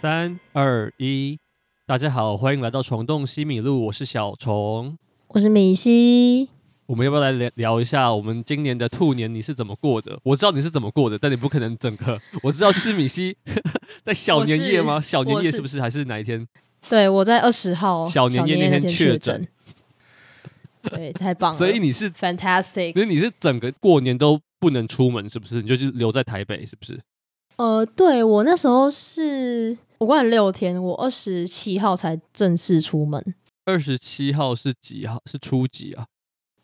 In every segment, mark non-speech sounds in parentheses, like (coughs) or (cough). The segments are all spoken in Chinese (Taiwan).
三二一，大家好，歡迎來到蟲洞西米露，我是小蟲，我是米西。我們要不要來聊聊一下我們今年的兔年你是怎麼過的？我知道你是怎麼過的，但你不可能整個。我知道是米西 (laughs) 在小年夜嗎？小年夜是不是，是還是哪一天？對，我在二十號小年、小年夜那天確診。對，太棒了。所以你是 fantastic，所以你是整個過年都不能出門，是不是？你就留在台北，是不是？呃，對，我那時候是我過了六天，我二十七號才正式出門。二十七號是幾號？是初幾啊？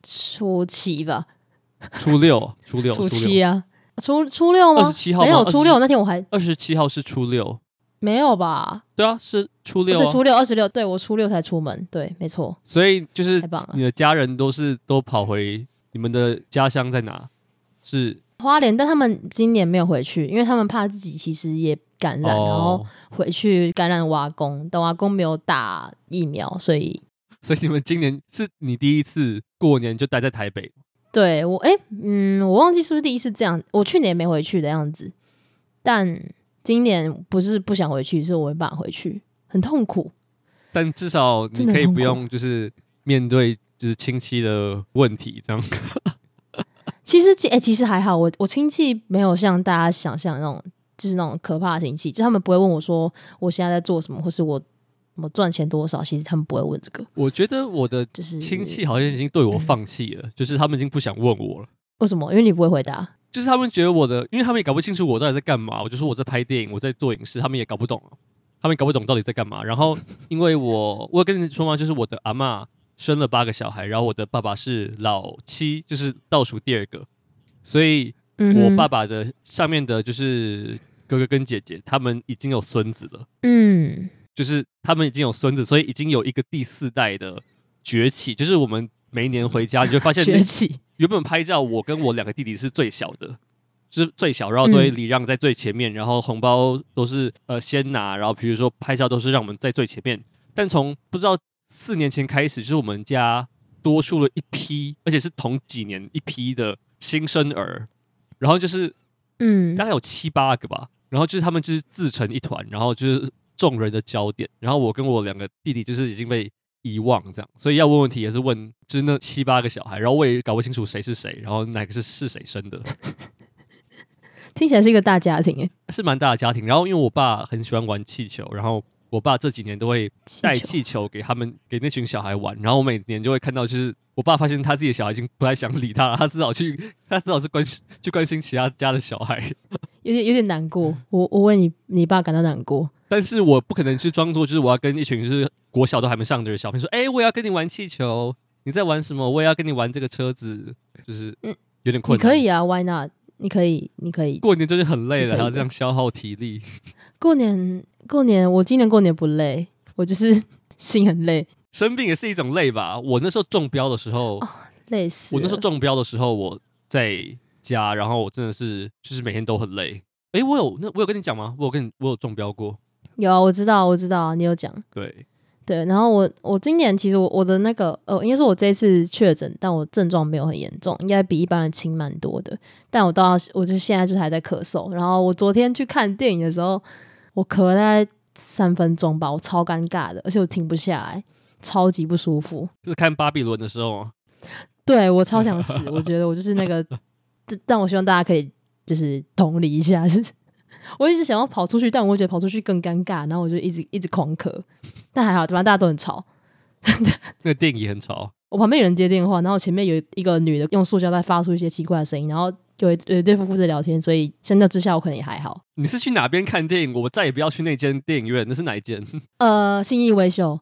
初七吧。初六，初六，初七啊？初初六嗎？二十七號沒有初六，那天我還二十七號是初六沒有吧？對啊，是初六、啊，初六二十六，26，對，我初六才出門，對，沒錯。所以就是，你的家人都是都跑回你們的家鄉，在哪？是。花蓮，但他們今年沒有回去，因為他們怕自己其實也感染，哦、然後回去感染外公。但外公沒有打疫苗，所以，所以你們今年是你第一次過年就待在台北？對，我哎、欸，嗯，我忘記是不是第一次這樣。我去年沒回去的樣子，但今年不是不想回去，是我沒辦法回去，很痛苦。但至少你可以不用就是面對就是親戚的問題這樣。 (laughs) 其實、欸，其實還好。我我親戚沒有像大家想象那種，就是那種可怕的親戚。就他們不會問我說我現在在做什麼，或是我我賺錢多少。其實他們不會問這個。我覺得我的就是親戚好像已經對我放棄了、嗯，就是他們已經不想問我了。為什麼？因為你不會回答。就是他們覺得我的，因為他們也搞不清楚我到底在幹嘛。我就說我在拍電影，我在做影視，他們也搞不懂，他們也搞不懂到底在幹嘛。然後，因為我我跟你說嗎？就是我的阿嬤，生了八個小孩，然後我的爸爸是老七，就是倒數第二個，所以我爸爸的、嗯、上面的就是哥哥跟姐姐，他們已經有孫子了。嗯，就是他們已經有孫子，所以已經有一個第四代的崛起。就是我們每一年回家，你就發現崛起。原本拍照，我跟我兩個弟弟是最小的，就是最小，然後都會禮讓在最前面，嗯、然後紅包都是呃先拿，然後比如說拍照都是讓我們在最前面。但從不知道。四年前開始，就是我們家多出了一批，而且是同幾年一批的新生兒。然後就是，嗯，大概有七八個吧。然後就是他們就是自成一團，然後就是眾人的焦點。然後我跟我兩個弟弟就是已經被遺忘，這樣。所以要問問題也是問，就是那七八個小孩。然後我也搞不清楚誰是誰，然後哪個是是誰生的。聽起來是一個大家庭誒，是蠻大的家庭。然後因為我爸很喜歡玩氣球，然後。我爸這幾年都會帶氣球給他們，給那群小孩玩。然後我每年就會看到，就是我爸發現他自己的小孩已經不太想理他了，他只好去，他只好是關心去關心其他家的小孩，有點有點難過。 (laughs) 我我為你你爸感到難過。但是我不可能去裝作就是我要跟一群就是國小都還沒上的小朋友說，哎、欸，我也要跟你玩氣球，你在玩什麼？我也要跟你玩這個車子，就是有點困難。嗯、你可以啊，Why not？你可以，你可以。過年真的很累了，還要這樣消耗體力。過年，過年，我今年過年不累，我就是心很累。生病也是一種累吧。我那時候中標的時候，啊、累死。我那時候中標的時候，我在家，然後我真的是，就是每天都很累。誒、欸，我有那我有跟你講嗎？我有跟你，我有中標過。有啊，我知道，我知道，啊，你有講。對對，然後我我今年其實我我的那個呃，應該說我這次確診，但我症狀沒有很嚴重，應該比一般人輕蠻多的。但我到，我就現在就還在咳嗽。然後我昨天去看電影的時候。我咳了大概三分鐘吧，我超尷尬的，而且我停不下來，超級不舒服。就是看《巴比倫》的時候哦。對，我超想死，我覺得我就是那個， (laughs) 但我希望大家可以就是同理一下，就是我一直想要跑出去，但我覺得跑出去更尷尬，然後我就一直一直狂咳，但還好，對吧？大家都很吵， (laughs) 那個電影很吵。我旁邊有人接電話，然後前面有一個女的用塑膠袋發出一些奇怪的聲音，然後。就對夫婦在聊天，所以相較之下，我可能也還好。你是去哪邊看電影？我再也不要去那間電影院。那是哪一間？呃，信義威秀。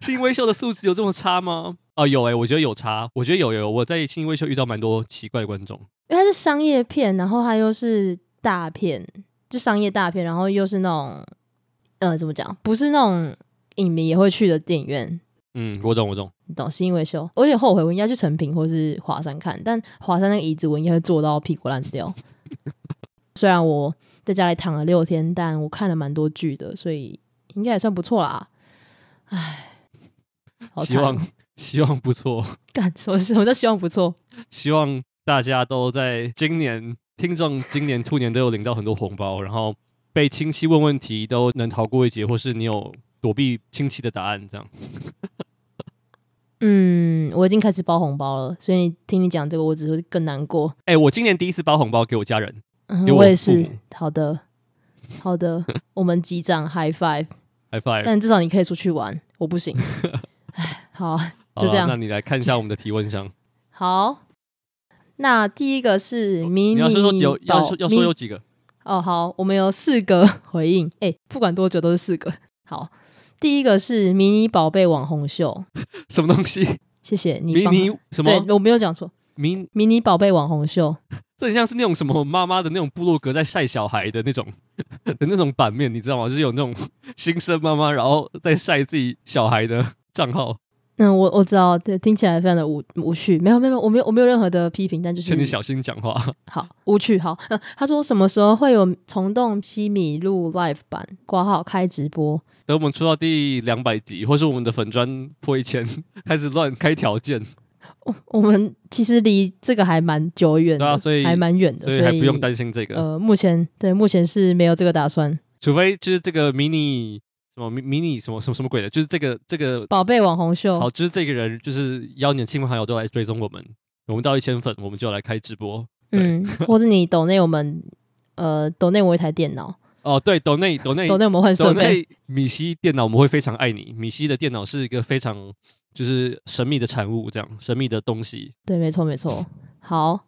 信義 (laughs) 威秀的素質有這麼差嗎？哦、呃，有哎、欸，我覺得有差。我覺得有有，有，我在信義威秀遇到蠻多奇怪的觀眾。因為它是商業片，然後它又是大片，就商業大片，然後又是那種，呃，怎麼講？不是那種影迷也會去的電影院。嗯，我懂，我懂，你懂，是因為修，我有點後悔，我應該去誠品或是華山看，但華山那個椅子，我應該會坐到屁股爛掉。 (laughs) 雖然我在家裡躺了六天，但我看了蠻多劇的，所以應該也算不錯啦。哎，希望希望不錯。幹什麼，什麼叫希望不錯？希望大家都在今年聽眾，今年兔年都有領到很多紅包，然後被親戚問問題都能逃過一劫，或是你有躲避親戚的答案，這樣。嗯，我已經開始包紅包了，所以你聽你講這個，我只會更難過。哎、欸，我今年第一次包紅包給我家人，嗯、我，我也是。好的，好的， (laughs) 我們擊掌，high five，high five。但至少你可以出去玩，我不行。哎， (laughs) 好，好，就這樣。那你來看一下我們的提問箱。 (laughs) 好，那第一個是迷你島說說，要說要說有幾個？哦，好，我們有四個回應。哎、欸，不管多久都是四個。好。第一個是迷你寶貝網紅秀，什麼東西？謝謝你，迷你什麼？對我沒有講錯，迷你寶貝網紅秀，這很像是那種什麼媽媽的那種部落格，在曬小孩的那種的那種版面，你知道嗎？就是有那種新生媽媽，然後在曬自己小孩的賬號。嗯，我我知道，對，聽起來非常的無無趣，沒有沒有，我沒有我沒有任何的批評，但就是，請你小心講話。好，無趣。好，他說什麼時候會有蟲洞西米露 live 版掛號開直播？等我們出到第兩百集，或是我們的粉專破一千，開始亂開條件。我、哦、我們其實離這個還蠻久遠的，對啊，所以還蠻遠的所，所以還不用擔心這個。呃，目前對目前是沒有這個打算，除非就是這個迷你什麼迷你什麼什麼什麼,什麼鬼的，就是這個這個寶貝網紅秀。好，就是這個人就是邀你的親朋好友都來追蹤我們，我們到一千粉，我們就來開直播。嗯，或是你抖內我們 (laughs) 呃抖內我一台電腦。哦，對，鬥內鬥內鬥內魔幻設備，鬥，鬥，鬥米西電腦，我們會非常愛你。米西的電腦是一個非常就是神秘的產物，這樣神秘的東西。對，沒錯，沒錯。好，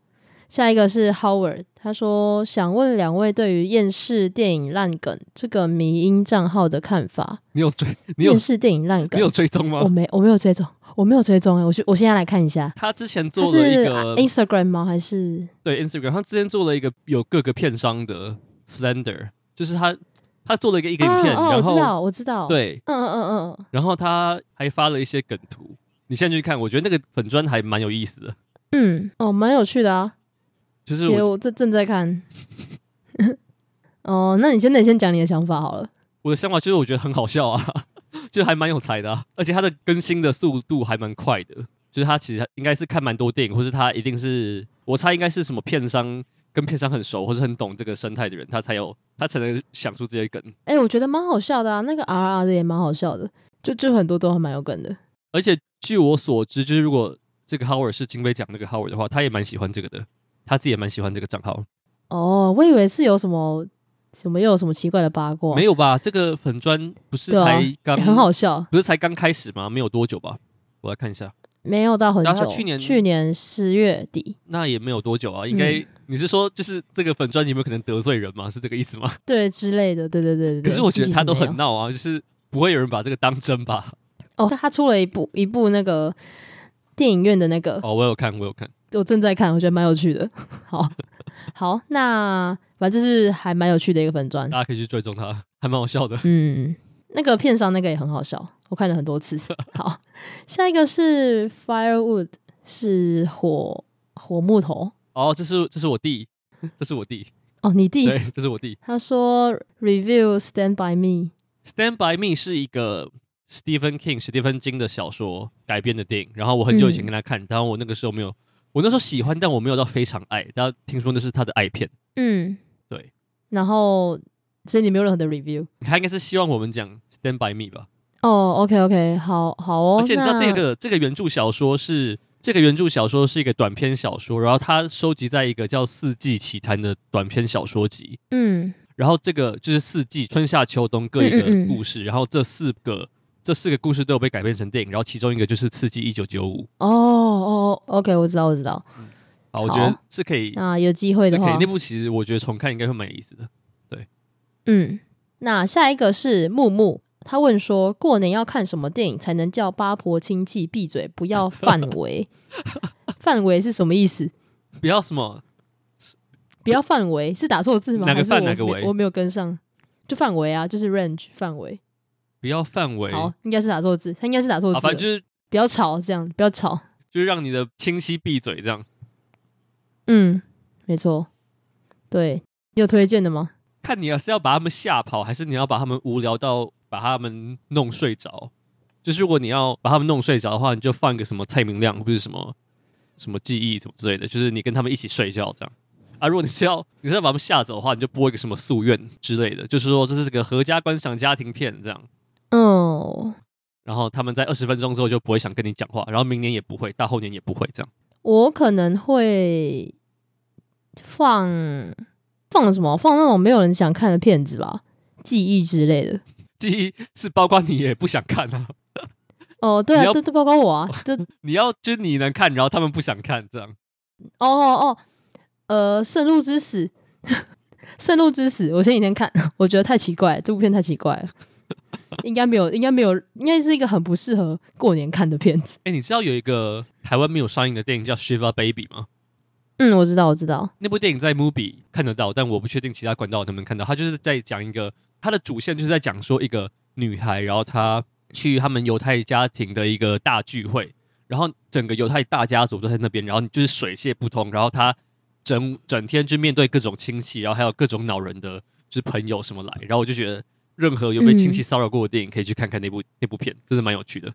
下一個是 Howard，他說想問兩位對於厭世電影爛梗這個迷因賬號的看法。你有追你有厭世電影爛梗？你有追蹤嗎？我沒，我沒有追蹤，我沒有追蹤、欸。哎，我去，我現在來看一下。他之前做了一個是 Instagram 嗎？還是對 Instagram？他之前做了一個有各個片商的 standard 就是他，他做了一個一個影片，然後我知道我知道，對，嗯嗯嗯嗯，然後他還發了一些梗圖，你現在去看，我覺得那個粉專還蠻有意思的。嗯，哦，蠻有趣的啊。就是我正正在看。哦，那你現在先講你的想法好了。我的想法就是我覺得很好笑啊，就還蠻有才的，而且他的更新的速度還蠻快的，就是他其實應該是看蠻多電影，或是他一定是，我猜應該是什麼片商。跟片商很熟，或者很懂這個生態的人，他才有他才能想出這些梗。哎，我覺得蠻好笑的啊，那個 R R 的也蠻好笑的，就就很多都還蠻有梗的。而且據我所知，就是如果這個 Howard 是金杯獎那個 Howard 的話，他也蠻喜歡這個的，他自己也蠻喜歡這個賬號。哦，我以為是有什麼什麼又有什麼奇怪的八卦，沒有吧？這個粉專不是才剛、啊、很好笑，不是才剛開始嗎？沒有多久吧？我來看一下。沒有到很久，去年去年十月底，那也沒有多久啊，應該、嗯、你是說就是這個粉專有沒有可能得罪人嗎？是這個意思嗎？對之類的，對、對對對對。可是我覺得他都很鬧啊，就是不會有人把這個當真吧？哦，他出了一部一部那個電影院的那個，哦，我有看，我有看，我正在看，我覺得蠻有趣的。 (laughs) 好 (laughs) 好，那反正就是還蠻有趣的一個粉專，大家可以去追蹤他，還蠻好笑的。嗯。那個片上那個也很好笑，我看了很多次。好， (laughs) 下一個是 Firewood，是火火木頭。哦，這是這是我弟，這是我弟。 (laughs) 哦，你弟？對，這是我弟。他說 Review Stand by Me。Stand by Me 是一個 Stephen King 史蒂芬金的小說改編的電影。然後我很久以前跟他看，然、嗯、後我那個時候沒有，我那時候喜歡，但我沒有到非常愛。大家聽說那是他的愛片。嗯，對。然後。所以你沒有任何的 review，他應該是希望我們講《Stand by Me》吧？哦、oh，OK，OK，okay, okay. 好好哦。而且你知道這個這個原著小說是這個原著小說是一個短篇小說，然後它收集在一個叫《四季奇譚》的短篇小說集。嗯，然後這個就是四季春夏秋冬各一個故事，嗯嗯嗯，然後這四個這四個故事都有被改編成電影，然後其中一個就是《刺激一九九五》。哦哦，OK，我知道，我知道。嗯、好，好、啊，我覺得是可以。啊，有機會的話，那部其實我覺得重看應該會蠻有意思的。對。嗯，那下一個是木木，他問說：過年要看什麼電影才能叫八婆親戚閉嘴，不要範圍？範 (laughs) 圍是什麼意思？不要什麼？不要範圍是打錯字嗎？哪個範哪個圍？我沒有跟上，就範圍啊，就是 range 範圍。不要範圍，好，應該是打錯字，他應該是打錯字。好吧，就是不要吵這樣，不要吵，就是讓你的親戚閉嘴這樣。嗯，沒錯。對，你有推薦的嗎？看你是要把他們嚇跑，還是你要把他們無聊到把他們弄睡着？就是如果你要把他們弄睡着的話，你就放一個什麼蔡明亮，或者什麼什麼記憶，什麼之類的。就是你跟他們一起睡覺這樣啊。如果你是要你是要把他們嚇走的話，你就播一個什麼宿怨之類的。就是說這是個合家觀賞家庭片這樣。哦、oh.。然後他們在二十分鐘之後就不會想跟你講話，然後明年也不會，大後年也不會這樣。我可能會放。放了什麼？放那種沒有人想看的片子吧，記憶之類的。記憶是包括你也不想看啊。哦、呃，對啊，對，這包括我啊，這你要就是、你能看，然後他們不想看這樣。哦哦哦，呃，《聖鹿之死》， (laughs) 《聖鹿之死》，我前幾天看，我覺得太奇怪，這部片太奇怪了。 (laughs) 應該沒有，應該沒有，應該是一個很不適合過年看的片子。哎、欸，你知道有一個台灣沒有上映的電影叫《Shiva Baby》嗎？嗯，我知道，我知道那部電影在 movie 看得到，但我不確定其他管道能不能看到。他就是在講一個他的主線，就是在講說一個女孩，然後她去他們猶太家庭的一個大聚會，然後整個猶太大家族都在那邊，然後就是水泄不通，然後她整整天就面對各種親戚，然後還有各種惱人的就是朋友什麼來，然後我就覺得任何有被親戚騷擾過的電影可以去看看那部、嗯、那部片，真的蠻有趣的。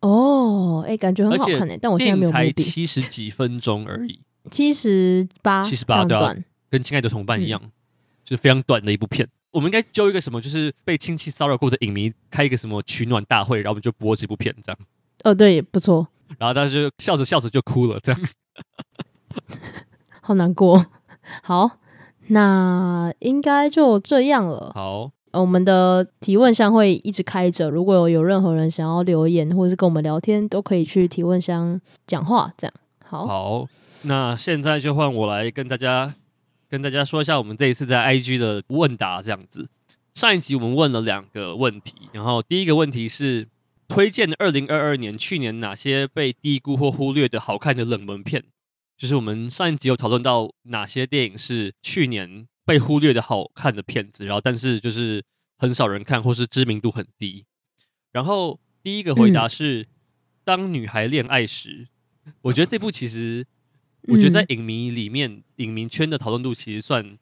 哦，哎、欸，感覺很好看哎，但我現在沒有才七十幾分鐘而已。 (laughs) 七十八，七十八，對啊，跟親愛的同伴一樣，嗯，就是非常短的一部片。我們應該揪一個什麼，就是被親戚騷擾過的影迷，開一個什麼取暖大會，然後我們就播這部片，這樣。哦，對，不錯。然後他就笑着笑着就哭了，這樣，好難過。好，那應該就這樣了。好，我們的提問箱會一直開着，如果有任何人想要留言或者是跟我們聊天，都可以去提問箱講話，這樣。好，好。那現在就換我來跟大家跟大家說一下，我們這一次在 IG 的問答這樣子。上一集我們問了兩個問題，然後第一個問題是推薦二零二二年去年哪些被低估或忽略的好看的冷門片。就是我們上一集有討論到哪些電影是去年被忽略的好看的片子，然後但是就是很少人看或是知名度很低。然後第一個回答是嗯，《當女孩戀愛時》，我覺得這部其實。我覺得在影迷裡面，嗯、影迷圈的討論度其實算，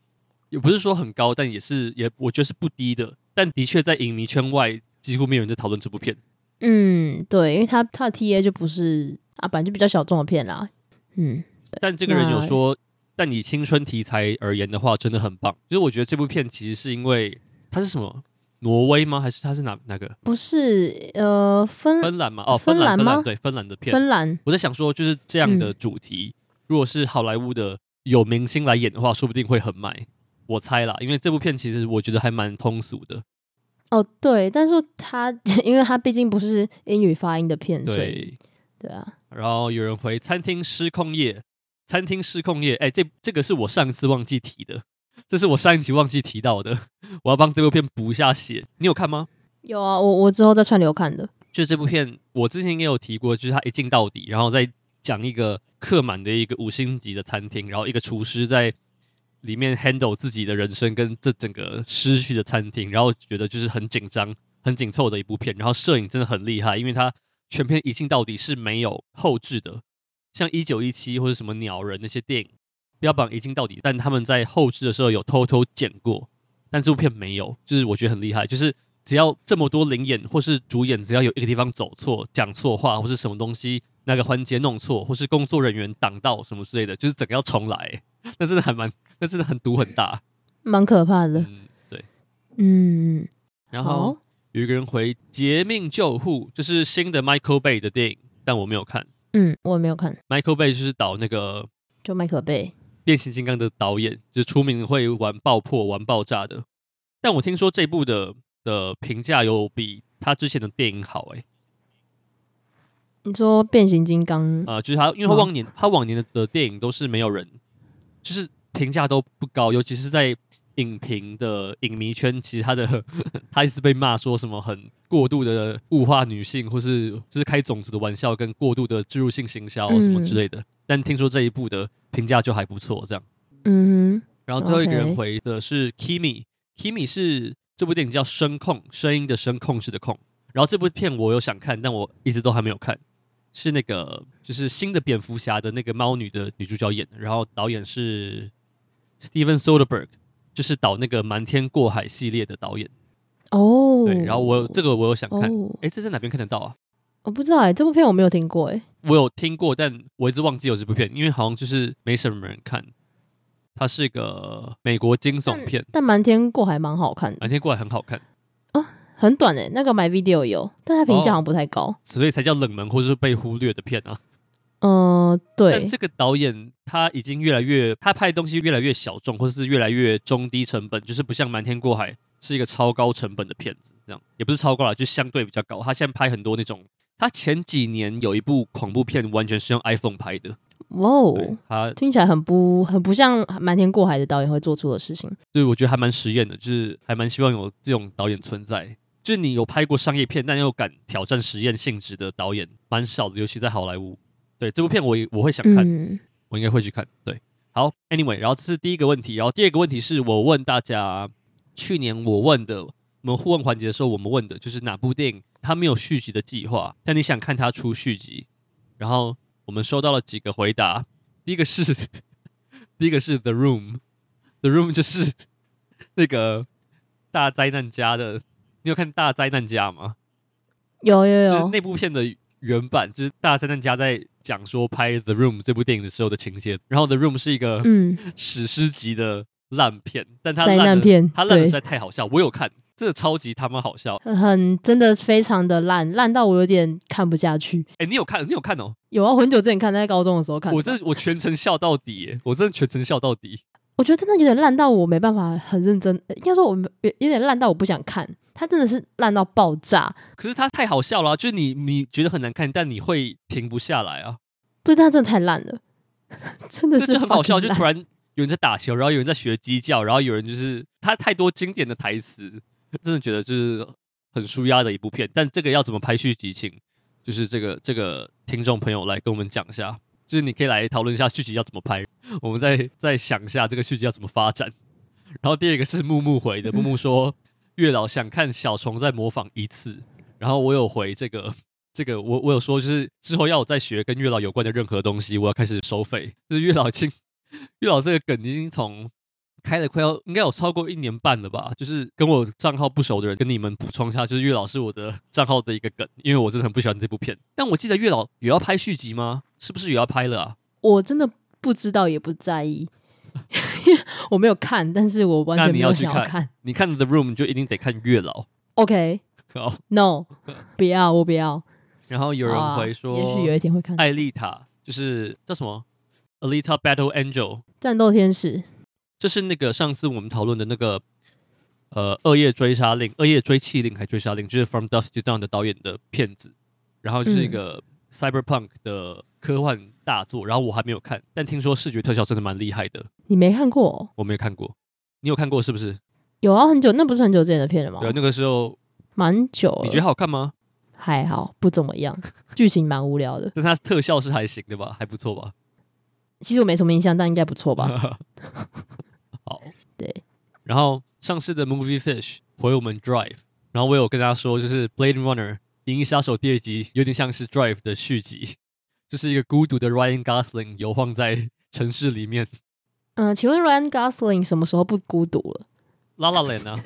也不是說很高，但也是也我覺得是不低的。但的確在影迷圈外，幾乎沒有人在討論這部片。嗯，對，因為他他的 T A 就不是啊，本來就比較小眾的片啦。嗯，但這個人有說，但以青春題材而言的話，真的很棒。就是我覺得這部片其實是因為它是什麼？挪威嗎？還是它是哪哪、那個？不是呃芬芬蘭嗎？哦，芬蘭嗎？對，芬蘭的片。芬蘭。我在想說，就是這樣的主題。嗯如果是好萊塢的有明星來演的話，說不定會很賣。我猜啦，因為這部片其實我覺得還蠻通俗的。哦，對，但是它因為它畢竟不是英語發音的片，對對啊。然後有人回《餐廳失控夜》，《餐廳失控夜》哎、欸，這這個是我上一次忘記提的，這是我上一集忘記提到的，我要幫這部片補一下血，你有看嗎？有啊，我我之後再串流看的。就這部片，我之前也有提過，就是它一鏡到底，然後再。講一個客滿的一個五星級的餐廳，然後一個廚師在裡面 handle 自己的人生跟這整個失去的餐廳，然後覺得就是很緊張、很緊湊的一部片。然後攝影真的很厲害，因為他全片一鏡到底是沒有後製的，像一九一七或者什麼鳥人那些電影標榜一鏡到底，但他們在後製的時候有偷偷剪過。但這部片沒有，就是我覺得很厲害，就是只要這麼多臨演或是主演，只要有一個地方走錯、講錯話或是什麼東西。那個環節弄錯，或是工作人員擋道什麼之類的，就是整個要重來、欸。 (laughs) 那真的還蠻，那真的很毒很大，蠻可怕的、嗯。對，嗯。然後、哦、有一個人回《捷命救護》，就是新的 Michael Bay 的電影，但我沒有看。嗯，我沒有看。Michael Bay 就是導那個，就 Michael Bay《變形金剛》的導演，就是、出名會玩爆破、玩爆炸的。但我聽說這部的的評價有比他之前的電影好、欸你說變形金剛啊、呃，就是他，因為他往年、嗯、他往年的電影都是沒有人，就是評價都不高，尤其是在影評的影迷圈，其實他的呵呵他一直被罵說什麼很過度的物化女性，或是就是開種族的玩笑，跟過度的置入性行銷什麼之類的、嗯。但聽說這一部的評價就還不錯，這樣。嗯哼，然後最後一個人回的是 Kimi，Kimi、okay、Kimi 是這部電影叫聲控，聲音的聲控制的控。然後這部片我有想看，但我一直都還沒有看。是那個，就是新的蝙蝠俠的那個貓女的女主角演的，然後導演是 Steven Soderbergh，就是導那個《瞞天過海》系列的導演。哦、oh,，對，然後我有這個我有想看，哎、oh. 欸，這在哪邊看得到啊？Oh, 我不知道哎、欸，這部片我沒有聽過哎、欸，我有聽過，但我一直忘記有這部片，因為好像就是沒什麼人看。它是一個美國驚悚片，但《瞞天過海》蠻好看，《瞞天過海》很好看。很短哎、欸，那個 My Video 有，但他評價好像不太高，oh, 所以才叫冷門或者是被忽略的片啊。嗯、uh,，對。但這個導演他已經越來越，他拍的東西越來越小眾，或者是越來越中低成本，就是不像《瞞天過海》是一個超高成本的片子，這樣也不是超高啦，就相對比較高。他現在拍很多那種，他前幾年有一部恐怖片，完全是用 iPhone 拍的。哇、wow, 哦，他聽起來很不很不像《瞞天過海》的導演會做出的事情。對，我覺得還蠻實驗的，就是還蠻希望有這種導演存在。就是你有拍過商業片，但又敢挑戰實驗性質的導演，蠻少的，尤其在好萊塢。對，這部片我我會想看，我應該會去看。對，好，Anyway，然後這是第一個問題，然後第二個問題是我問大家，去年我問的，我們互問環節的時候，我們問的就是哪部電影它沒有續集的計劃，但你想看它出續集？然後我們收到了幾個回答，第一個是，第一個是 The Room，The Room 就是那個大災難家的。你有看《大災難家》嗎？有有有，就是那部片的原版，就是《大災難家》在講說拍《The Room》這部電影的時候的情節。然後，《The Room》是一個嗯史詩級的爛片、嗯，但它爛片它爛的實在太好笑。我有看，真的超級他媽好笑，很，很真的非常的爛，爛到我有點看不下去。哎、欸，你有看？你有看哦？有啊，很久之前看，在高中的時候看。我這我全程笑到底，我真的全程笑到底。我覺得真的有點爛到我沒辦法很認真，應該說我們有，有點爛到我不想看，他真的是爛到爆炸。可是他太好笑了，啊，就是你你覺得很難看，但你會停不下來啊。對、就是，他真的太爛了， (laughs) 真的是這就很好笑， (laughs) 就突然有人在打球，然後有人在學雞叫，然後有人就是他太多經典的台詞，真的覺得就是很舒壓的一部片。但這個要怎麼排序，請就是這個這個聽眾朋友來跟我們講一下。就是你可以來討論一下續集要怎麼拍，我們再再想一下這個續集要怎麼發展。然後第二個是木木回的，木木說月老想看小蟲再模仿一次。然後我有回這個，這個我我有說，就是之後要我再學跟月老有關的任何東西，我要開始收費。就是月老經，月老這個梗已經從。開了快要應該有超過一年半了吧，就是跟我賬號不熟的人跟你們補充一下，就是月老是我的賬號的一個梗，因為我真的很不喜歡這部片。但我記得月老也要拍續集嗎？是不是也要拍了啊？我真的不知道，也不在意。 (laughs) (laughs) 我沒有看，但是我完全沒有想要看，要看。你看 The Room 就一定得看月老。OK，好，No，、okay. (laughs) 不要，我不要。然後有人回說、啊，也許有一天會看艾麗塔，就是叫什麼 Alita Battle Angel，戰鬥天使。就是那個上次我們討論的那個，呃，惡夜追殺令，惡夜追氣令，還追殺令，就是 From Dusk Till Dawn 的導演的片子，然後就是一個 Cyberpunk 的科幻大作，然後我還沒有看，但聽說視覺特效真的蠻厲害的。你沒看過？我沒有看過。你有看過是不是？有啊，很久，那不是很久之前的片了嗎？對啊，那個時候蠻久了。你覺得好看嗎？還好，不怎麼樣，劇情蠻無聊的。 (laughs) 但它特效是還行的吧？還不錯吧？其實我沒什麼印象，但應該不錯吧？ (laughs) 好，對。然後上次的《Movie Fish》回我們《Drive》，然後我有跟大家說，就是《Blade Runner》《銀翼殺手》第二集有點像是《Drive》的續集，就是一個孤獨的 Ryan Gosling 遊晃在城市裡面。嗯、呃，請問 Ryan Gosling 什麼時候不孤獨了？La La Land 呢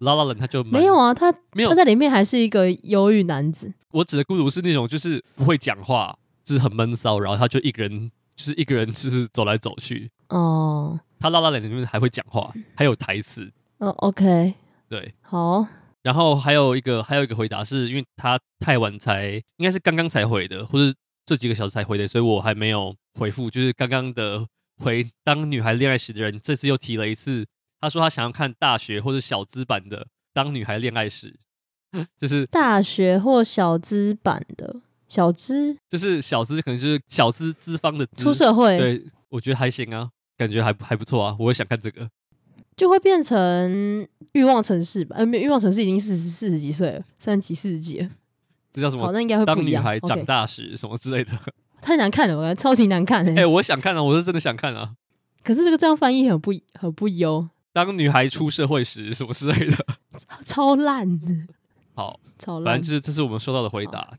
？La La Land 他就沒有啊，他沒有他在裡面還是一個憂鬱男子。我指的孤獨是那種就是不會講話，就是很悶騷，然後他就一個人，就是一個人，就是走來走去。哦、oh,，他 La La Land 裡面還會講話，還有台詞。哦、oh,，OK，對，好、oh.。然後還有一個，還有一個回答是因為他太晚才，應該是剛剛才回的，或者這幾個小時才回的，所以我還沒有回復。就是剛剛的回當女孩戀愛時的人，這次又提了一次，他說他想要看大學或者小資版的當女孩戀愛時，就是大學或小資版的小資，就是小資可能就是小資資方的資出社會。對，我覺得還行啊。感覺還還不錯啊！我也想看這個，就會變成欲望城市吧？欸、沒欲望城市已經四十四十幾歲了，三幾四十幾了，這叫什麼？那應該會當女孩長大時什麼之類的，太難看了，我感覺超級難看、欸。哎、欸，我想看了、啊，我是真的想看了、啊。可是這個這樣翻譯很不很不優、哦。當女孩出社會時什麼之類的，超爛的。好，超爛。反正就是這是我們收到的回答。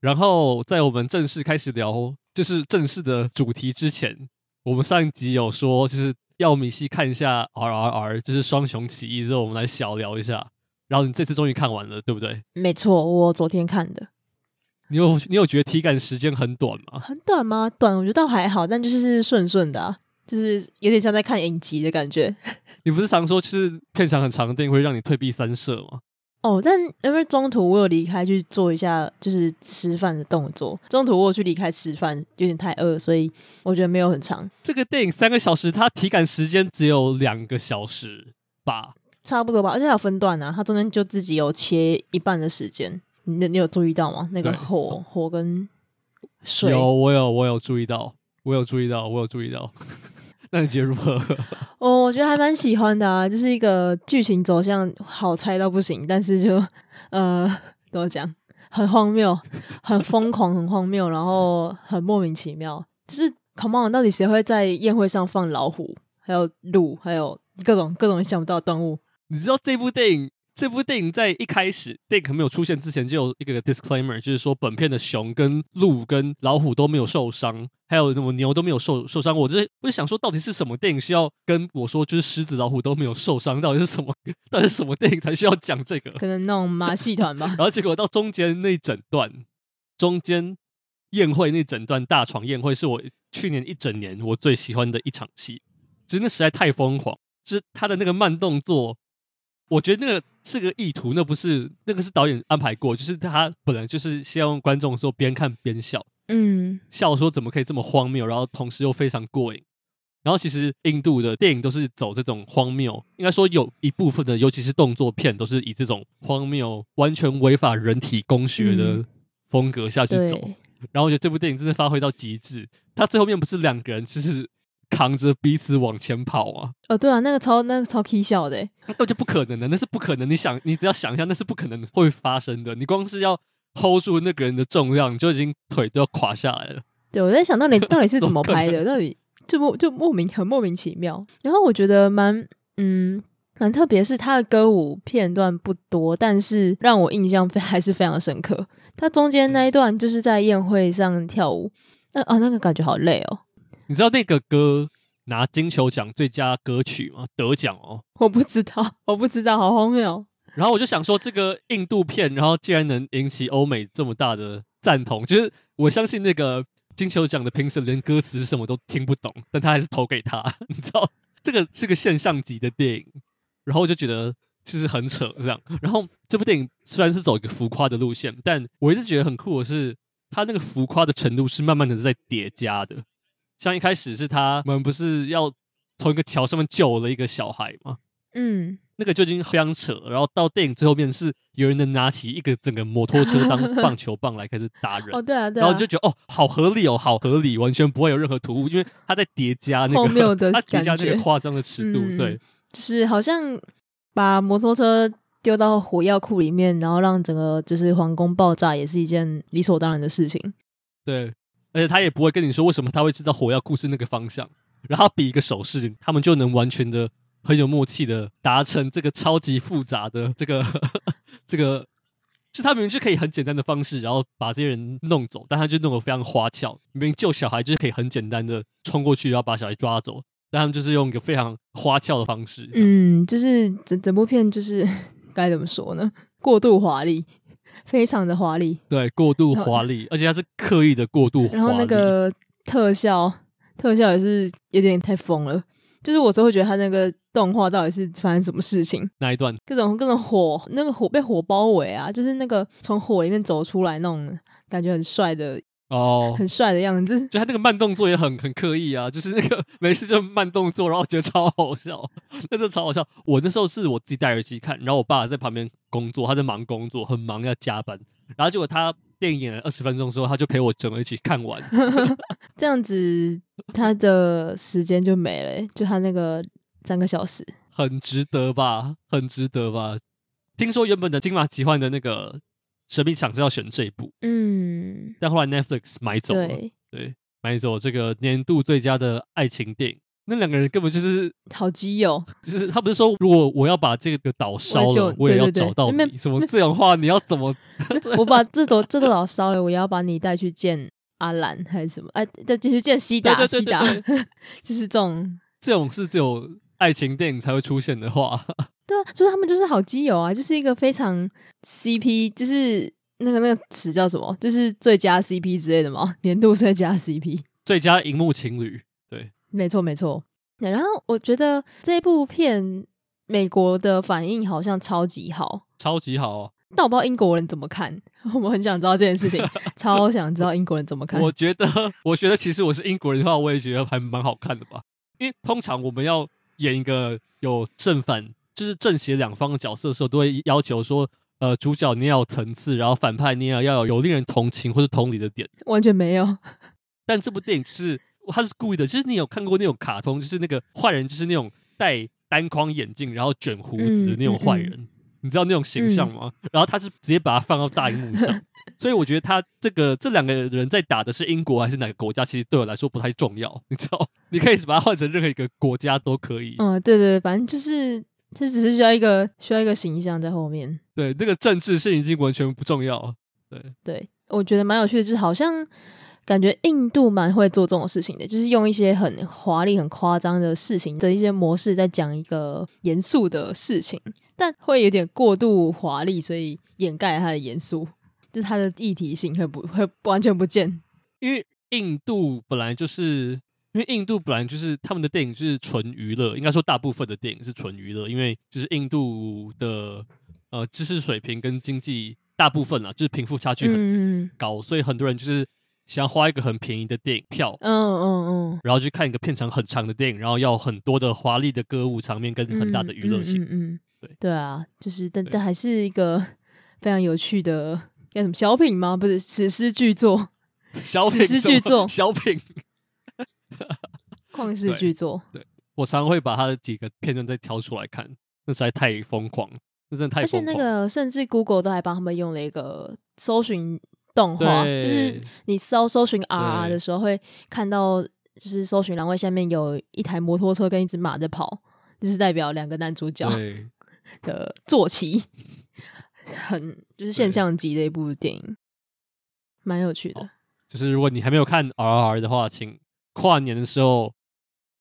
然後在我們正式開始聊，就是正式的主題之前。我們上一集有說，就是要米西看一下 R R R，就是雙雄起義之後，我們來小聊一下。然後你這次終於看完了，對不對？沒錯，我昨天看的。你有你有覺得體感時間很短嗎？很短嗎？短，我覺得倒還好，但就是順順的、啊，就是有點像在看影集的感覺。 (laughs) 你不是常說，就是片長很長的電影會讓你退避三舍嗎？哦，但因為中途我有離開去做一下，就是吃飯的動作。中途我有去離開吃飯，有點太餓，所以我覺得沒有很長。這個電影三個小時，它體感時間只有兩個小時吧，差不多吧。而且還有分段啊，它中間就自己有切一半的時間。你你有注意到嗎？那個火火跟水，有我有我有注意到，我有注意到，我有注意到。 (laughs) 那你覺得如何？我覺得還蠻喜歡的啊，就是一個劇情走向好猜到不行，但是就呃，怎麼講，很荒謬，很瘋狂，很荒謬，然後很莫名其妙。就是 Come on，到底誰會在宴會上放老虎，還有鹿，還有各種各種想不到動物？你知道這部電影？這部電影在一開始，電影沒有出現之前，就有一個 disclaimer，就是說本片的熊跟鹿跟老虎都沒有受傷，還有什麼牛都沒有受受傷。我就是我就想說，到底是什麼電影需要跟我說，就是獅子老虎都沒有受傷，到底是什麼？到底是什麼電影才需要講這個？可能弄馬戲團吧。 (laughs) 然後結果到中間那一整段，中間宴會那整段大床宴會，是我去年一整年我最喜歡的一場戲，其、就是那實在太瘋狂，就是他的那個慢動作。我覺得那個是個意圖，那不是，那個是導演安排過，就是他本來就是希望觀眾說邊看邊笑，嗯，笑說怎麼可以這麼荒謬，然後同時又非常過癮。然後其實印度的電影都是走這種荒謬，應該說有一部分的，尤其是動作片，都是以這種荒謬、完全違反人體工學的風格下去走，嗯。然後我覺得這部電影真的發揮到極致，他最後面不是兩個人，其實。扛着彼此往前跑啊！哦，對啊，那個超那個超搞笑的，那倒就不可能的，那是不可能。你想，你只要想一下，那是不可能會發生的。你光是要 hold 住那個人的重量，就已經腿都要垮下來了。對，我在想到你到底是怎麼拍的，到底就莫就，莫就莫名很莫名其妙。然後我覺得蠻嗯蠻特別，是他的歌舞片段不多，但是讓我印象非還是非常的深刻。他中間那一段就是在宴會上跳舞，那啊，啊那個感覺好累哦。你知道那個歌拿金球獎最佳歌曲嗎？得獎哦！我不知道，我不知道，好荒謬。然後我就想說，這個印度片，然後竟然能引起歐美這麼大的贊同，就是我相信那個金球獎的評審連歌詞什麼都聽不懂，但他還是投給他。你知道，這個是個現象級的電影。然後我就覺得其實很扯這樣。然後這部電影雖然是走一個浮誇的路線，但我一直覺得很酷的是它那個浮誇的程度是慢慢的在疊加的。像一開始是他，我們不是要從一個橋上面救了一個小孩嗎？嗯，那個就已經非常扯。然後到電影最後面是有人能拿起一個整個摩托車當棒球棒來開始打人， (laughs) 哦對啊，對啊，然後就覺得哦，好合理哦，好合理，完全不會有任何突兀，因為他在疊加那個，偷偷的他疊加那個誇張的尺度，嗯，對，就是好像把摩托車丟到火藥庫裡面，然後讓整個就是皇宮爆炸也是一件理所當然的事情，對。而且他也不會跟你說為什麼他會知道火藥庫是那個方向，然後比一個手勢，他們就能完全的很有默契的達成這個超級複雜的這個 (laughs) 這個，就他明明就可以很簡單的方式，然後把這些人弄走，但他就弄得非常花俏。明明救小孩就是可以很簡單的衝過去，然後把小孩抓走，但他們就是用一個非常花俏的方式。嗯，就是整整部片就是該怎麼說呢？過度華麗。非常的華麗，對，過度華麗，而且它是刻意的過度華麗。然後那個特效，特效也是有點太瘋了，就是我只會覺得他那個動畫到底是發生什麼事情？哪一段？各種各種火，那個火被火包圍啊，就是那個從火裡面走出來那種感覺很帥的。哦、oh，很帥的樣子，就他那個慢動作也很很刻意啊，就是那個沒事就慢動作，然後我覺得超好笑，那就超好笑。我那時候是我自己戴耳機看，然後我爸爸在旁邊工作，他在忙工作，很忙要加班，然後結果他電影演了二十分鐘之後，他就陪我整個一起看完， (laughs) 這樣子他的時間就沒了。欸，就他那個三個小時，很值得吧，很值得吧。聽說原本的《金馬奇幻》的那個。神明廠子要選這一部，嗯，但後來 Netflix 買走了，對，對，買走這個年度最佳的愛情電影，那兩個人根本就是好基友，就是他不是說，如果我要把這個島燒了，我對對對，我也要找到你，對對對，什麼這樣的話，你要怎麼？我把這座 (laughs) 把這座島燒了，我也要把你帶去見阿蘭還是什麼？哎、呃，再進去見西達西達， (laughs) 就是這種，這種是只有愛情電影才會出現的話。 (laughs) 對啊，就是他們就是好基友啊，就是一個非常 CP，就是那個那個詞叫什麼，就是最佳 CP 之類的嘛，年度最佳 CP，最佳熒幕情侶，對，沒錯沒錯。然後我覺得這部片美國的反應好像超級好，超級好啊。但我不知道英國人怎麼看，我們很想知道這件事情， (laughs) 超想知道英國人怎麼看。 (laughs) 我覺得，我覺得其實我是英國人的話，我也覺得還蠻好看的吧。因為通常我們要演一個有正反。就是正邪兩方的角色的時候，都會要求說，呃，主角你要有層次，然後反派你也要要有，有令人同情或是同理的點。完全沒有，但這部電影，就是他是故意的。其實就是你有看過那種卡通，就是那個壞人就是那種戴單框眼鏡，然後捲鬍子的那種壞人，嗯嗯嗯，你知道那種形象嗎？嗯、然後他是直接把它放到大熒幕上， (laughs) 所以我覺得他這個這兩個人在打的是英國還是哪個國家，其實對我來說不太重要，你知道？你可以把它換成任何一個國家都可以。嗯、哦，對，對對，反正就是。這只是需要一個需要一個形象在後面，對，那個政治性已經完全不重要了。對對，我覺得蠻有趣的，就是好像感覺印度蠻會做這種事情的，就是用一些很華麗、很誇張的事情的一些模式，在講一個嚴肅的事情，但會有點過度華麗，所以掩蓋它的嚴肅，就是它的議題性會不會完全不見？因為印度本來就是。因為印度本來就是他們的電影就是純娛樂，應該說大部分的電影是純娛樂。因為就是印度的呃知識水平跟經濟大部分啊，就是貧富差距很高，嗯，所以很多人就是想要花一個很便宜的電影票，嗯嗯嗯，然後去看一個片長很長的電影，然後要很多的華麗的歌舞場面跟很大的娛樂性，嗯、嗯、嗯、嗯對對啊，就是但但還是一個非常有趣的叫什麼小品嗎？不是史詩巨作，小史詩巨作小品、小品。曠 (laughs) 世巨作對，對我常會把他的幾個片段再挑出來看，那實在太瘋狂，那真的太瘋狂。而且那個甚至 Google 都還幫他們用了一個搜尋動畫，就是你搜搜尋 R R 的時候會看到，就是搜尋欄位下面有一台摩托車跟一隻馬在跑，就是代表兩個男主角的坐騎。很就是現象級的一部電影，蠻有趣的。就是如果你還沒有看 R R 的話，請。跨年的時候，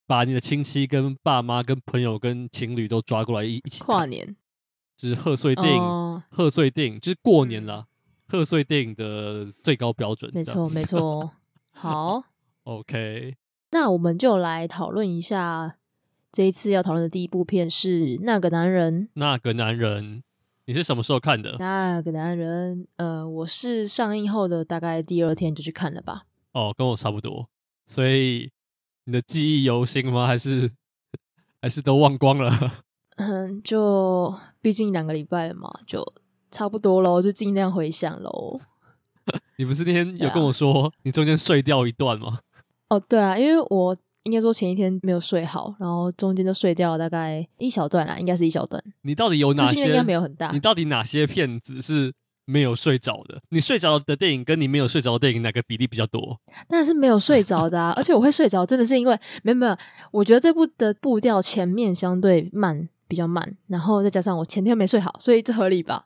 把你的親戚、跟爸媽、跟朋友、跟情侶都抓過來一一起跨年，就是賀歲電影，哦、賀歲電影就是過年了，賀歲電影的最高標準。沒錯，沒錯。 (laughs) 好，OK，那我們就來討論一下這一次要討論的第一部片是《那個男人》。那個男人，你是什麼時候看的？那個男人，呃，我是上映後的大概第二天就去看了吧。哦，跟我差不多。所以你的記憶猶新嗎？還是還是都忘光了？嗯，就畢竟兩個禮拜嘛，就差不多嘍，就盡量回想咯。 (laughs) 你不是那天有跟我說、啊、你中間睡掉一段嗎？哦，對啊，因為我應該說前一天沒有睡好，然後中間就睡掉了大概一小段啦、啊，應該是一小段。你到底有哪些？應該沒有很大。你到底哪些片子是？沒有睡着的，你睡着的電影跟你沒有睡着的電影哪個比例比較多？當然是沒有睡着的啊！ (laughs) 而且我會睡着，真的是因為沒有沒有，我覺得這部的步調前面相對慢，比較慢，然後再加上我前天沒睡好，所以這合理吧？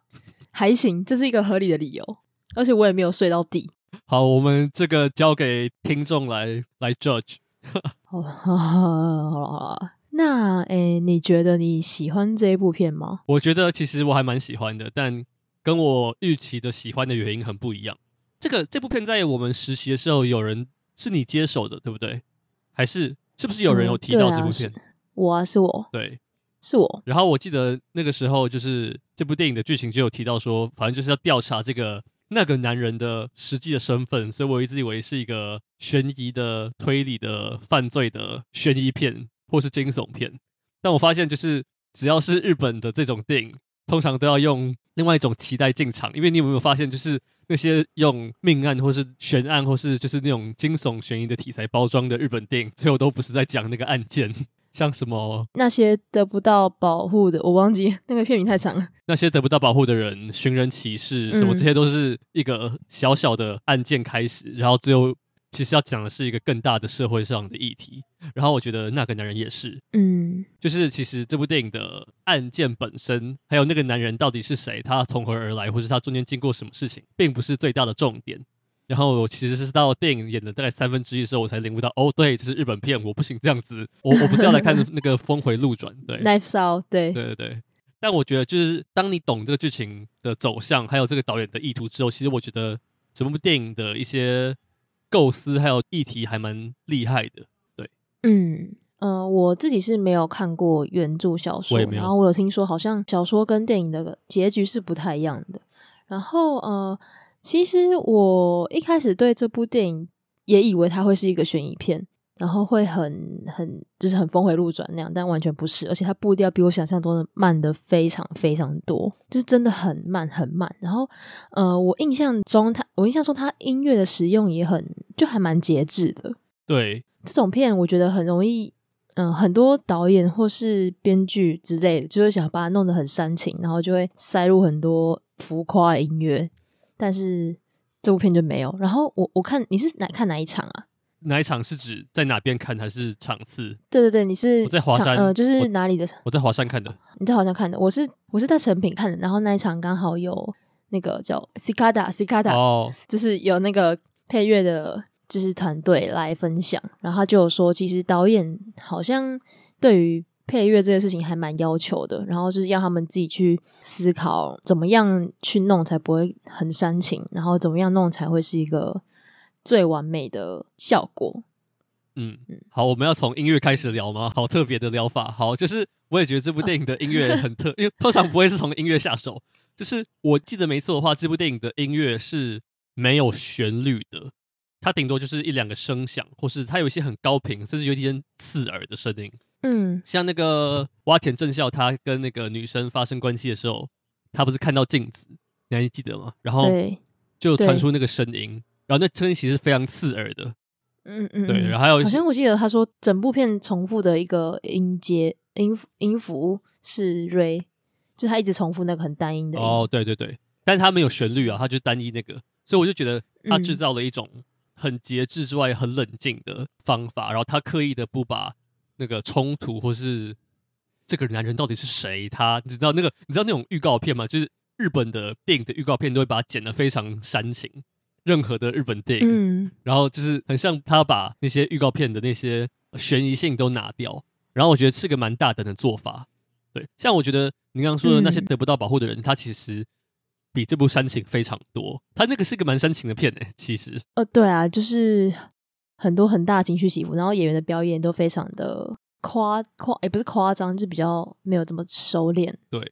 還行，這是一個合理的理由，而且我也沒有睡到底。好，我們這個交給聽眾來來 judge。哦 (laughs) 好了好了，那誒，你覺得你喜歡這一部片嗎？我覺得其實我還蠻喜歡的，但。跟我預期的喜歡的原因很不一樣。這個這部片在我們實習的時候，有人是你接手的，對不對？還是是不是有人有提到這部片？嗯、啊是我啊，是我對，是我。然後我記得那個時候，就是這部電影的劇情就有提到說，反正就是要調查這個那個男人的實際的身份。所以我一直以為是一個懸疑的、推理的、犯罪的懸疑片，或是驚悚片。但我發現，就是只要是日本的這種電影。通常都要用另外一種期待進場，因為你有沒有發現，就是那些用命案或是懸案或是就是那種驚悚懸疑的題材包裝的日本電影，最後都不是在講那個案件，像什麼那些得不到保護的，我忘記那個片名太長了，那些得不到保護的人、尋人啟事什麼，這些都是一個小小的案件開始，然後最後。其實要講的是一個更大的社會上的議題，然後我覺得那個男人也是，嗯，就是其實這部電影的案件本身，還有那個男人到底是誰，他從何而來，或是他中間經過什麼事情，並不是最大的重點。然後我其實是到電影演的大概三分之一的時候，我才領悟到，哦，對，這是日本片，我不行這樣子，我我不是要來看那個峰回路轉，Knives Out，對對對。但我覺得就是當你懂這個劇情的走向，還有這個導演的意圖之後，其實我覺得整部電影的一些。構思還有議題還蠻厲害的，對，嗯，呃，我自己是沒有看過原著小說，然後我有聽說好像小說跟電影的結局是不太一樣的，然後呃，其實我一開始對這部電影也以為它會是一個懸疑片。然後會很很就是很峰回路轉那樣，但完全不是，而且它步調比我想象中的慢的非常非常多，就是真的很慢很慢。然後，呃，我印象中他，我印象中他音樂的使用也很就還蠻節制的。對，這種片我覺得很容易，嗯、呃，很多導演或是編劇之類的就會想把它弄得很煽情，然後就會塞入很多浮誇音樂，但是這部片就沒有。然後我我看你是哪看哪一場啊？哪一場是指在哪邊看還是場次？對對對，你是我在華山，呃，就是哪裡的？我，我在華山看的。你在華山看的，我是我是在成品看的。然後那一場剛好有那個叫 Cicada，Cicada，、oh. 就是有那個配樂的，就是團隊來分享。然後他就說，其實導演好像對於配樂這件事情還蠻要求的，然後就是要他們自己去思考怎麼樣去弄才不會很煽情，然後怎麼樣弄才會是一個。最完美的效果。嗯，好，我們要從音樂開始聊嗎？好特別的聊法。好，就是我也覺得這部電影的音樂很特，啊、 (laughs) 因為通常不會是從音樂下手。 (laughs) 就是我記得沒錯的話，這部電影的音樂是沒有旋律的，它頂多就是一兩個聲響，或是它有一些很高頻，甚至有一點刺耳的聲音。嗯，像那個窪田正孝，他跟那個女生發生關係的時候，他不是看到鏡子，你還記得嗎？然後就傳出那個聲音。然後那聲音其實非常刺耳的。嗯，嗯嗯，對。然後還有，好像我記得他說，整部片重複的一個音節音音符是 re，就他一直重複那個很單音的音。哦，對對對，但是他沒有旋律啊，他就單一那個，所以我就覺得他製造了一種很節制之外很冷靜的方法。嗯。然後他刻意的不把那個衝突或是這個男人到底是誰，他你知道那個你知道那種預告片嗎？就是日本的電影的預告片都會把它剪得非常煽情。任何的日本電影、嗯，然後就是很像他把那些預告片的那些懸疑性都拿掉，然後我覺得是個蠻大膽的做法。對，像我覺得你剛剛說的那些得不到保護的人，嗯、他其實比這部煽情非常多。他那個是個蠻煽情的片哎、欸，其實。呃，對啊，就是很多很大情緒起伏，然後演員的表演都非常的誇誇，也、欸、不是誇張，就比較沒有這麼收斂。對，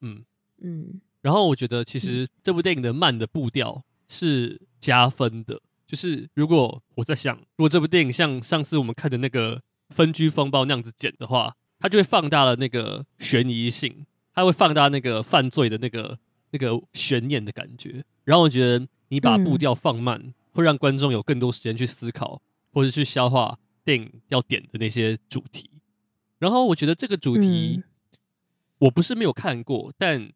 嗯嗯。然後我覺得其實這部電影的慢的步調，是加分的，就是如果我在想，如果這部電影像上次我們看的那個《分居風暴》那樣子剪的話，它就會放大了那個懸疑性，它會放大那個犯罪的那個那個懸念的感覺。然後我覺得你把步調放慢，嗯、會讓觀眾有更多時間去思考或者去消化電影要點的那些主題。然後我覺得這個主題，嗯、我不是沒有看過，但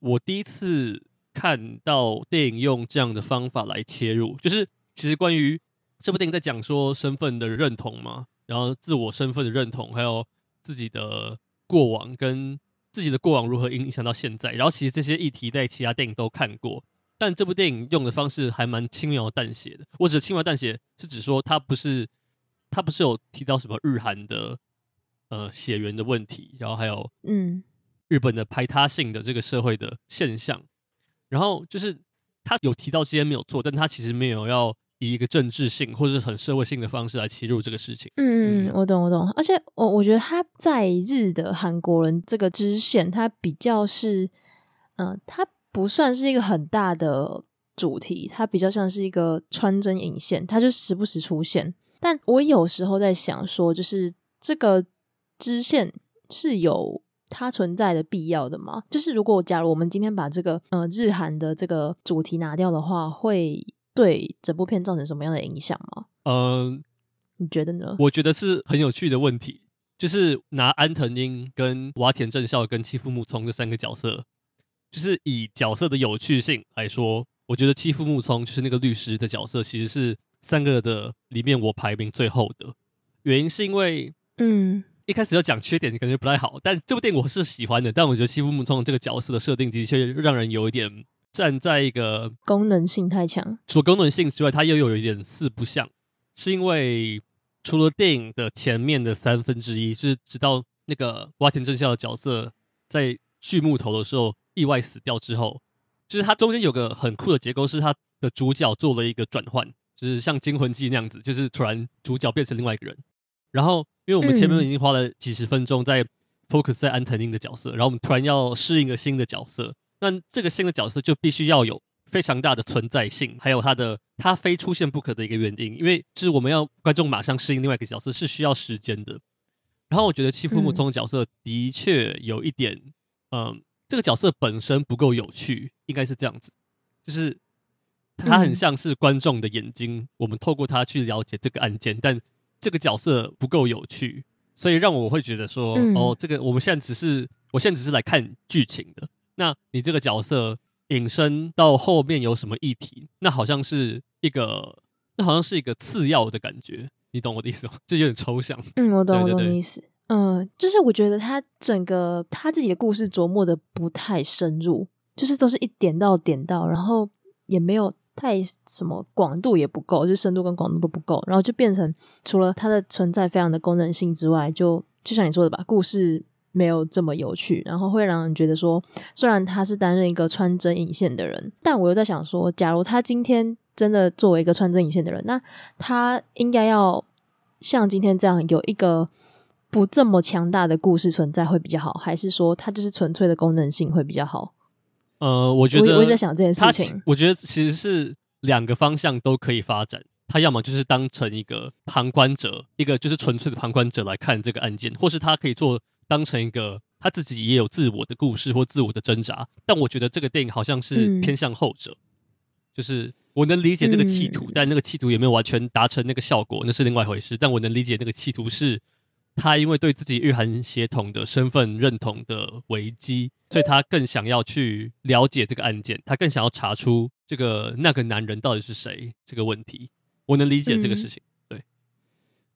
我第一次。看到電影用這樣的方法來切入，就是其實關於這部電影在講說身份的認同嘛，然後自我身份的認同，還有自己的過往跟自己的過往如何影響到現在。然後其實這些議題在其他電影都看過，但這部電影用的方式還蠻輕描淡寫的。我指的輕描淡寫是指說它不是它不是有提到什麼日韓的呃血緣的問題，然後還有嗯日本的排他性的這個社會的現象。然後就是他有提到之前沒有錯，但他其實沒有要以一個政治性或者是很社會性的方式來切入這個事情嗯。嗯，我懂，我懂。而且我我覺得他在日的韓國人這個支線，他比較是，嗯、呃，他不算是一個很大的主題，他比較像是一個穿針引線，他就時不時出現。但我有時候在想說，就是這個支線是有。它存在的必要的嗎？就是如果假如我們今天把這個呃日韓的這個主題拿掉的話，會對整部片造成什麼樣的影響嗎，啊？嗯、呃，你覺得呢？我覺得是很有趣的問題，就是拿安藤櫻跟窪田正孝跟妻夫木聰這三個角色，就是以角色的有趣性來說，我覺得妻夫木聰就是那個律師的角色，其實是三個的裡面我排名最後的，原因是因為嗯。一開始就講缺點，感覺不太好，但這部電影我是喜歡的。但我覺得妻夫木聰這個角色的設定的確讓人有一點站在一個功能性太強。除了功能性之外，它又有一點四不像，是因為除了電影的前面的三分之一，是直到那個窪田正孝的角色在鋸木頭的時候意外死掉之後，就是它中間有個很酷的結構，是它的主角做了一個轉換，就是像《驚魂記》那樣子，就是突然主角變成另外一個人。然後，因為我們前面已經花了幾十分鐘在 focus 在安藤櫻的角色，然後我們突然要適應一個新的角色，那這個新的角色就必須要有非常大的存在性，還有他的他非出現不可的一個原因，因為就是我們要觀眾馬上適應另外一個角色是需要時間的。然後我覺得妻夫木聰的角色的確有一點，嗯，這個角色本身不夠有趣，應該是這樣子，就是他很像是觀眾的眼睛，我們透過他去了解這個案件，但。這個角色不夠有趣，所以讓我會覺得說、嗯，哦，這個我們現在只是，我現在只是來看劇情的。那你這個角色引申到後面有什麼議題？那好像是一個，那好像是一個次要的感覺，你懂我的意思嗎？這有點抽象。嗯，我懂，我懂我的意思，對對。嗯，就是我覺得他整個他自己的故事琢磨的不太深入，就是都是一點到點到，然後也沒有。太什麼廣度也不夠，就深度跟廣度都不夠，然後就變成除了它的存在非常的功能性之外，就就像你說的吧，故事沒有這麼有趣，然後會讓人覺得說，雖然他是擔任一個穿針引線的人，但我又在想說，假如他今天真的作為一個穿針引線的人，那他應該要像今天這樣有一個不這麼強大的故事存在會比較好，還是說他就是純粹的功能性會比較好？呃，我覺得他，我他我覺得其實是兩個方向都可以發展。他要麼就是當成一個旁觀者，一個就是純粹的旁觀者來看這個案件，或是他可以做當成一個他自己也有自我的故事或自我的掙扎。但我覺得這個電影好像是偏向後者。嗯，就是我能理解那個企圖，嗯，但那個企圖有沒有完全達成那個效果，那是另外一回事。但我能理解那個企圖是。他因為對自己日韓血統的身份認同的危機，所以他更想要去了解這個案件，他更想要查出這個那個男人到底是誰這個問題。我能理解這個事情，嗯、對，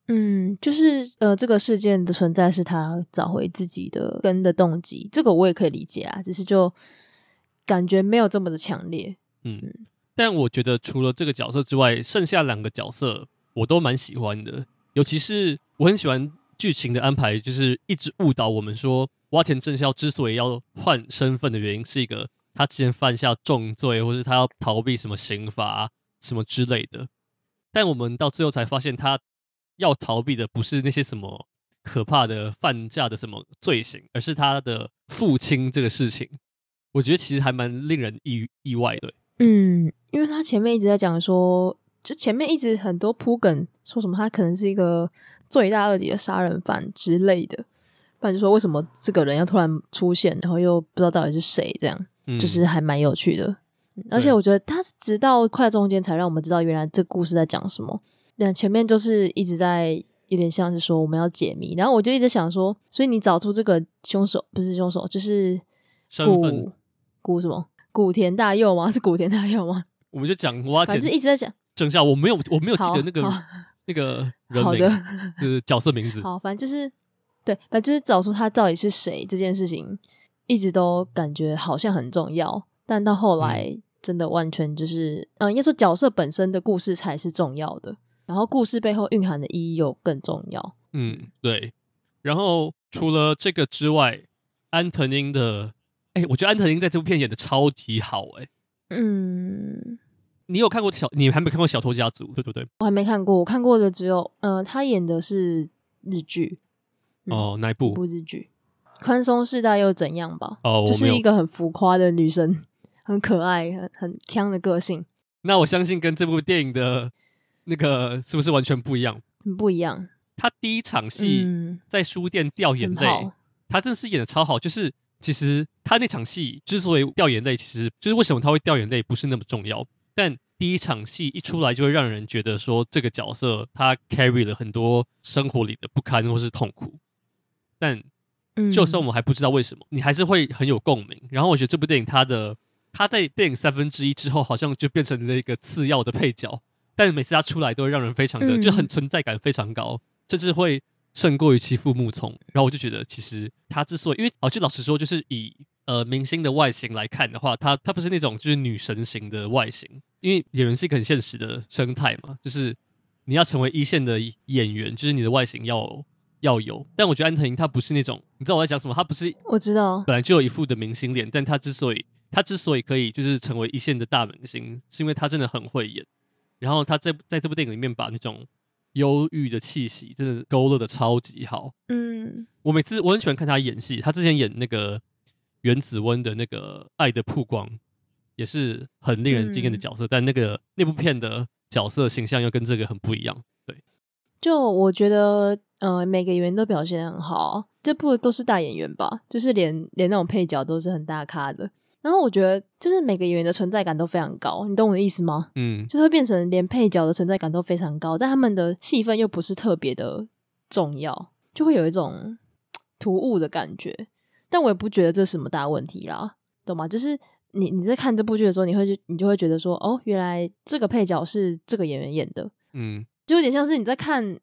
嗯，就是呃，這個事件的存在是他找回自己的根的動機，這個我也可以理解啊，只是就感覺沒有這麼的強烈。嗯，嗯，但我覺得除了這個角色之外，剩下兩個角色我都蠻喜歡的，尤其是我很喜歡。劇情的安排就是一直誤導我們說，窪田正孝之所以要換身份的原因，是一個他之前犯下重罪，或是他要逃避什麼刑罰什麼之類的。但我們到最後才發現，他要逃避的不是那些什麼可怕的犯下的什麼罪行，而是他的父親這個事情。我覺得其實還蠻令人意意外的。嗯，因為他前面一直在講說，就前面一直很多鋪梗，說什麼他可能是一個。罪大惡極的殺人犯之類的，不然就說為什麼這個人要突然出現，然後又不知道到底是誰，這樣、嗯、就是還蠻有趣的、嗯。而且我覺得他直到快中間才讓我們知道原來這故事在講什麼，那前面就是一直在有點像是說我們要解謎，然後我就一直想說，所以你找出這個凶手不是凶手就是古古什麼古田大佑嗎？是古田大佑嗎？我們就講古田，反正就是一直在講。整下，我沒有我沒有記得那個。那個人好的，就是角色名字。 (laughs) 好，反正就是對，反正就是找出他到底是誰這件事情，一直都感覺好像很重要，但到後來真的完全就是，嗯，該、呃、說角色本身的故事才是重要的，然後故事背後蘊含的意義又更重要。嗯，對。然後除了這個之外，安藤櫻的，哎，我覺得安藤櫻在這部片演的超級好、欸，哎，嗯。你有看過小，你還沒看過《小偷家族》，對不對？我還沒看過，我看過的只有，嗯、呃，他演的是日劇、嗯。哦，哪一部？不是日劇，《寬鬆世代》又怎樣吧？哦，就是一個很浮誇的女生，很可愛，很很鏘的個性。那我相信跟這部電影的那個是不是完全不一樣？不一樣。他第一場戲在書店掉眼淚，他真的是演得超好。就是其實他那場戲之所以掉眼淚，其實就是為什麼他會掉眼淚，不是那麼重要。但第一場戲，一出來，就會讓人覺得說，這個角色他 carry 了很多生活裡的不堪或是痛苦。但，就算我們還不知道為什麼，你還是會很有共鳴。然後我覺得這部電影它的，它在電影三分之一之後，好像就變成了一個次要的配角。但每次他出來，都會讓人非常的就很存在感非常高，甚至會勝過於妻夫木聰。然後我就覺得，其實他之所以，因為哦，就老實說，就是以。呃，明星的外形來看的話，她，她不是那種就是女神型的外形，因為演員是一個很現實的生態嘛，就是你要成為一線的演員，就是你的外形要要有。但我覺得安藤櫻她不是那種，你知道我在講什麼？她不是我知道本來就有一副的明星臉，但她之所以她之所以可以就是成為一線的大明星，是因為她真的很會演。然後她在在這部電影裡面把那種憂鬱的氣息真的勾勒得超級好。嗯，我每次我很喜歡看她演戲，她之前演那個。園子溫的那個愛的曝光，也是很令人驚艷的角色，嗯、但那個那部片的角色形象又跟這個很不一樣。對，就我覺得，呃，每個演員都表現很好，這部都是大演員吧，就是連連那種配角都是很大咖的。然後我覺得，就是每個演員的存在感都非常高，你懂我的意思嗎？嗯，就會變成連配角的存在感都非常高，但他們的戲份又不是特別的重要，就會有一種突兀的感覺。但我也不覺得這是什麼大問題啦，懂嗎？就是你你在看這部劇的時候，你會你就會覺得說，哦，原來這個配角是這個演員演的，嗯，就有點像是你在看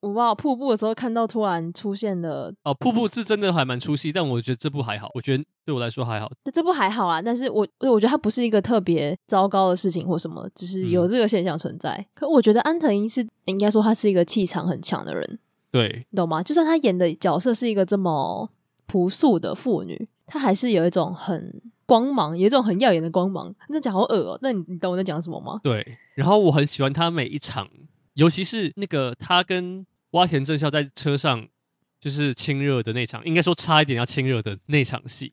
哇瀑布的時候看到突然出現了哦，瀑布是真的還蠻出戲，嗯，但我覺得這部還好，我覺得對我來說還好，這部還好啊。但是我我覺得它不是一個特別糟糕的事情或什麼，只，就是有這個現象存在。嗯、可我覺得安藤櫻是應該說他是一個氣場很強的人，對你懂嗎？就算他演的角色是一個這麼。樸素的婦女，她還是有一種很光芒，有一種很耀眼的光芒。那講好噁喔？那你你懂我在講什麼嗎？對。然後我很喜歡她每一場，尤其是那個她跟洼田正孝在車上就是親熱的那場，應該說差一點要親熱的那場戲，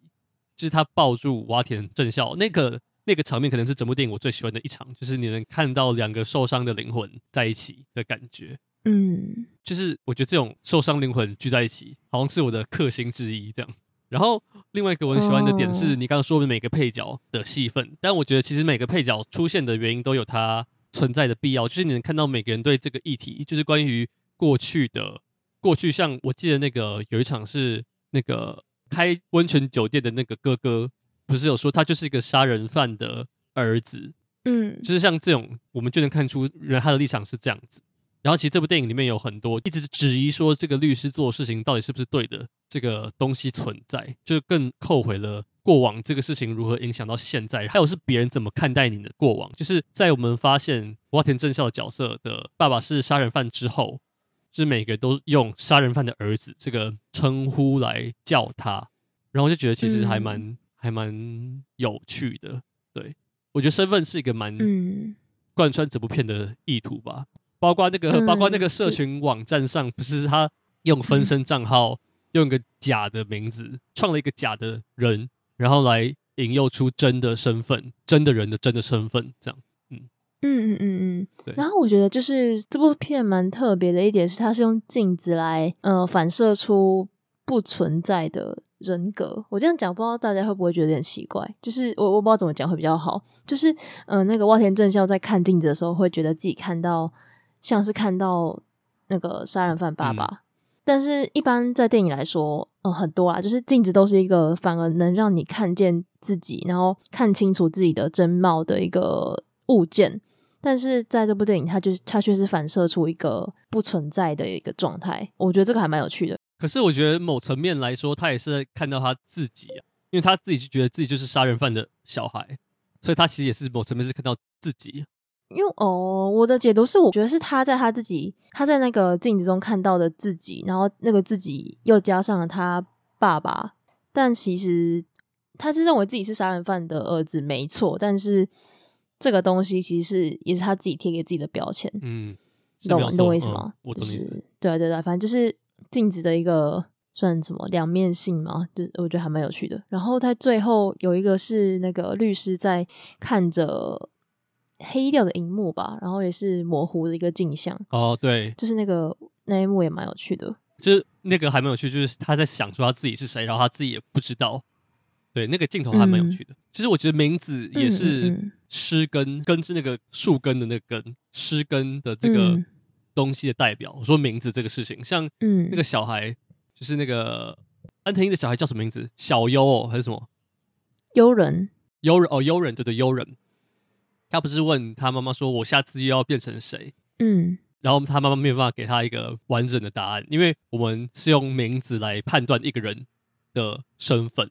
就是他抱住洼田正孝那個那個場面，可能是整部電影我最喜歡的一場，就是你能看到兩個受傷的靈魂在一起的感覺。嗯，就是我覺得這種受傷靈魂聚在一起，好像是我的克星之一這樣。然後另外一個我很喜歡的點是，你剛剛說的每個配角的戲份，但我覺得其實每個配角出現的原因都有他存在的必要，就是你能看到每個人對這個議題，就是關於過去的過去，像我記得那個有一場是那個開溫泉酒店的那個哥哥，不是有說他就是一個殺人犯的兒子，嗯，就是像這種我們就能看出，人他的立場是這樣子。然後，其實這部電影裡面有很多一直質疑說這個律師做的事情到底是不是對的，這個東西存在，就更扣回了過往這個事情如何影響到現在，還有是別人怎麼看待你的過往。就是在我們發現洼田正孝的角色的爸爸是殺人犯之後，就是每個人都用殺人犯的兒子這個稱呼來叫他，然後就覺得其實還蠻、嗯、還蠻有趣的。對我覺得身份是一個蠻貫穿整部片的意圖吧。包括那個，包括那個社群網站上，不是他用分身賬號，用一個假的名字，創了一個假的人，然後來引誘出真的身份，真的人的真的身份，這樣，嗯嗯嗯嗯嗯，對。然後我覺得就是這部片蠻特別的一點是，它是用鏡子來，呃，反射出不存在的人格。我這樣講，不知道大家會不會覺得有點奇怪。就是我我不知道怎麼講會比較好。就是，嗯，那個望田正孝在看鏡子的時候，會覺得自己看到。像是看到那個殺人犯爸爸，嗯，但是一般在電影來說，嗯，很多啊，就是鏡子都是一個反而能讓你看見自己，然後看清楚自己的真貌的一個物件。但是在這部電影它，它就是它卻是反射出一個不存在的一個狀態。我覺得這個還蠻有趣的。可是我覺得某層面來說，他也是看到他自己啊，因為他自己就覺得自己就是殺人犯的小孩，所以他其實也是某層面是看到自己。因為哦，我的解讀是，我覺得是他在他自己，他在那個鏡子中看到的自己，然後那個自己又加上了他爸爸，但其實他是認為自己是殺人犯的兒子，沒錯。但是這個東西其實是也是他自己貼給自己的標籤，嗯，你懂你懂我意思嗎？嗯，我懂你意思。就是對啊，對，對，對，反正就是鏡子的一個算什麼兩面性嘛，就我覺得還蠻有趣的。然後在最後有一個是那個律師在看着，黑掉的熒幕吧，然後也是模糊的一個鏡像。哦，對，就是那個那一幕也蠻有趣的。就是那個還蠻有趣，就是他在想說他自己是誰，然後他自己也不知道。對，那個鏡頭還蠻有趣的。嗯、其實我覺得名字也是“詩、嗯、根、嗯嗯”，根是那個樹根的那個根，“詩根”的這個東西的代表、嗯。我說名字這個事情，像嗯，那個小孩就是那個、嗯、安藤櫻的小孩叫什麼名字？小優、哦、還是什麼？悠人，悠人哦，悠人，對對，悠人。他不是問他媽媽說：“我下次又要變成誰？”嗯，然後他媽媽沒有辦法給他一個完整的答案，因為我們是用名字來判斷一個人的身份，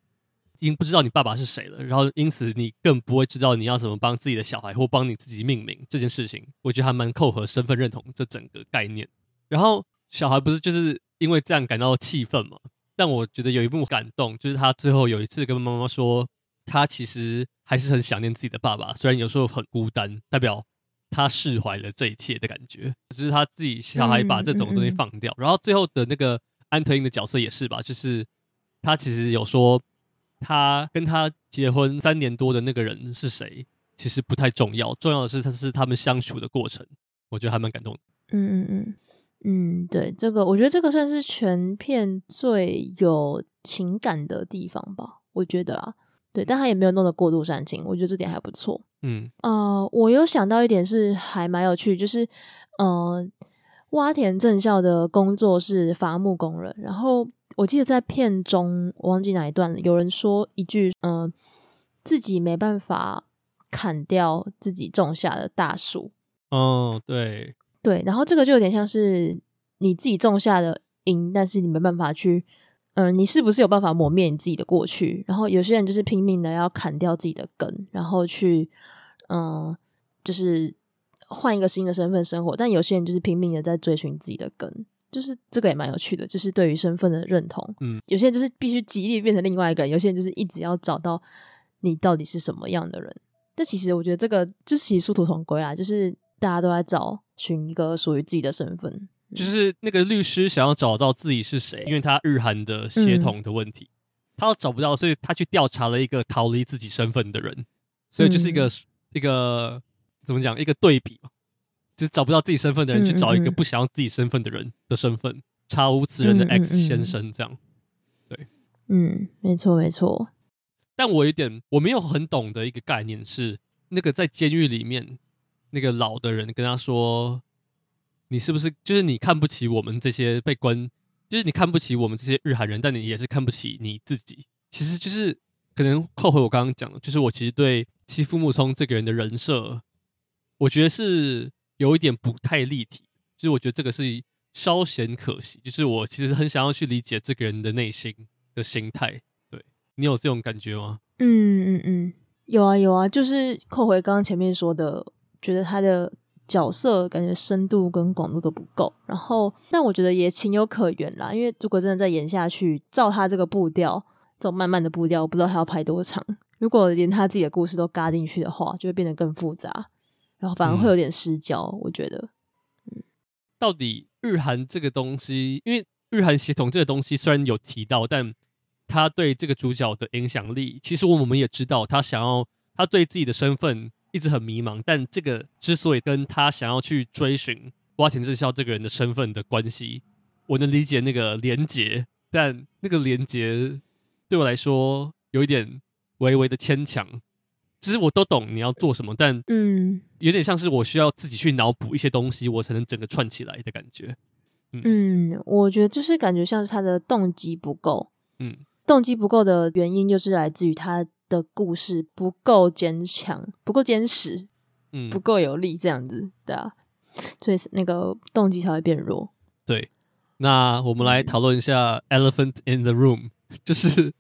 已經不知道你爸爸是誰了，然後因此你更不會知道你要怎麼幫自己的小孩或幫你自己命名這件事情。我覺得還蠻扣合身份認同這整個概念。然後小孩不是就是因為這樣感到氣憤嗎？但我覺得有一幕感動，就是他最後有一次跟媽媽說。他其實還是很想念自己的爸爸，雖然有時候很孤單，代表他釋懷了這一切的感覺，就是他自己小孩把這種東西放掉、嗯嗯。然後最後的那個安藤櫻的角色也是吧，就是他其實有說他跟他結婚三年多的那個人是誰，其實不太重要，重要的是他是他們相處的過程。我覺得還蠻感動的。嗯嗯嗯嗯，對，這個我覺得這個算是全片最有情感的地方吧，我覺得啦。對，但他也沒有弄得過度煽情，我覺得這點還不錯。嗯，呃，我有想到一點是還蠻有趣，就是，呃，窪田正孝的工作是伐木工人，然後我記得在片中我忘記哪一段了，有人說一句，嗯、呃，自己沒辦法砍掉自己種下的大樹。哦，對，對，然後這個就有點像是你自己種下的因，但是你沒辦法去。嗯，你是不是有辦法磨滅你自己的過去？然後有些人就是拼命的要砍掉自己的根，然後去，嗯，就是換一個新的身份生活。但有些人就是拼命的在追尋自己的根，就是這個也蠻有趣的，就是對於身份的認同。嗯，有些人就是必須極力變成另外一個人，有些人就是一直要找到你到底是什麼樣的人。但其實我覺得這個就是其實殊途同歸啦，就是大家都在找尋一個屬於自己的身份。就是那個律師想要找到自己是誰，因為他日韓的血統的問題，嗯、他都找不到，所以他去調查了一個逃離自己身份的人，所以就是一個、嗯、一個怎麼講，一個對比嘛，就是找不到自己身份的人，嗯嗯嗯，去找一個不想要自己身份的人的身份，查無此人的 X 先生這樣，嗯嗯嗯，對，嗯，沒錯沒錯，但我有點，我沒有很懂的一個概念是，那個在監獄裡面那個老的人跟他說。你是不是就是你看不起我們這些被關，就是你看不起我們這些日韓人，但你也是看不起你自己。其實就是可能扣回我剛剛講的，就是我其實對妻夫木聰這個人的人設，我覺得是有一點不太立體。就是我覺得這個是稍嫌可惜。就是我其實很想要去理解這個人的內心的心態。對。你有這種感覺嗎？嗯嗯嗯，有啊有啊，就是扣回剛剛前面說的，覺得他的。角色感覺深度跟廣度都不夠，然後但我覺得也情有可原啦，因為如果真的再演下去，照他這個步調，這種慢慢的步調，我不知道還要拍多長。如果連他自己的故事都嘎進去的話，就會變得更複雜，然後反而會有點失焦。嗯、我覺得、嗯，到底日韓這個東西，因為日韓協同這個東西雖然有提到，但他對這個主角的影響力，其實我們也知道，他想要他對自己的身份。一直很迷茫，但這個之所以跟他想要去追尋洼田正孝這個人的身份的關係，我能理解那個連結，但那個連結對我來說有一點微微的牽強。其實我都懂你要做什麼，但嗯，有點像是我需要自己去腦補一些東西，我才能整個串起來的感覺嗯。嗯，我覺得就是感覺像是他的動機不夠。嗯，動機不夠的原因就是來自於他。的故事不夠堅強，不夠堅實，嗯，不夠有力，這樣子，對啊，所以那個動機才會變弱。對，那我們來討論一下《Elephant in the Room》，就是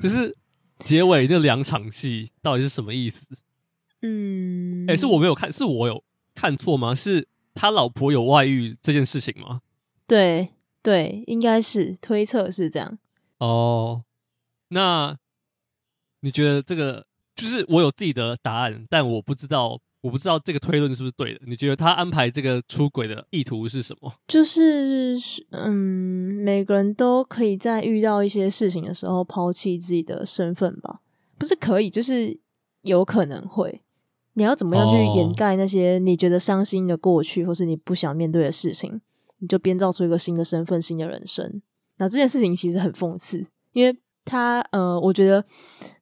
就是結尾那兩場戲到底是什麼意思？嗯，欸，是我沒有看，是我有看錯嗎？是他老婆有外遇這件事情嗎？對，對，應該是推測是這樣。哦，那。你覺得這個就是我有自己的答案，但我不知道，我不知道這個推論是不是對的。你覺得他安排這個出軌的意圖是什麼？就是嗯，每個人都可以在遇到一些事情的時候拋棄自己的身份吧，不是可以，就是有可能會。你要怎麼樣去掩蓋那些你覺得傷心的過去，或是你不想面對的事情，你就編造出一個新的身份、新的人生。那這件事情其實很諷刺，因為。他呃，我覺得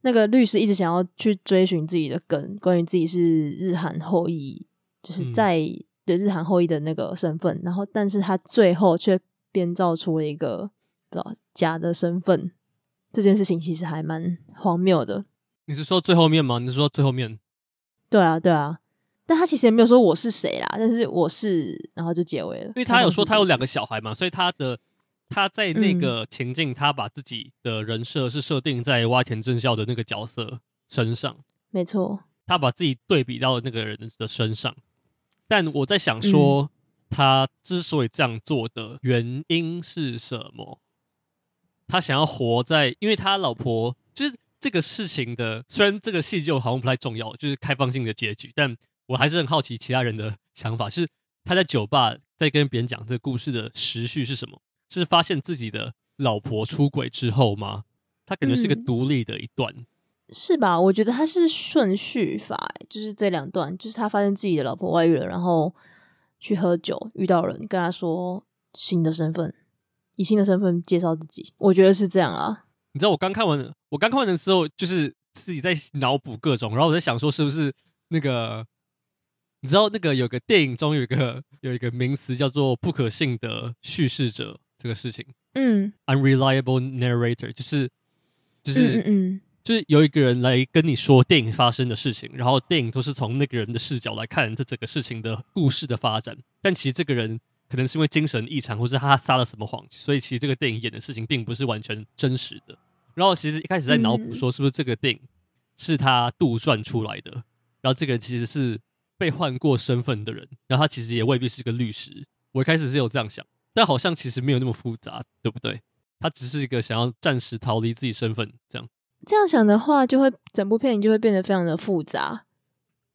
那個律師一直想要去追尋自己的根，關於自己是日韓後裔，就是在、嗯、對日韓後裔的那個身份。然後，但是他最後卻編造出了一個不知道假的身份，這件事情其實還蠻荒謬的。你是說最後面嗎？你是說最後面？對啊，對啊。但他其實也沒有說我是誰啦，但是我是，然後就結尾了。因為他有說他有兩個小孩嘛，所以他的。他在那個情境，他把自己的人設是設定在窪田正孝的那個角色身上，沒錯，他把自己對比到那個人的身上。但我在想說，他之所以這樣做的原因是什麼？他想要活在，因為他老婆就是這個事情的。雖然這個戲就好像不太重要，就是開放性的結局，但我還是很好奇其他人的想法，就是他在酒吧在跟別人講這個故事的時序是什麼？是發現自己的老婆出軌之後嗎？他可能是個獨立的一段，嗯，是吧？我覺得他是順序法，欸，就是這兩段，就是他發現自己的老婆外遇了，然後去喝酒遇到人，跟他說新的身份，以新的身份介紹自己。我覺得是這樣啊。你知道我剛看完，我剛看完的時候，就是自己在腦補各種，然後我在想說是不是那個，你知道那個有個電影中有一個有一個名詞叫做不可信的敘事者。這個事情，嗯，unreliable narrator 就是就是嗯，嗯，就是有一個人來跟你說電影發生的事情，然後電影都是從那個人的視角來看這整個事情的故事的發展。但其實這個人可能是因為精神異常，或是他撒了什麼謊，所以其實這個電影演的事情並不是完全真實的。然後其實一開始在腦補說，是不是這個電影是他杜撰出來的？然後這個人其實是被換過身份的人，然後他其實也未必是個律師。我一開始是有這樣想。但好像其實沒有那麼複雜，對不對？他只是一個想要暫時逃離自己身份，這樣。這樣想的話，就會整部片就會變得非常的複雜。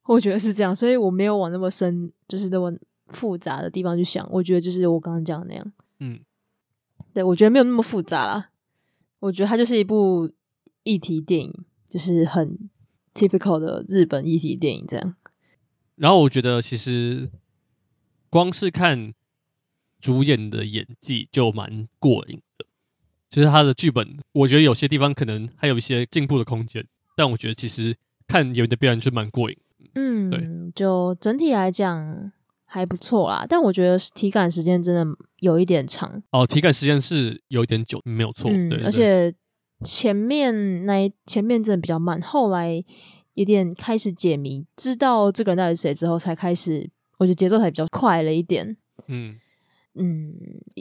我覺得是這樣，所以我沒有往那麼深，就是那麼複雜的地方去想。我覺得就是我剛剛講的那樣，嗯，對我覺得沒有那麼複雜啦。我覺得它就是一部議題電影，就是很 typical 的日本議題電影這樣。然後我覺得其實光是看主演的演技就蠻過癮的，其實他的劇本，我覺得有些地方可能還有一些進步的空間，但我覺得其實看有的表演就蠻過癮。嗯，對，就整體來講還不錯啦，但我覺得體感時間真的有一點長。哦，體感時間是有一點久，沒有錯，嗯、對，對，對。而且前面那前面真的比較慢，後來有點開始解謎，知道這個人到底是誰之後，才開始，我覺得節奏才比較快了一點。嗯。嗯，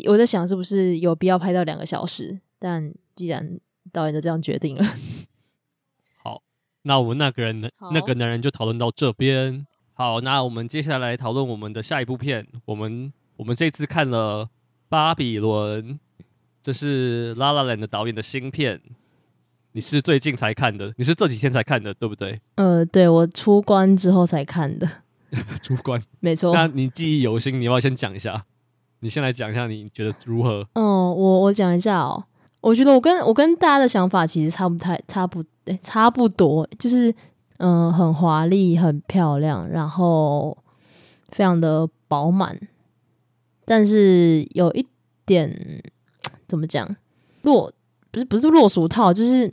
我在想是不是有必要拍到兩個小時？但既然導演就這樣決定了，好，那我們那個人，那個男人就討論到這邊。好，那我們接下來討論我們的下一部片。我們我們這次看了《巴比倫》，這是 La La Land 的導演的新片。你是最近才看的？你是這幾天才看的，對不對？呃，對，我出關之後才看的。 (laughs) 出關？沒錯。那你記憶猶新，你要不要先講一下。你先來講一下，你覺得如何？嗯，我我講一下哦、喔。我覺得我跟我跟大家的想法其實差不太、差不、欸、差不多，就是嗯、呃，很華麗、很漂亮，然後非常的飽滿，但是有一點怎麼講，落不是不是落俗套，就是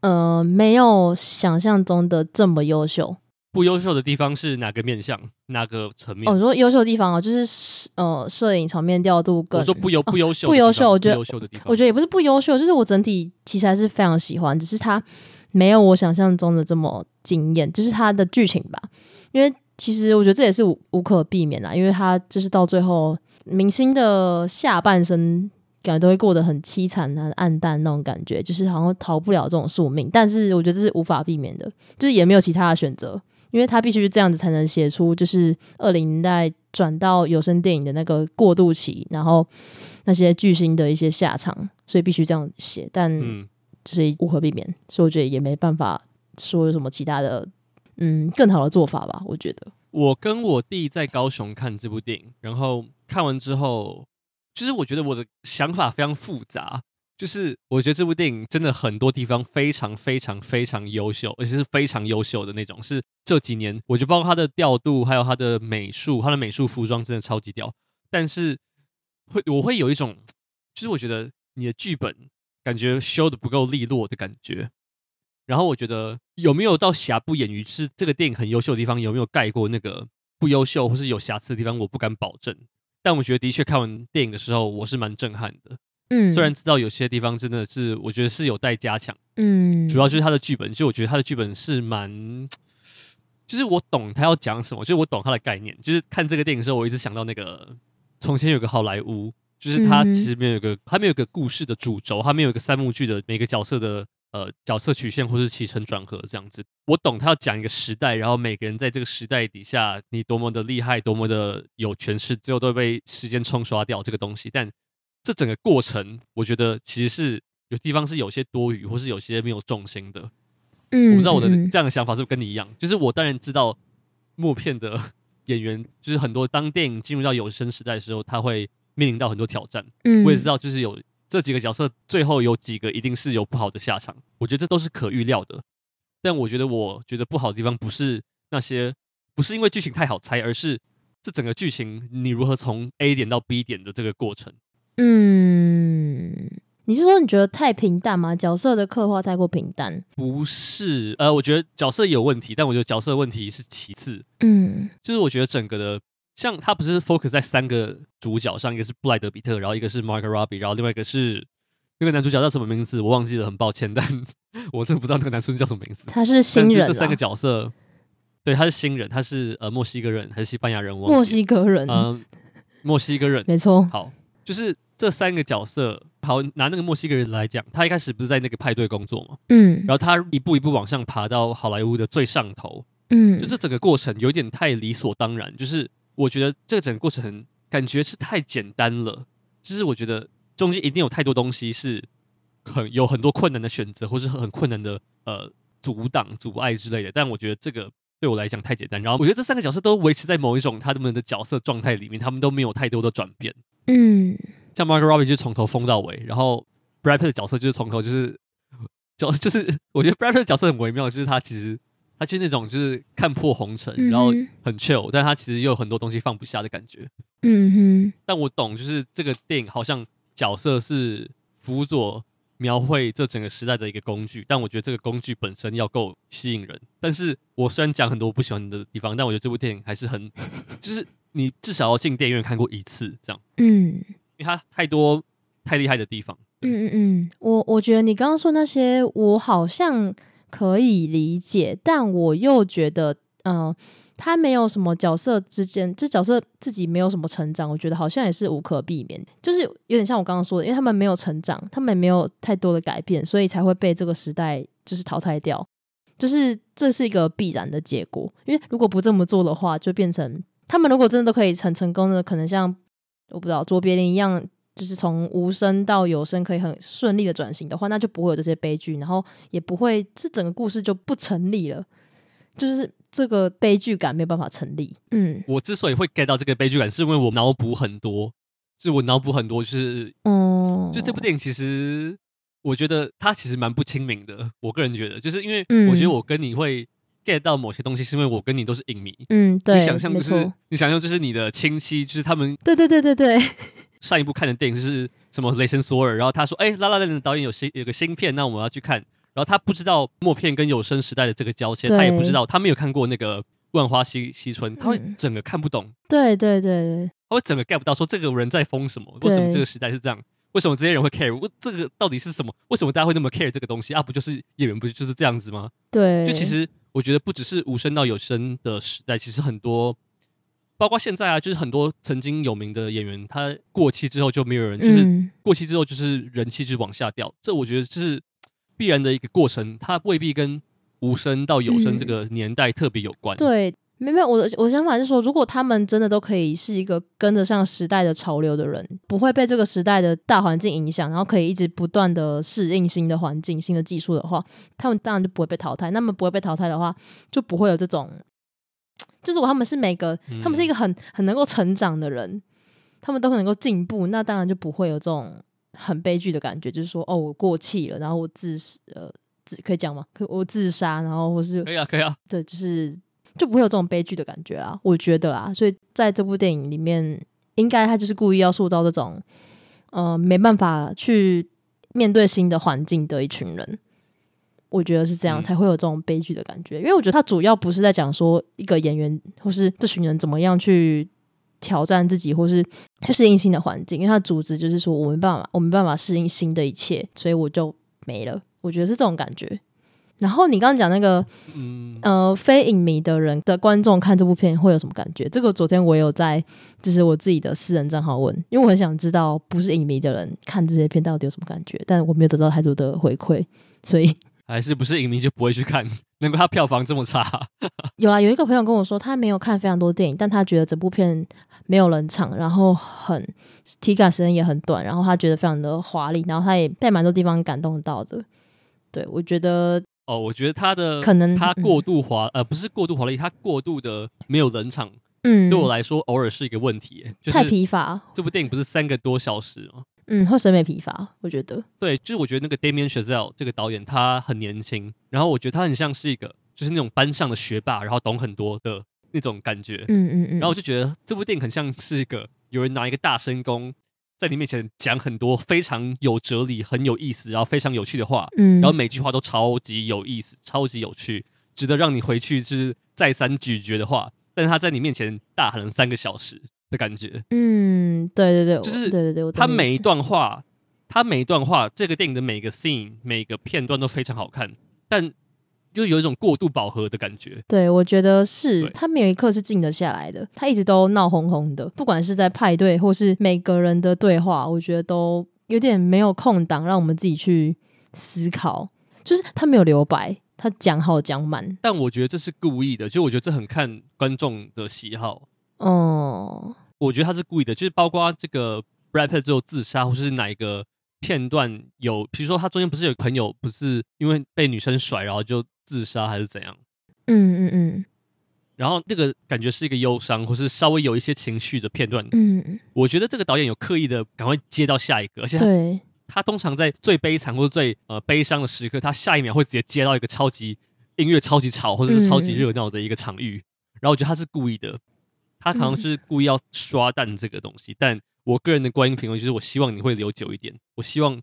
嗯、呃，沒有想象中的這麼優秀。不優秀的地方是哪個面向？哪個層面、哦？我說優秀的地方哦、啊，就是呃，攝影場面調度更。我說不優、哦、不優秀的地方不優秀，不優秀的地方，我覺得我，我覺得也不是不優秀，就是我整體其實還是非常喜歡，只是它沒有我想象中的這麼驚艷，就是它的劇情吧。因為其實我覺得這也是無，無可避免的，因為它就是到最後，明星的下半生感覺都會過得很淒慘、很暗淡那種感覺，就是好像逃不了這種宿命。但是我覺得這是無法避免的，就是也沒有其他的選擇。因為他必須這樣子才能寫出就是二零年代轉到有聲電影的那個過渡期，然後那些巨星的一些下場，所以必須這樣寫，但就是無可避免，所以我覺得也沒辦法說有什麼其他的嗯更好的做法吧，我覺得。我跟我弟在高雄看這部電影，然後看完之後，其實我覺得我的想法非常複雜。就是我覺得這部電影真的很多地方非常非常非常優秀，而且是非常優秀的那種。是這幾年，我覺得包括它的調度，還有它的美術，它的美術服裝真的超級屌。但是會，會我會有一種，就是我覺得你的劇本感覺修的不夠利落的感覺。然後我覺得有沒有到瑕不掩瑜，是這個電影很優秀的地方有沒有蓋過那個不優秀或是有瑕疵的地方？我不敢保證。但我覺得的確看完電影的時候，我是蠻震撼的。嗯，雖然知道有些地方真的是，我覺得是有待加強。嗯，主要就是他的劇本，就我覺得他的劇本是蠻，就是我懂他要講什麼，就是我懂他的概念。就是看這個電影的時候，我一直想到那個從前有個好萊塢，就是他其實沒有一個，他沒有一個故事的主軸，他沒有一個三幕劇的每個角色的呃角色曲線或是起承轉合這樣子。我懂他要講一個時代，然後每個人在這個時代底下，你多麼的厲害，多麼的有權勢，最後都會被時間沖刷掉這個東西，但這整個過程，我覺得其實是有地方是有些多餘，或是有些沒有重心的。我不知道我的這樣的想法是不是跟你一樣。就是我當然知道默片的演員，就是很多當電影進入到有聲時代的時候，他會面臨到很多挑戰。我也知道，就是有這幾個角色最後有幾個一定是有不好的下場。我覺得這都是可預料的。但我覺得，我覺得不好的地方不是那些，不是因為劇情太好猜，而是這整個劇情你如何從 A 點到 B 點的這個過程。嗯，你是說你覺得太平淡嗎？角色的刻畫太過平淡？不是，呃，我覺得角色也有問題，但我覺得角色問題是其次。嗯，就是我覺得整個的，像他不是 focus 在三個主角上，一個是布萊德比特，然後一個是 Margot Robbie 然後另外一個是那個男主角叫什麼名字？我忘記了，很抱歉，但我真的不知道那個男生叫什麼名字。他是新人。啊，這三個角色，對，他是新人，他是呃墨西哥人還是西班牙人？墨西哥人，嗯，墨西哥人，呃、墨西哥人 (laughs) 沒錯。好，就是。這三個角色，好，拿那個墨西哥人來講，他一開始不是在那個派對工作嘛，嗯，然後他一步一步往上爬到好萊塢的最上頭，嗯，就這整個過程有點太理所當然，就是我覺得這個整個過程感覺是太簡單了，就是我覺得中間一定有太多東西是很有很多困難的選擇，或是很困難的呃阻擋阻礙之類的，但我覺得這個對我來講太簡單。然後我覺得這三個角色都維持在某一種他們的角色狀態裡面，他們都沒有太多的轉變，嗯。像 Margot Robbie 就是從頭瘋到尾，然後 Brad Pitt 的角色就是從頭就是，就就是我覺得 Brad Pitt 的角色很微妙，就是他其實他就是那種就是看破紅塵、嗯，然後很 chill 但他其實又有很多東西放不下的感覺。嗯哼，但我懂，就是這個電影好像角色是輔佐描繪這整個時代的一個工具，但我覺得這個工具本身要夠吸引人。但是我雖然講很多我不喜歡的地方，但我覺得這部電影還是很，就是你至少要進電影院看過一次這樣。嗯。因為他太多太厲害的地方。嗯嗯嗯，我我覺得你剛剛說那些，我好像可以理解，但我又覺得，嗯、呃，他沒有什麼角色之間，這角色自己沒有什麼成長，我覺得好像也是無可避免。就是有點像我剛剛說的，因為他們沒有成長，他們也沒有太多的改變，所以才會被這個時代就是淘汰掉。就是這是一個必然的結果，因為如果不這麼做的話，就變成他們如果真的都可以很成，成功的，可能像。我不知道，卓別林一樣，就是從無聲到有聲可以很順利的轉型的話，那就不會有這些悲劇，然後也不會，這整個故事就不成立了，就是這個悲劇感沒有辦法成立。嗯，我之所以會 get 到這個悲劇感，是因為我腦補很多，就我腦補很多，就是、嗯，就這部電影其實我覺得它其實蠻不親民的，我個人覺得，就是因為我覺得我跟你會。get 到某些東西是因為我跟你都是影迷，嗯，對，你想象就是你想象就是你的親戚就是他們，對對對對對，上一部看的電影就是什麼？雷神索爾，然後他說，哎、欸，La La Land 的導演有新有個新片，那我們要去看。然後他不知道默片跟有聲時代的這個交接，他也不知道，他沒有看過那個《萬花嬉嬉春》，他會整個看不懂，嗯、對,對對對，他會整個 get 不到，說這個人在瘋什麼？為什麼這個時代是這樣？為什麼這些人會 care？這個到底是什麼？為什麼大家會那麼 care 這個東西啊？不就是演員不就是這樣子嗎？對，就其實。我覺得不只是無聲到有聲的時代，其實很多，包括現在啊，就是很多曾經有名的演員，他過氣之後就沒有人，嗯、就是過氣之後就是人氣就往下掉，這我覺得這是必然的一個過程，它未必跟無聲到有聲這個年代特別有關。嗯、對。沒有，我我的想法是說，如果他們真的都可以是一個跟得上時代的潮流的人，不會被這個時代的大環境影響，然後可以一直不斷的適應新的環境、新的技術的話，他們當然就不會被淘汰。那麼不會被淘汰的話，就不會有這種，就是如果他們是每個，他們是一個很很能夠成長的人，嗯，他們都能夠進步，那當然就不會有這種很悲劇的感覺，就是說哦，我過氣了，然後我自呃自可以講嗎？可我自殺，然後我是可以啊，可以啊，對，就是。就不會有這種悲劇的感覺啊，我覺得啦，所以在這部電影裡面，應該他就是故意要塑造這種，呃，沒辦法去面對新的環境的一群人。我覺得是這樣，才會有這種悲劇的感覺。嗯。因為我覺得他主要不是在講說一個演員或是這群人怎麼樣去挑戰自己，或是去適應新的環境。因為他的組織就是說，我沒辦法，我沒辦法適應新的一切，所以我就沒了。我覺得是這種感覺。然後你剛剛講那個、嗯、呃、非影迷的人的觀眾看這部片會有什麼感覺？這個昨天我也有在，就是我自己的私人賬號問，因為我很想知道不是影迷的人看這些片到底有什麼感覺，但我沒有得到太多的回饋，所以還是不是影迷就不會去看，難怪他票房這麼差。 (laughs) 有啊，有一個朋友跟我說，他沒有看非常多電影，但他覺得這部片沒有冷場，然後很體感時間也很短，然後他覺得非常的華麗，然後他也被蠻多地方感動到的。對，我覺得。哦，我覺得他的可能他過度華、嗯、呃，不是過度華麗，他過度的沒有冷場，嗯、對我來說偶爾是一個問題，就是，太疲乏。這部電影不是三個多小時嗎？嗯，或審美疲乏，我覺得。對，就是我覺得那個 Damien Chazelle 這個導演他很年輕，然後我覺得他很像是一個就是那種班上的學霸，然後懂很多的那種感覺，嗯嗯嗯。然後我就覺得這部電影很像是一個有人拿一個大聲公。在你面前講很多非常有哲理、很有意思，然後非常有趣的話，嗯，然後每句話都超級有意思、超級有趣，值得讓你回去就是再三咀嚼的話，但是他在你面前大喊了三個小時的感覺，嗯，對對對，就是對對對，他每一段話，他每一段話，這個電影的每個 scene 每個片段都非常好看，但。就有一種過度飽和的感覺。對，我覺得是他沒有一刻是靜得下來的，他一直都鬧哄哄的。不管是在派對，或是每個人的對話，我覺得都有點沒有空檔讓我們自己去思考。就是他沒有留白，他講好講滿。但我覺得這是故意的，就我覺得這很看觀眾的喜好。哦、嗯，我覺得他是故意的，就是包括這個 Brad Pitt 之後自殺，或是哪一個片段有，比如說他中間不是有朋友，不是因為被女生甩，然後就。自殺還是怎樣？嗯嗯嗯。然後那個感覺是一個憂傷，或是稍微有一些情緒的片段。嗯。我覺得這個導演有刻意的，趕快接到下一個。而且他，對，他通常在最悲慘或者最呃悲傷的時刻，他下一秒會直接接到一個超級音樂、超級吵或者是，是超級熱鬧的一個場域。嗯。然後我覺得他是故意的，他好像是故意要刷淡這個東西。嗯。但我個人的觀影品味就是，我希望你會留久一點，我希望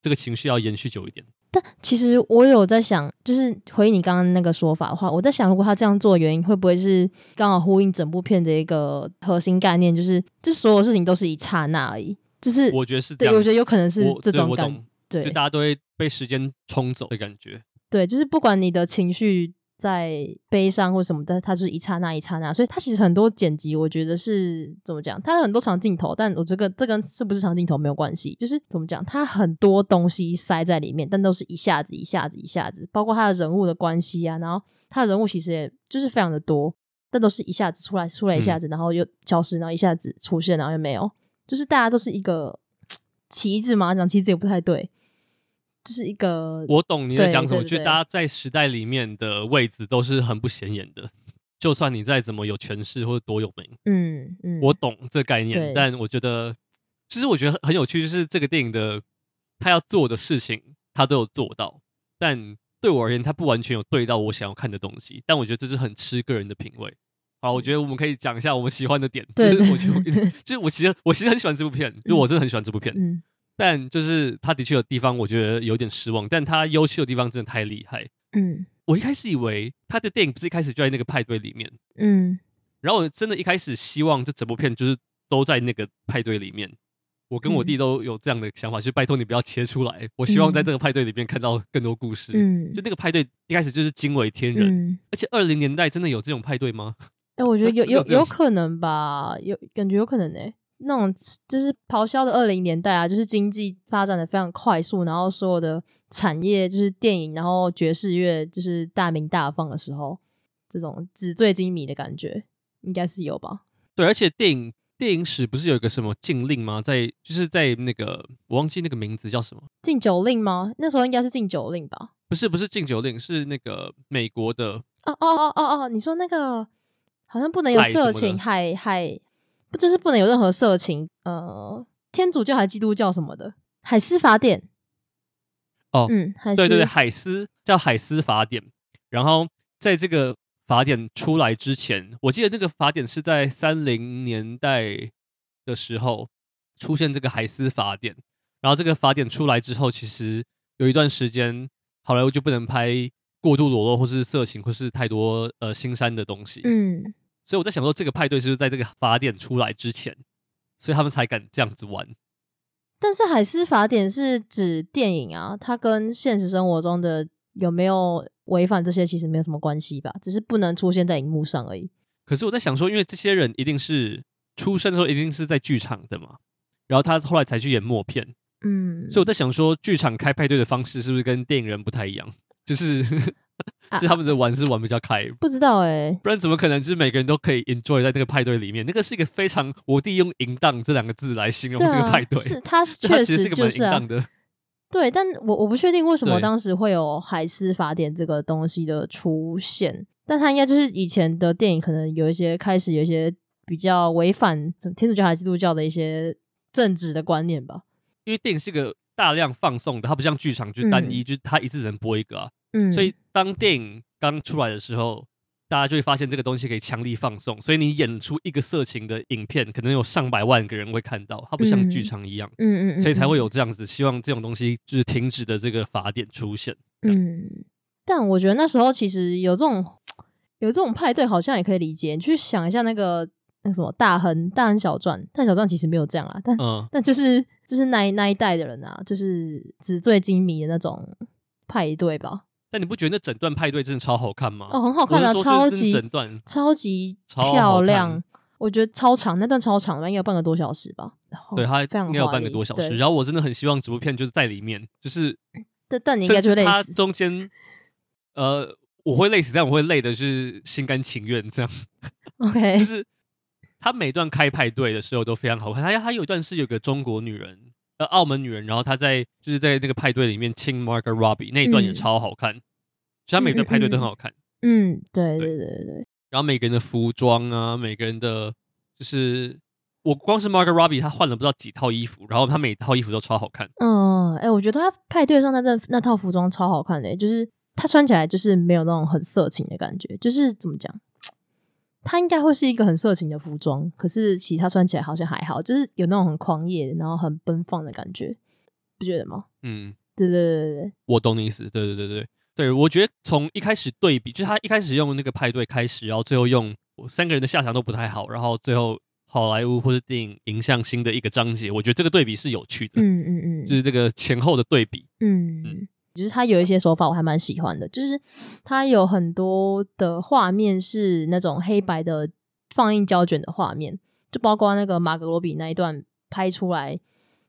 這個情緒要延續久一點。但其實我有在想，就是回應你剛剛那個說法的話，我在想，如果他這樣做原因會不會是剛好呼應整部片的一個核心概念，就是，就是這所有事情都是一剎那而已。就是我覺得是這樣。對，我覺得有可能是這種感覺，對，對，就大家都會被時間沖走的感覺。對，就是不管你的情緒。在悲傷或什麼的，他就是一剎那一剎那，所以他其實很多剪輯，我覺得是怎麼講，他很多長鏡頭，但我覺得這個，這跟是不是長鏡頭沒有關係，就是怎麼講，他很多東西塞在裡面，但都是一下子一下子一下子，包括他的人物的關係啊，然後他的人物其實也就是非常的多，但都是一下子出來出來一下子，然後又消失，然後一下子出現，然後又沒有，就是大家都是一個棋子嘛，這樣棋子也不太對。這、就是一個，我懂你在講什麼。我覺得大家在時代裡面的位置都是很不顯眼的，就算你再怎麼有權勢或者多有名，嗯嗯，我懂這概念。但我覺得，其實我覺得很有趣，就是這個電影的他要做的事情，他都有做到。但對我而言，他不完全有對到我想要看的東西。但我覺得這是很吃個人的品味。好，我覺得我們可以講一下我們喜歡的點。對，就是我覺得， (laughs) 就是我其實我其實很喜歡這部片，嗯，就我真的很喜歡這部片。嗯但就是他的確有地方，我覺得有點失望。但他優秀的地方真的太厲害。嗯，我一開始以為他的電影不是一開始就在那個派對裡面。嗯，然後我真的一開始希望這整部片就是都在那個派對裡面。我跟我弟都有這樣的想法，就、嗯、拜托你不要切出來。我希望在這個派對裡面看到更多故事。嗯，就那個派對一開始就是驚為天人，嗯、而且二零年代真的有這種派對嗎？哎、欸，我覺得有有有,有可能吧，有感覺有可能呢、欸。那種就是咆哮的二零年代啊，就是經濟發展得非常快速，然後所有的產業就是電影，然後爵士樂就是大鳴大放的時候，這種紙醉金迷的感覺應該是有吧？對，而且電影電影史不是有一個什麼禁令嗎？在就是在那個我忘記那個名字叫什麼禁酒令嗎？那時候應該是禁酒令吧？不是，不是禁酒令，是那個美國的哦哦哦哦哦，你說那個好像不能有色情還，海海。還不就是不能有任何色情，呃，天主教還是基督教什麼的？海斯法典。哦，嗯，海斯，對對對，海斯叫海斯法典。然後在這個法典出來之前，我記得這個法典是在三零年代的時候出現這個海斯法典。然後這個法典出來之後，其實有一段時間，好萊塢就不能拍過度裸露或是色情或是太多呃腥膻的東西。嗯。所以我在想說，這個派對是不是在這個法典出來之前，所以他們才敢這樣子玩。但是《海斯法典》是指電影啊，它跟現實生活中的有沒有違反這些其實沒有什麼關係吧，只是不能出現在熒幕上而已。可是我在想說，因為這些人一定是出生的時候一定是在劇場的嘛，然後他後來才去演默片，嗯，所以我在想說，劇場開派對的方式是不是跟電影人不太一樣，就是。 (laughs) (laughs) 就他們的玩是玩比較開、啊，不知道哎、欸，不然怎麼可能？就是每個人都可以 enjoy 在那個派對裡面，那個是一個非常我弟用淫蕩這兩個字來形容這個派對，對啊、是他確實、實是一個、就是淫蕩的。對，但我我不確定為什麼當時會有海思法典這個東西的出現，但他應該就是以前的電影可能有一些開始有一些比較違反什麼天主教和基督教的一些政治的觀念吧。因為電影是一個大量放送的，它不像劇場就單一、嗯，就它一次只能播一個。啊。嗯，所以當電影剛出來的時候、嗯，大家就會發現這個東西可以強力放送。所以你演出一個色情的影片，可能有上百萬個人會看到，它不像劇場一樣。嗯嗯，嗯，所以才會有這樣子，希望這種東西就是停止的這個法典出現。嗯，但我覺得那時候其實有這種有這種派對，好像也可以理解。你去想一下那個那個什麼大亨大亨小傳，大亨小傳其實沒有這樣啦、啊，但、嗯、但就是就是那一那一代的人啊，就是紙醉金迷的那種派對吧。但你不覺得那整段派對真的超好看嗎？哦，很好看啊，是是超級整段，超級漂亮。我覺得超長，那段超長，應該有半個多小時吧。對，它應該有半個多小時。然後我真的很希望這部片就是在裡面，就是，但但你應該就累死。他中間，呃，我會累死，但我會累的是心甘情願這樣。OK， (laughs) 就是他每段開派對的時候都非常好看。他他有一段是有個中國女人。澳門女人，然後她在就是在那個派對裡面親 Margot Robbie 那一段也超好看。其實他每個派對都很好看，嗯，嗯嗯對對對對。然後每個人的服裝啊，每個人的，就是我光是 Margot Robbie 他換了不知道幾套衣服，然後他每套衣服都超好看。嗯，哎、欸，我覺得他派對上那那套服裝超好看的。欸，就是他穿起來就是沒有那種很色情的感覺，就是怎麼講？他應該會是一個很色情的服裝，可是其實他穿起來好像還好，就是有那種很狂野，然後很奔放的感覺，不覺得嗎？嗯，對對對對，我懂你意思。對對對對對，我覺得從一開始對比，就是他一開始用那個派對開始，然後最後用三個人的下場都不太好，然後最後好萊塢或是電影迎向新的一個章節，我覺得這個對比是有趣的。嗯嗯嗯，就是這個前後的對比。嗯嗯。就是他有一些手法我還蠻喜歡的，就是他有很多的畫面是那種黑白的放映膠卷的畫面，就包括那個馬格羅比那一段拍出來，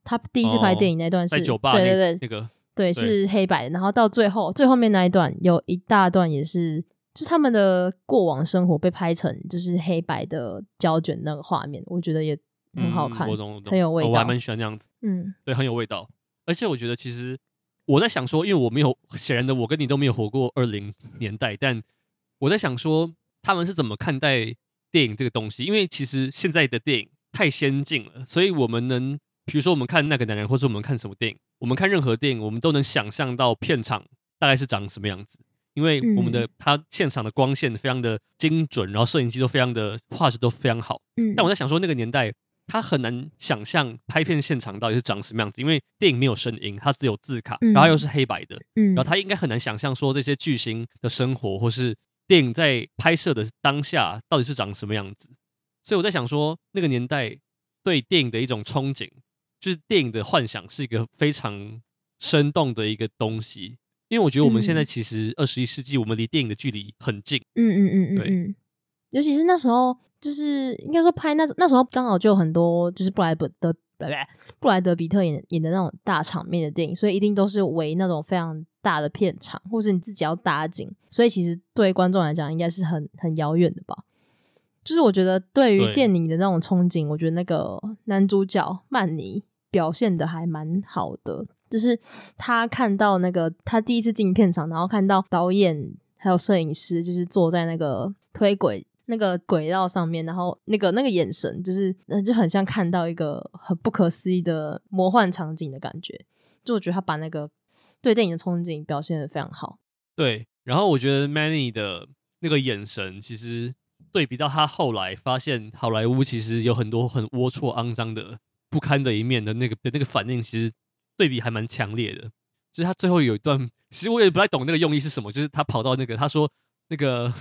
他第一次拍電影那段是、哦、在酒吧，對對對，那個對，對是黑白，然後到最後最後面那一段有一大段也是，就是他們的過往生活被拍成就是黑白的膠卷那個畫面，我覺得也很好看，嗯、我懂我懂很有味道。哦，我還蠻喜歡那樣子，嗯，對，很有味道，而且我覺得其實。我在想說，因為我沒有顯然的，我跟你都沒有活過二零年代，但我在想說，他們是怎麼看待電影這個東西？因為其實現在的電影太先進了，所以我們能，比如說我們看那個男人，或是我們看什麼電影，我們看任何電影，我們都能想象到片場大概是長什麼樣子，因為我們的他現場的光線非常的精準，然後攝影機都非常的畫質都非常好。但我在想說，那個年代。他很難想象拍片現場到底是長什麼樣子，因為電影沒有聲音，它只有字卡，然後又是黑白的，然後他應該很難想象說這些巨星的生活，或是電影在拍攝的當下到底是長什麼樣子。所以我在想說，那個年代對電影的一種憧憬，就是電影的幻想是一個非常生動的一個東西。因為我覺得我們現在其實二十一世紀，我們離電影的距離很近。嗯嗯嗯嗯。對。尤其是那時候，就是應該說拍那那時候剛好就有很多，就是布萊、呃、布的布萊布萊德比特演演的那種大場面的電影，所以一定都是圍那種非常大的片場，或是你自己要搭景，所以其實對觀眾來講應該是很很遙遠的吧。就是我覺得對於電影的那種憧憬，我覺得那個男主角曼尼表現的還蠻好的，就是他看到那個他第一次進片場，然後看到導演還有攝影師，就是坐在那個推軌。那個軌道上面，然後那個那個眼神，就是那就很像看到一個很不可思議的魔幻場景的感覺。就我覺得他把那個對電影的憧憬表現得非常好。對，然後我覺得 Manny 的那個眼神，其實對比到他後來發現好萊塢其實有很多很齷齪、骯髒的不堪的一面的那個的那個反應，其實對比還蠻強烈的。就是他最後有一段，其實我也不太懂那個用意是什麼。就是他跑到那個，他說那個。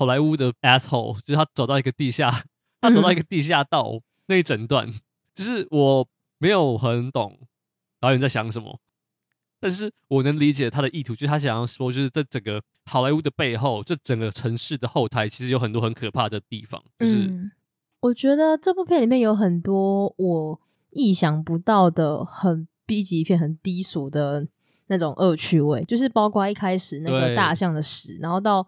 好萊塢的 asshole，就是他走到一個地下，他走到一個地下道，嗯、那一整段，就是我沒有很懂導演在想什麼，但是我能理解他的意圖，就是他想要說，就是在整個好萊塢的背後，這整個城市的後台其實有很多很可怕的地方，就是。嗯，我覺得這部片裡面有很多我意想不到的很 B 級片、很低俗的那種惡趣味，就是包括一開始那個大象的屎，然後到。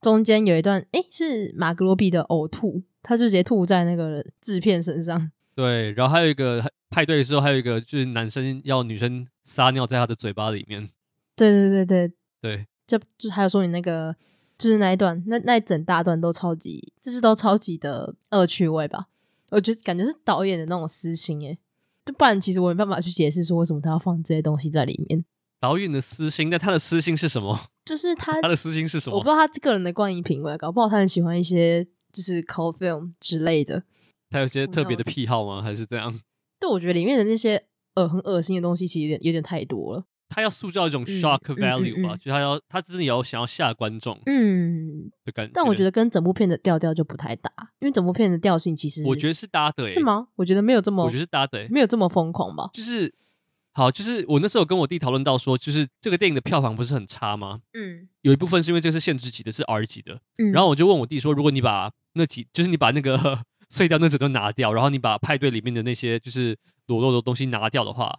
中間有一段，誒、欸，是馬格羅比的嘔吐，他就直接吐在那個製片身上。對，然後還有一個派對的時候，還有一個就是男生要女生撒尿在他的嘴巴裡面。對對對對對，就就還有說你那個就是那一段？那那一整大段都超級，就是都超級的惡趣味吧？我覺得感覺是導演的那種私心、欸，就不然其實我沒辦法去解釋說為什麼他要放這些東西在裡面。導演的私心，但他的私心是什麼？就是他他的私心是什麼？我不知道他個人的觀影品味，搞不好他很喜歡一些就是 cult film 之類的。他有些特別的癖好嗎？還是這樣？對，我覺得裡面的那些呃很噁心的東西，其實有點有點太多了。他要塑造一種 shock value 吧，嗯嗯嗯嗯、就是他要他只是要想要嚇觀眾，嗯，的感覺。但我覺得跟整部片的調調就不太搭，因為整部片的調性其實我覺得是搭的、欸，是嗎？我覺得沒有這麼我覺得是搭的、欸，沒有這麼瘋狂吧，就是。好，就是我那時候有跟我弟討論到說，就是這個電影的票房不是很差嗎？嗯，有一部分是因為這個是限制級的，是 R 級的。嗯，然後我就問我弟說，如果你把那幾，就是你把那個碎掉那幾都拿掉，然後你把派對裡面的那些就是裸露的東西拿掉的話，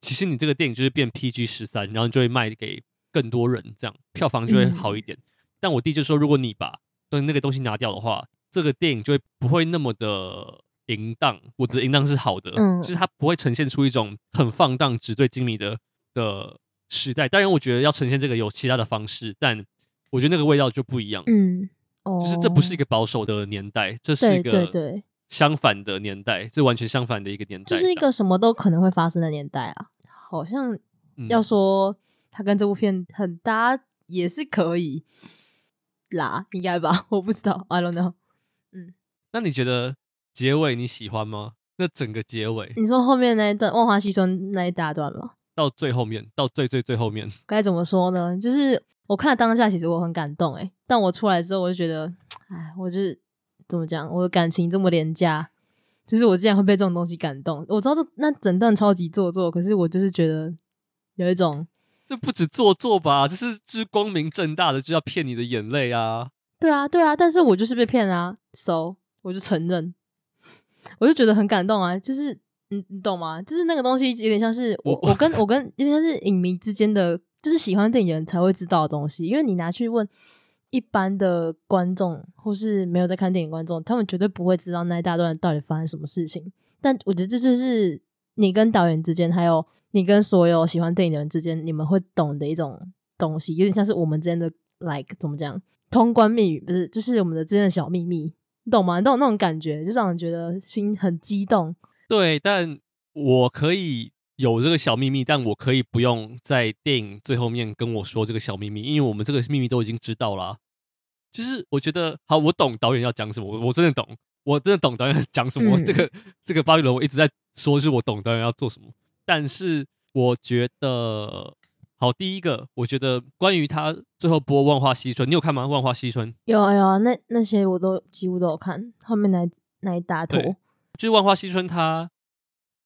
其實你這個電影就是變 PG 十三，然後你就會賣給更多人，這樣票房就會好一點。嗯。但我弟就說，如果你把那個東西拿掉的話，這個電影就會不會那麼的。淫蕩，我覺得淫蕩是好的、嗯，就是它不會呈現出一種很放蕩、紙醉金迷的的時代。當然，我覺得要呈現這個有其他的方式，但我覺得那個味道就不一樣。嗯、哦，就是這不是一個保守的年代，這是一個相反的年代，這完全相反的一個年代這，這、就是一個什麼都可能會發生的年代啊！好像要說它跟這部片很搭，也是可以啦，應該吧？我不知道，I don't know。嗯，那你覺得？結尾你喜歡嗎？那整個結尾，你說後面那一段《萬花嬉春》那一大段嗎？到最後面，到最最最後面，該怎麼說呢？就是我看了當下，其實我很感動、欸，誒。但我出來之後，我就覺得，哎，我就是怎麼講，我的感情這麼廉價，就是我竟然會被這種東西感動。我知道這那整段超級做作，可是我就是覺得有一種，這不止做作吧，就是、就是光明正大的就要騙你的眼淚啊！對啊，對啊，但是我就是被騙啊，so 我就承認。我就覺得很感動啊，就是你你懂嗎？就是那個東西有點像是我我，我跟我跟有點像是影迷之間的，就是喜歡電影的人才會知道的東西。因為你拿去問一般的觀眾或是沒有在看電影觀眾，他們絕對不會知道那一大段到底發生什麼事情。但我覺得這就是你跟導演之間，還有你跟所有喜歡電影的人之間，你們會懂的一種東西，有點像是我們之間的 like 怎麼講，通關密語不是，就是我們的之間的小秘密。你懂嗎？你懂那種感覺，就讓人覺得心很激動。對，但我可以有這個小秘密，但我可以不用在電影最後面跟我說這個小秘密，因為我們這個秘密都已經知道了、啊。就是我覺得，好，我懂導演要講什麼，我真的懂，我真的懂導演講什麼。嗯、我這個這個巴比倫，我一直在說是我懂導演要做什麼，但是我覺得。好，第一個，我覺得關於他最後播《萬花嬉春》，你有看嗎？《萬花嬉春》。有、啊、有、啊，那那些我都幾乎都有看。後面來哪一大坨，就是《萬花嬉春》，他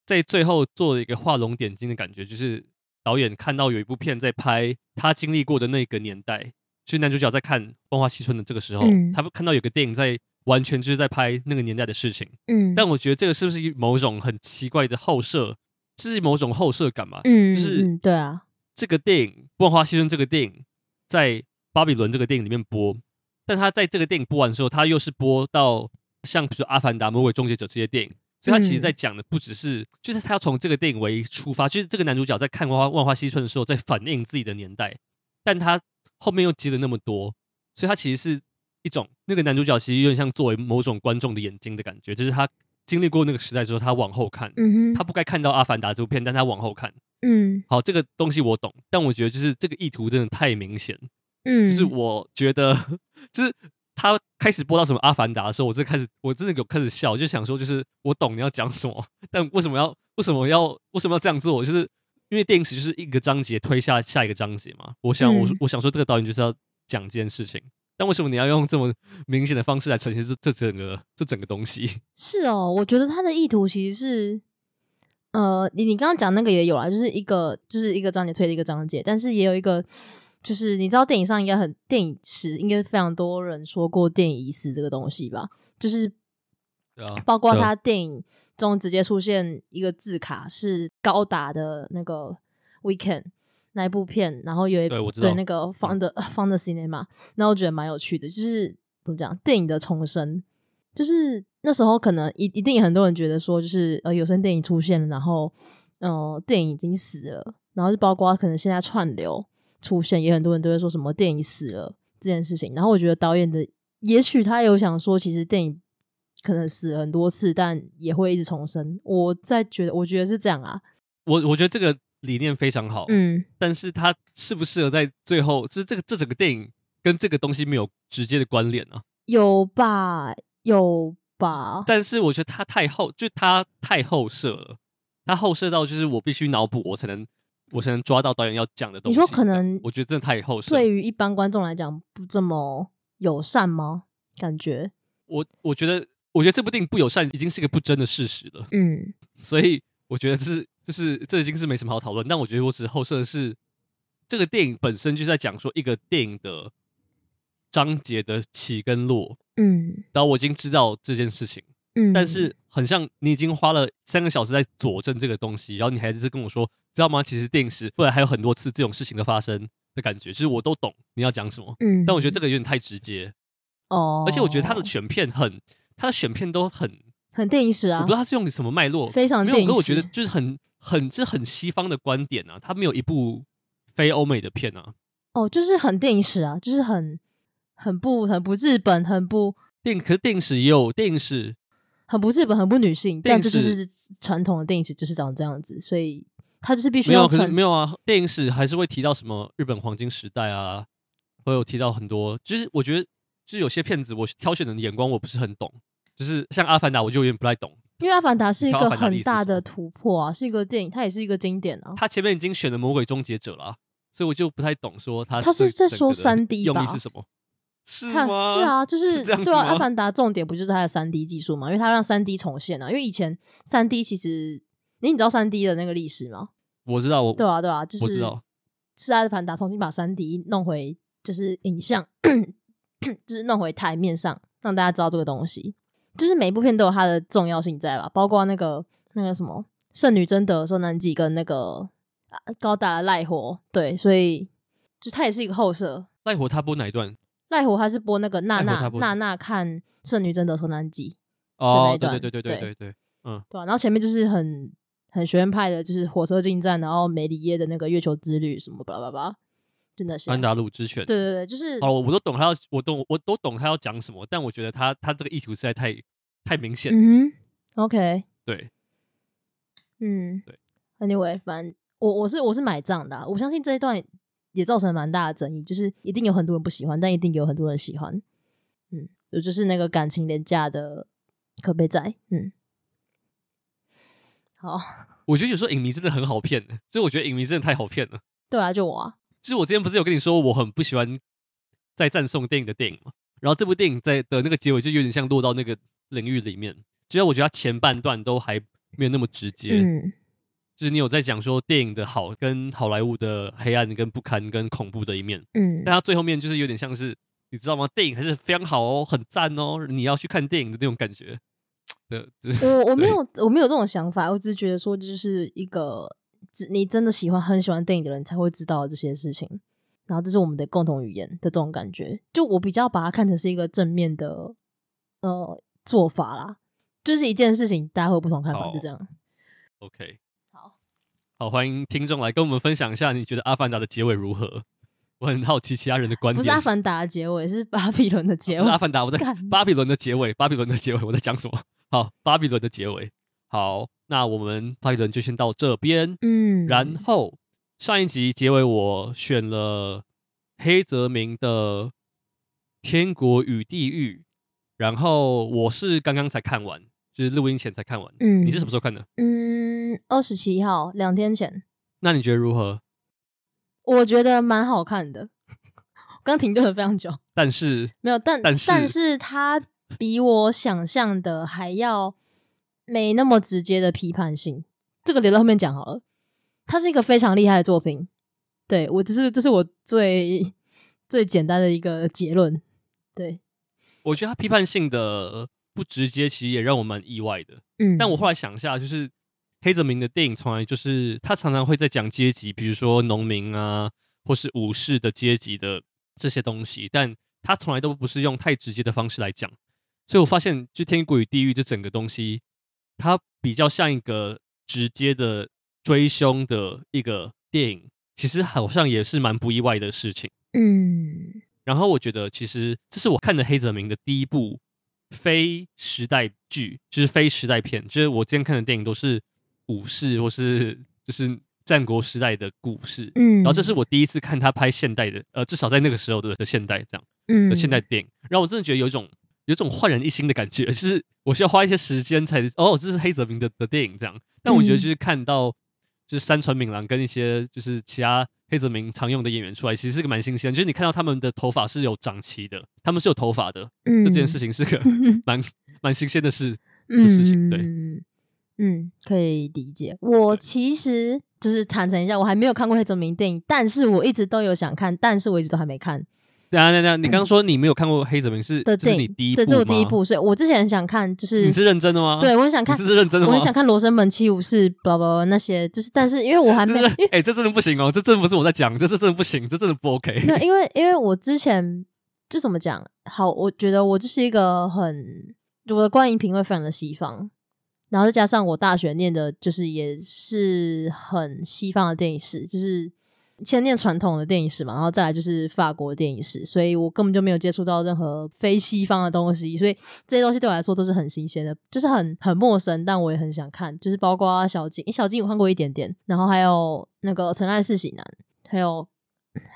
在最後做了一個畫龍點睛的感覺，就是導演看到有一部片在拍他經歷過的那個年代，就是男主角在看《萬花嬉春》的這個時候、嗯，他看到有個電影在完全就是在拍那個年代的事情。嗯，但我覺得這個是不是某種很奇怪的後設，是某種後設感嘛、就是？嗯，就、嗯、是對啊。這個電影《萬花嬉春》這個電影在《巴比倫》這個電影裡面播，但他在這個電影播完的時候，他又是播到像比如說《阿凡達》《魔鬼終結者》這些電影，所以他其實在講的不只是，就是他要從這個電影為出發，就是這個男主角在看《花萬花嬉春》的時候，在反映自己的年代，但他後面又接了那麼多，所以他其實是一種那個男主角其實有點像作為某種觀眾的眼睛的感覺，就是他經歷過那個時代之後，他往後看，他不該看到《阿凡達》這部片，但他往後看。嗯，好，這個東西我懂，但我覺得就是這個意圖真的太明顯。嗯，就是我覺得，就是他開始播到什麼《阿凡達》的時候，我就開始我真的有開始笑，就想說，就是我懂你要講什麼，但為什麼要為什麼要為什麼要這樣做？就是因為電影史就是一個章節推下下一個章節嘛。我想、嗯、我我想說，這個導演就是要講這件事情，但為什麼你要用這麼明顯的方式來呈現這這整個這整個東西？是哦，我覺得他的意圖其實是。呃，你你剛剛講那個也有啦，就是一個就是一個章節推的一個章節，但是也有一個，就是你知道電影上應該很電影史應該非常多人說過電影已死這個東西吧？就是，包括他電影中直接出現一個字卡是高達的那個 weekend 那一部片，然後有一，對，我知道，對那個 found found、嗯呃、cinema，那我覺得蠻有趣的，就是怎麼講電影的重生，就是。那時候可能一一定很多人覺得說，就是呃有聲電影出現了，然後嗯、呃、電影已經死了，然後就包括可能現在串流出現，也很多人都會說什麼電影死了這件事情。然後我覺得導演的也許他有想說，其實電影可能死很多次，但也會一直重生。我在覺得，我覺得是這樣啊。我我覺得這個理念非常好，嗯，但是他適不適合在最後，其實這個這整個電影跟這個東西沒有直接的關聯啊，有吧？有。吧，但是我覺得他太後，就他太後設了，他後設到就是我必須腦補，我才能我才能抓到導演要講的東西。你說可能？我覺得真的太後設，對於一般觀眾來講不這麼友善嗎？感覺？我我覺得，我覺得這部電影不友善已經是一個不爭的事實了。嗯，所以我覺得是，就是這已經是沒什麼好討論。但我覺得我只後的是後設是這個電影本身就是在講說一個電影的。章節的起跟落，嗯，然後我已經知道這件事情，嗯，但是很像你已經花了三個小時在佐證這個東西，然後你還一直跟我說，知道嗎？其實電影史後來還有很多次這種事情的發生的感覺，就是我都懂你要講什麼，嗯，但我覺得這個有點太直接，哦，而且我覺得他的選片很，他的選片都很很電影史啊，我不知道他是用什麼脈絡，非常沒有，可是我覺得就是很很就是很西方的觀點啊，他沒有一部非歐美的片啊，哦，就是很電影史啊，就是很。很不很不日本，很不電影，可是電影史也有電影史，很不日本，很不女性，但這就是傳統的電影史，就是長這樣子，所以它就是必須要看沒有啊。可是沒有啊，電影史還是會提到什麼日本黃金時代啊，會有提到很多。其實就是我覺得，就是有些片子我挑選的眼光我不是很懂，就是像《阿凡達》，我就有點不太懂，因為《阿凡達》是一個是很大的突破啊，是一個電影，它也是一個經典啊。他前面已經選了《魔鬼終結者》了，所以我就不太懂說他他是在說三 D 吧用意是什麼？是啊，是啊，就是，是對、啊是《阿凡達》，重點不就是它的三 D 技術嘛，因為它讓三 D 重現了、啊。因為以前三 D 其實，你你知道三 D 的那個歷史嗎？我知道，我對吧？對吧、啊啊？就是我知道是《阿凡達》重新把三 D 弄回，就是影像， (coughs) 就是弄回台面上，讓大家知道這個東西。就是每一部片都有它的重要性在吧？包括那個那個什麼《聖女貞德》受難記跟那個《啊、高達》的《賴活》對，所以就它也是一個後設。賴活他播哪一段？賴虎他是播那個娜娜娜娜看《聖女貞德受難記》的、oh, 那對對對對對對，對嗯，對、啊、然後前面就是很很學院派的，就是火車進站，然後梅里耶的那個月球之旅什麼吧吧吧，真的。是安達魯之犬，對對對，就是哦，我都懂他要，我懂，我都懂他要講什麼，但我覺得他他這個意圖實在太太明顯。嗯，OK，對，嗯，對，Anyway，反正我我是我是買賬的、啊，我相信這一段。也造成了蠻大的爭議，就是一定有很多人不喜歡，但一定有很多人喜歡。嗯，有就，就是那個感情廉價的可悲在。嗯，好，我覺得有時候影迷真的很好騙，所以我覺得影迷真的太好騙了。對啊，就我啊。就是我之前不是有跟你說我很不喜歡在贊頌電影的電影嘛，然後這部電影在的那個結尾就有點像落到那個領域裡面，只要我覺得它前半段都還沒有那麼直接。嗯。就是你有在講說電影的好跟好萊塢的黑暗跟不堪跟恐怖的一面，嗯，但它最後面就是有點像是你知道嗎？電影還是非常好哦，很讚哦，你要去看電影的那種感覺。對，就是，我我沒有我沒有這種想法，我只是覺得說就是一個你真的喜歡很喜歡電影的人才會知道這些事情，然後這是我們的共同語言的這種感覺。就我比較把它看成是一個正面的呃做法啦，就是一件事情大家會有不同看法，就這樣。OK。好，歡迎聽眾來跟我們分享一下，你覺得《阿凡達》的結尾如何？我很好奇其他人的觀點。不是《阿凡達》的結尾，是《巴比倫》的結尾。《阿凡達》，我在看《巴比倫》的結尾，《巴比倫》的結尾，我在講什麼？好，《巴比倫》的結尾。好，那我們《巴比倫》就先到這邊。嗯。然後上一集結尾我選了黑澤明的《天國與地獄》，然後我是剛剛才看完，就是錄音前才看完。嗯，你是什麼時候看的？嗯。二十七號兩天前，那你覺得如何？我覺得蠻好看的。 (laughs) 我剛停頓了非常久，但是沒有，但但是但是他比我想象的還要沒那麼直接的批判性。 (laughs) 這個留到後面講好了。他是一個非常厲害的作品，對，我只是這是我最最簡單的一個結論。對，我覺得他批判性的不直接，其實也讓我蠻意外的。嗯，但我後來想一下，就是。黑澤明的電影從來就是他常常會在講階級，比如說農民啊，或是武士的階級的這些東西，但他從來都不是用太直接的方式來講。所以我發現，就《天國與地獄》這整個東西，它比較像一個直接的追凶的一個電影。其實好像也是蠻不意外的事情。嗯，然後我覺得，其實這是我看的黑澤明的第一部非時代劇，就是非時代片。就是我今天看的電影都是。武士，或是就是戰國時代的故事。嗯，然後這是我第一次看他拍現代的，呃，至少在那個時候的的現代這樣，嗯，現代的電影，然後我真的覺得有一種，有種煥然一新的感覺，就是我需要花一些時間才，哦，這是黑澤明的的電影這樣，但我覺得就是看到，就是三船敏郎跟一些就是其他黑澤明常用的演員出來，其實是個蠻新鮮，就是你看到他們的頭髮是有長齊的，他們是有頭髮的，這件事情是個蠻蠻新鮮的事的事情，對。嗯，可以理解。我其實就是坦誠一下，我還沒有看過黑澤明電影，但是我一直都有想看，但是我一直都還沒看。對啊對啊，你剛剛說你沒有看過黑澤明是，這是你第一部對，這是我第一部，所以我之前很想看，就是你是認真的嗎？對我很想看，這是，是認真的嗎？我很想看《羅生門》、《七武士》、blah blah 那些，就是，但是因為我還沒，哎 (laughs) 欸，這真的不行哦，這真的不是我在講，這是真的不行，這真的不 OK。那因為因為我之前，這怎麼講？好，我覺得我就是一個很我的觀影品味非常的西方。然後再加上我大學念的就是也是很西方的電影史，就是先念傳統的電影史嘛，然後再來就是法國的電影史，所以我根本就沒有接觸到任何非西方的東西，所以這些東西對我來說都是很新鮮的，就是很很陌生，但我也很想看，就是包括小津、欸，小津我看過一點點，然後還有那個《成瀨巳喜男》，還有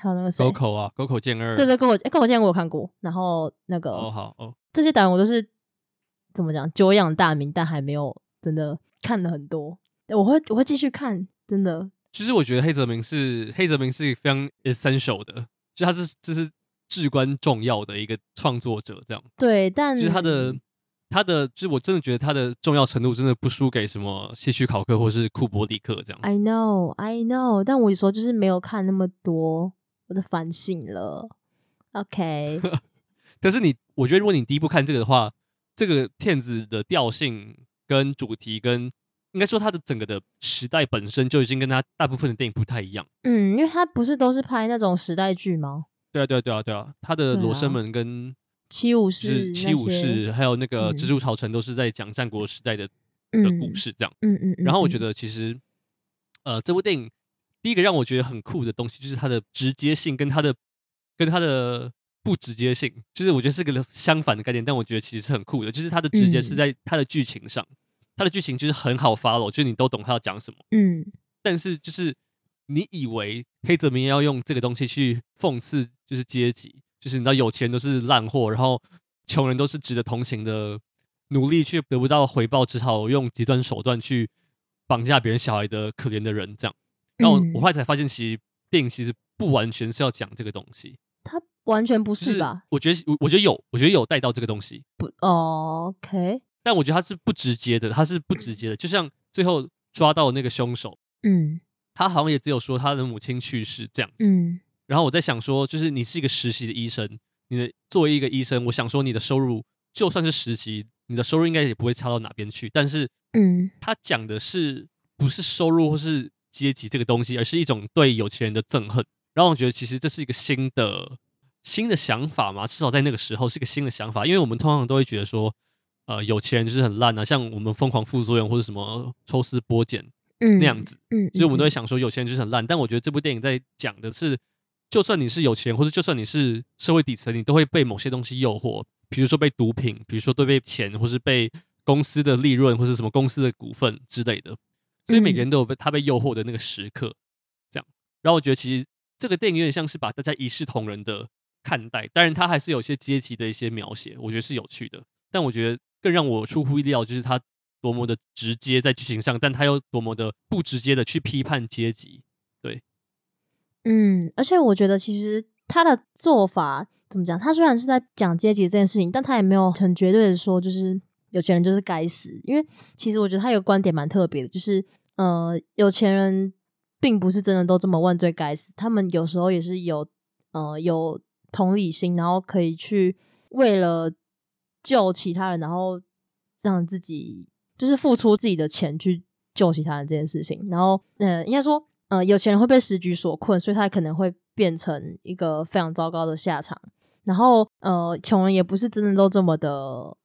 還有那個溝口啊，溝口健二，對對，溝口、欸，溝口健二我看過，然後那個哦好哦，這些導演我都是。怎麼講？久仰大名，但還沒有真的看了很多。我會我會繼續看，真的。其、就、實、是、我覺得黑澤明是黑澤明是非常 essential 的，就他是這、就是至關重要的一個創作者，這樣。對，但就是他的他的，就是、我真的覺得他的重要程度真的不輸給什麼希區考克或是庫布里克這樣。I know, I know，但我有時候就是沒有看那麼多，我的反省了。OK， (laughs) 但是你我覺得如果你第一部看這個的話。這個片子的調性跟主題，跟應該說它的整個的時代本身就已經跟它大部分的電影不太一樣。嗯，因為它不是都是拍那種時代劇嗎？對啊，對啊，對啊，對啊。他的《羅生門》跟《七武士》、《七武士》還有那個《蜘蛛巢城》都是在講戰國時代的、嗯、的故事，這樣。嗯嗯，嗯，嗯。然後我覺得其實，呃，這部電影第一個讓我覺得很酷的東西就是它的直接性跟它的跟它的。不直接性，就是我覺得是個相反的概念，但我覺得其實是很酷的，就是它的直接是在它的劇情上，它、嗯、的劇情就是很好 follow，就是你都懂他要講什麼。嗯，但是就是你以為黑澤明要用這個東西去諷刺，就是階級，就是你知道有錢都是爛貨，然後窮人都是值得同情的努力卻得不到回報，只好用極端手段去綁架別人小孩的可憐的人，這樣。然後我、嗯、我後來才發現，其實電影其實不完全是要講這個東西。他。完全不是吧？就是、我覺得我，我覺得有，我覺得有帶到這個東西。不，哦，OK。但我覺得他是不直接的，他是不直接的。就像最後抓到那個兇手，嗯，他好像也只有說他的母親去世這樣子。嗯。然後我在想說，就是你是一個實習的醫生，你的作為一個醫生，我想說你的收入就算是實習，你的收入應該也不會差到哪邊去。但是，嗯，他講的是不是收入或是階級這個東西，而是一種對有錢人的憎恨。然後我覺得其實這是一個新的。新的想法嘛，至少在那個時候是個新的想法，因為我們通常都會覺得說，呃，有錢人就是很爛啊，像我們瘋狂副作用或者什麼抽絲剝繭，嗯，那樣子，嗯，所以我們都會想說有錢人就是很爛。但我覺得這部電影在講的是，就算你是有錢或者就算你是社會底層，你都會被某些東西誘惑，比如說被毒品，比如說都被錢，或是被公司的利潤，或是什麼公司的股份之類的。所以每個人都有被他被誘惑的那個時刻，這樣。然後我覺得其實這個電影有點像是把大家一視同仁的看待，當然他還是有些階級的一些描寫，我覺得是有趣的。但我覺得更讓我出乎意料就是他多麼的直接在劇情上，但他又多麼的不直接的去批判階級。對，嗯，而且我覺得其實他的做法怎麼講？他雖然是在講階級這件事情，但他也沒有很絕對的說就是有錢人就是該死。因為其實我覺得他有個觀點蠻特別的，就是呃，有錢人並不是真的都這麼萬罪該死，他們有時候也是有呃有。同理心，然後可以去為了救其他人，然後讓自己就是付出自己的錢去救其他人這件事情。然後，嗯，呃，應該說，呃，有錢人會被時局所困，所以他可能會變成一個非常糟糕的下場。然後，呃，窮人也不是真的都這麼的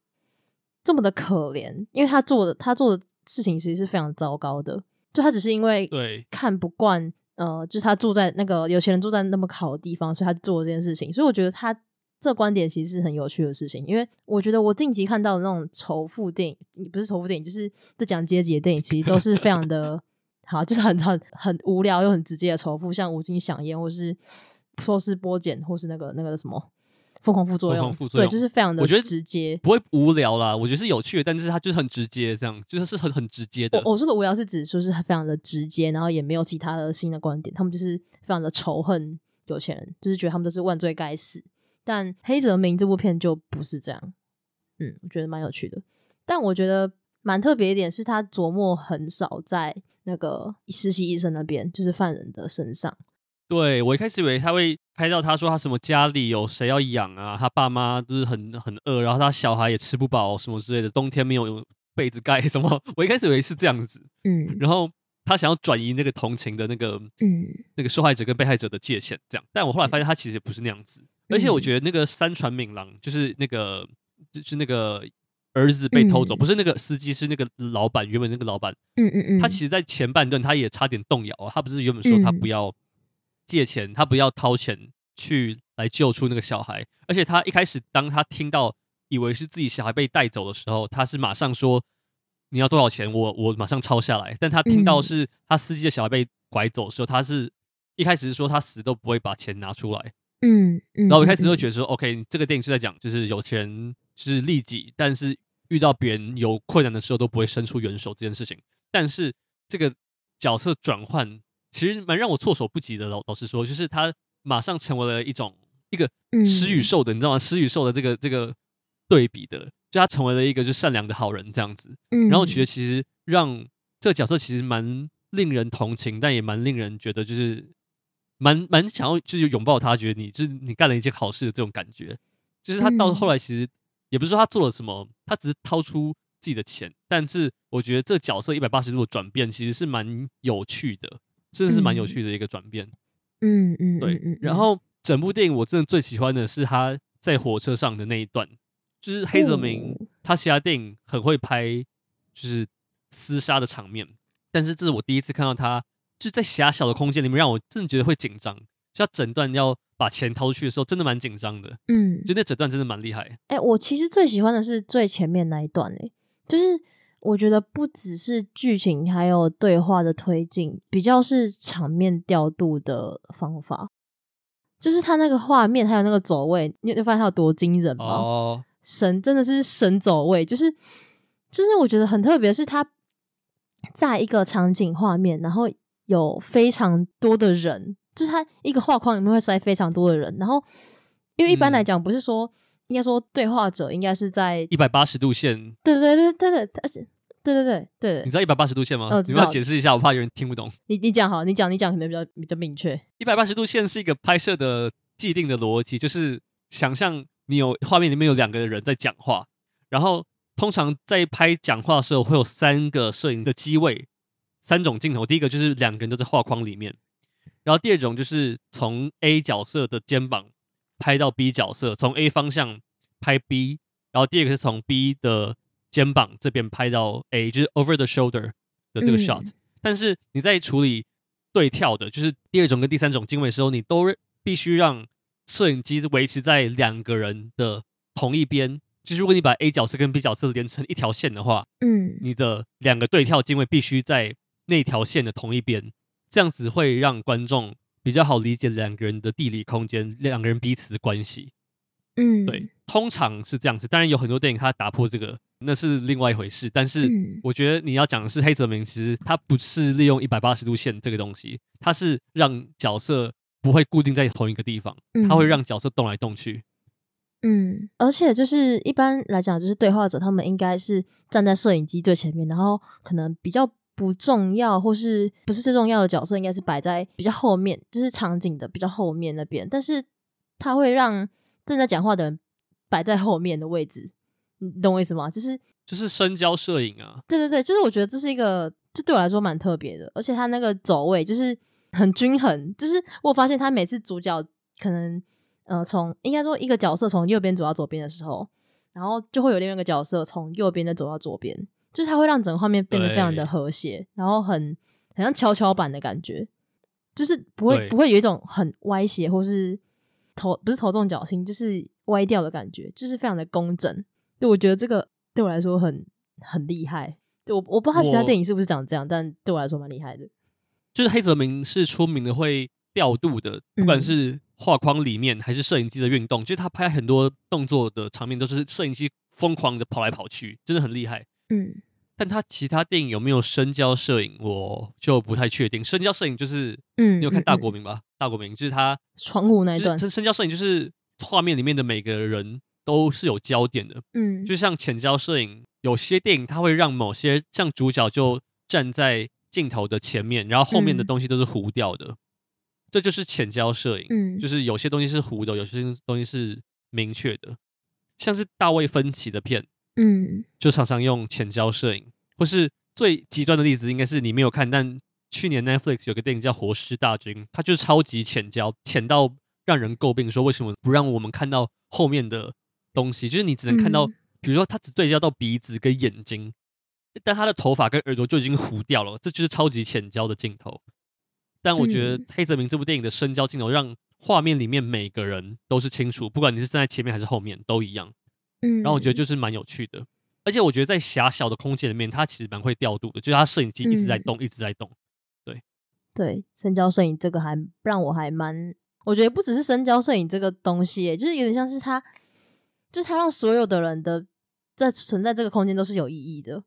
這麼的可憐，因為他做的他做的事情其實是非常糟糕的。就他只是因為對看不慣。呃，就是他住在那個有錢人住在那麼好的地方，所以他做這件事情。所以我覺得他這觀點其實是很有趣的事情，因為我覺得我近期看到的那種仇富電影，也不是仇富電影，就是這講階級的電影，其實都是非常的 (laughs) 好，就是很很很無聊又很直接的仇富，像《五星饗宴》或是《說是波簡或是那個那個什麼。瘋狂副作用，對，就是非常的。我覺得直接不會無聊啦，我覺得是有趣的，但是它就是很直接，這樣就是是很很直接的。我說的無聊是指說是非常的直接，然後也沒有其他的新的觀點，他們就是非常的仇恨有錢人，就是覺得他們都是萬罪該死。但黑澤明這部片就不是這樣，嗯，我覺得蠻有趣的。但我覺得蠻特別一點是他著墨很少在那個實習醫生那邊，就是犯人的身上。對，我一開始以為他會。拍到他說他什麼家裡有誰要養啊，他爸媽就是很很餓，然後他小孩也吃不飽什麼之類的，冬天沒有被子蓋什麼。我一開始以為是這樣子，嗯，然後他想要轉移那個同情的那個，嗯，那個受害者跟被害者的界限，這樣。但我後來發現他其實也不是那樣子，而且我覺得那個三船敏郎就是那個就是那個兒子被偷走，不是那個司機，是那個老闆。原本那個老闆，嗯嗯嗯，他其實，在前半段他也差點動搖，他不是原本說他不要。借錢，他不要掏錢去來救出那個小孩，而且他一開始，當他聽到以為是自己小孩被帶走的時候，他是馬上說，你要多少錢，我我馬上抄下來。但他聽到是他司機的小孩被拐走的時候，他是一開始是說他死都不會把錢拿出來。嗯嗯。然後我一開始會覺得說，OK，這個電影是在講就是有錢是利己，但是遇到別人有困難的時候都不會伸出援手這件事情。但是這個角色轉換。其實蠻讓我措手不及的，老老老實說，就是他馬上成為了一種一個施與受的，嗯，你知道嗎？施與受的這個這個對比的，就他成為了一個就善良的好人這樣子。然後我覺得其實讓這個角色其實蠻令人同情，但也蠻令人覺得就是蠻蠻想要就是擁抱他，覺得你就是你幹了一件好事的這種感覺。就是他到後來其實也不是說他做了什麼，他只是掏出自己的錢。但是我覺得這角色一百八十度的轉變其實是蠻有趣的。真的是蠻有趣的一個轉變，嗯嗯，對，然後整部電影我真的最喜歡的是他在火車上的那一段，就是黑澤明，他其他電影很會拍就是廝殺的場面，但是這是我第一次看到他就在狹小的空間裡面讓我真的覺得會緊張，就他整段要把錢掏出去的時候真的蠻緊張的，嗯，就那整段真的蠻厲害，嗯。哎，欸，我其實最喜歡的是最前面那一段，欸，哎，就是。我覺得不只是劇情，還有對話的推進，比較是場面調度的方法，就是他那個畫面，還有那個走位，你你發現他有多驚人嗎？Oh. 神真的是神走位，就是就是我覺得很特別，是他在一個場景畫面，然後有非常多的人，就是他一個畫框裡面會塞非常多的人，然後因為一般來講不是說。嗯應該說，對話者應該是在一百八十度線。對對對對對，而且對對對對，對，對，對對對。你知道一百八十度線嗎？哦、你不要解釋一下，我怕有人聽不懂。你你講好，你講你講可能比較比較明確。一百八十度線是一個拍攝的既定的邏輯，就是想象你有畫面裡面有兩個人在講話，然後通常在拍講話的時候會有三個攝影的機位，三種鏡頭。第一個就是兩個人都在畫框裡面，然後第二種就是從 A 角色的肩膀。拍到 B 角色，從 A 方向拍 B，然後第二個是從 B 的肩膀這邊拍到 A，就是 over the shoulder 的這個 shot。嗯。但是你在處理對跳的，就是第二種跟第三種鏡位的時候，你都必須讓攝影機維持在兩個人的同一邊。就是如果你把 A 角色跟 B 角色連成一條線的話，嗯，你的兩個對跳鏡位必須在那條線的同一邊，這樣子會讓觀眾。比較好理解兩個人的地理空間，兩個人彼此的關係，嗯，對，通常是這樣子。當然有很多電影它打破這個，那是另外一回事。但是我覺得你要講的是黑澤明，其實他不是利用一百八十度線這個東西，他是讓角色不會固定在同一個地方，他會讓角色動來動去。嗯，而且就是一般來講，就是對話者他們應該是站在攝影機最前面，然後可能比較。不重要，或是不是最重要的角色，應該是擺在比較後面，就是場景的比較後面那邊。但是，他會讓正在講話的人擺在後面的位置，你懂我意思嗎？就是就是深焦攝影啊！對對對，就是我覺得這是一個，這對我來說蠻特別的。而且他那個走位就是很均衡，就是我發現他每次主角可能，呃，從應該說一個角色從右邊走到左邊的時候，然後就會有另外一個角色從右邊再走到左邊。就是它會讓整個畫面變得非常的和諧，然後很很像蹺蹺板的感覺，就是不會不會有一種很歪斜或是頭不是頭重腳輕，就是歪掉的感覺，就是非常的工整。就我覺得這個對我來說很很厲害。對，我我不知道他其他電影是不是長這樣，但對我來說蠻厲害的。就是黑澤明是出名的會調度的，不管是畫框裡面還是攝影機的運動， (laughs) 就是他拍很多動作的場面都是攝影機瘋狂的跑來跑去，真的很厲害。嗯，但他其他電影有沒有深焦攝影，我就不太確定。深焦攝影就是，嗯，你有看大國民吧、嗯嗯《大國民》吧，《大國民》就是他窗戶那一段。深、就是、深焦攝影就是畫面裡面的每個人都是有焦點的，嗯，就像淺焦攝影，有些電影它會讓某些像主角就站在鏡頭的前面，然後後面的東西都是糊掉的，嗯、這就是淺焦攝影，嗯，就是有些東西是糊的，有些東西是明確的，像是大衛芬奇的片。嗯，就常常用淺焦攝影，或是最極端的例子，應該是你沒有看，但去年 Netflix 有個電影叫《活屍大軍》，它就是超級淺焦，淺到讓人詬病，說為什麼不讓我們看到後面的東西？就是你只能看到，嗯，比如說他只對焦到鼻子跟眼睛，但他的頭髮跟耳朵就已經糊掉了。這就是超級淺焦的鏡頭。但我覺得黑澤明這部電影的深焦鏡頭，讓畫面裡面每個人都是清楚，不管你是站在前面還是後面，都一樣。嗯，然後我覺得就是蠻有趣的，而且我覺得在狹小的空間裡面，它其實蠻會調度的，就是它攝影機一直在動，一直在動。對、嗯，對，深焦攝影這個還讓我還蠻，我覺得不只是深焦攝影這個東西，欸，就是有點像是它，就是它讓所有的人的在存在這個空間都是有意義的，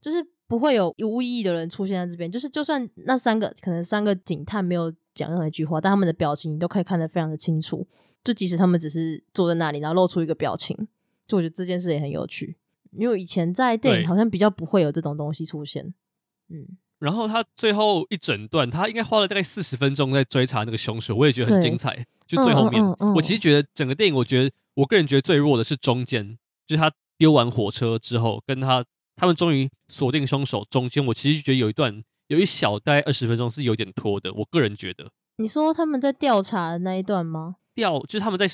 就是不會有無意義的人出現在這邊，就是就算那三個可能三個警探沒有講任何一句話，但他們的表情你都可以看得非常的清楚，就即使他們只是坐在那裡，然後露出一個表情。就我覺得這件事也很有趣，因為以前在電影好像比較不會有這種東西出現。嗯，然後他最後一整段，他應該花了大概四十分鐘在追查那個兇手，我也覺得很精彩。就最後面、嗯嗯嗯嗯，我其實覺得整個電影，我覺得我個人覺得最弱的是中間，就是他丟完火車之後，跟他他們終於鎖定兇手中間，我其實覺得有一段有一小大概二十分鐘是有點拖的，我個人覺得。你說他們在調查的那一段嗎？調就是他們在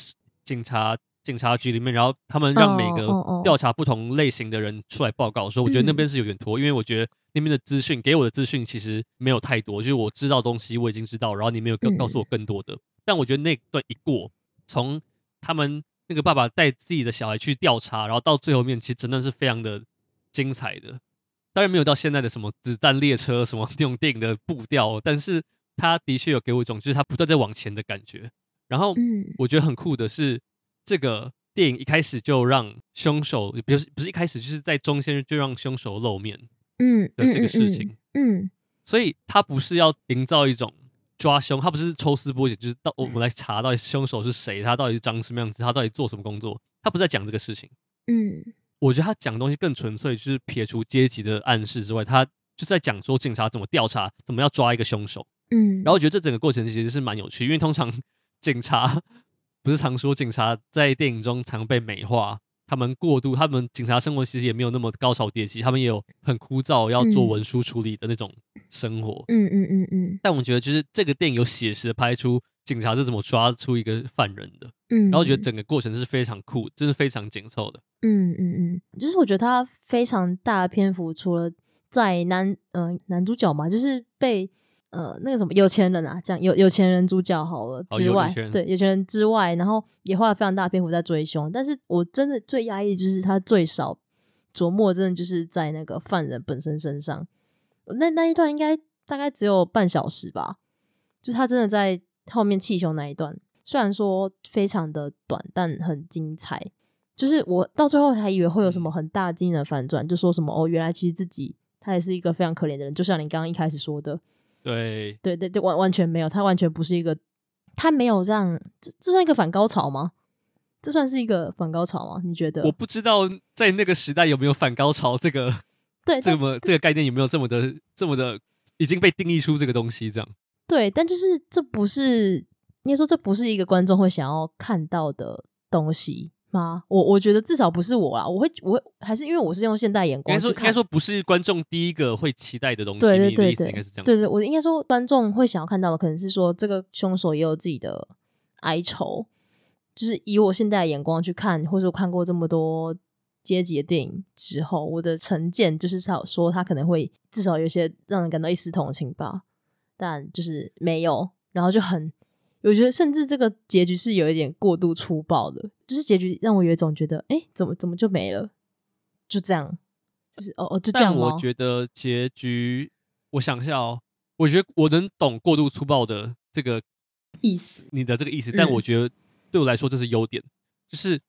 警察。警察局裡面，然後他們讓每個調查不同類型的人出來報告說，oh, oh, oh. 所以我覺得那邊是有點拖，嗯，因為我覺得那邊的資訊給我的資訊其實沒有太多，就是我知道東西我已經知道，然後你沒有告訴我更多的。嗯、但我覺得那段一過，從他們那個爸爸帶自己的小孩去調查，然後到最後面，其實真的是非常的精彩的。當然沒有到現在的什麼子彈列車什麼那種電影的步調，但是他的確有給我一種就是他不斷在往前的感覺。然後我覺得很酷的是。嗯這個電影一開始就讓兇手，也不、嗯、是不是一開始，就是在中間就讓兇手露面的這個事情嗯嗯嗯，嗯，所以他不是要營造一種抓兇，他不是抽絲剝繭，就是到我們來查到兇手是誰，他到底是長什麼樣子，他到底做什麼工作，他不是在講這個事情，嗯，我覺得他講的東西更純粹，就是撇除階級的暗示之外，他就是在講說警察怎麼調查，怎麼要抓一個兇手，嗯，然後我覺得這整個過程其實是蠻有趣，因為通常警察。不是常說警察在電影中常被美化，他們過度，他們警察生活其實也沒有那麼高潮迭起，他們也有很枯燥要做文書處理的那種生活。嗯嗯嗯嗯，嗯。但我覺得就是這個電影有寫實的拍出警察是怎麼抓出一個犯人的，嗯，然後我覺得整個過程是非常酷，真的非常緊湊的。嗯嗯嗯，就是我覺得他非常大的篇幅，除了在男，呃，男主角嘛，就是被。呃，那個什麼有錢人啊，這樣有有錢人主角好了、哦、之外，有對有錢人之外，然後也花了非常大篇幅在追兇。但是，我真的最壓抑的就是他最少琢磨，真的就是在那個犯人本身身上。那那一段應該大概只有半小時吧，就他真的在後面緝兇那一段，雖然說非常的短，但很精彩。就是我到最後還以為會有什麼很大驚人的反轉、嗯，就說什麼哦，原來其實自己他也是一個非常可憐的人，就像你剛剛一開始說的。對，對對對就完完全沒有，他完全不是一個，他沒有讓這這，這算一個反高潮嗎？這算是一個反高潮嗎？你覺得？我不知道在那個時代有沒有反高潮這個，對這個麼，這個概念有沒有這麼的這麼的已經被定義出這個東西這樣。對，但就是這不是，應該說這不是一個觀眾會想要看到的東西。嗎？我我覺得至少不是我啊，我會，我會還是因為我是用現代眼光，應該說，應該說不是觀眾第一個會期待的東西。對對對,對，對,對對，我應該說觀眾會想要看到的，可能是說這個凶手也有自己的哀愁，就是以我現代的眼光去看，或者我看過這麼多階級的電影之後，我的成見就是說他可能會至少有些讓人感到一絲同情吧，但就是沒有，然後就很。我覺得，甚至這個結局是有一點過度粗暴的，就是結局讓我有一種覺得，哎，怎麼怎麼就沒了，就這樣，就是哦哦，就這樣。我覺得結局，我想一下哦，我覺得我能懂過度粗暴的這個意思，你的這個意思。但我覺得對我來說，這是優點，嗯、就是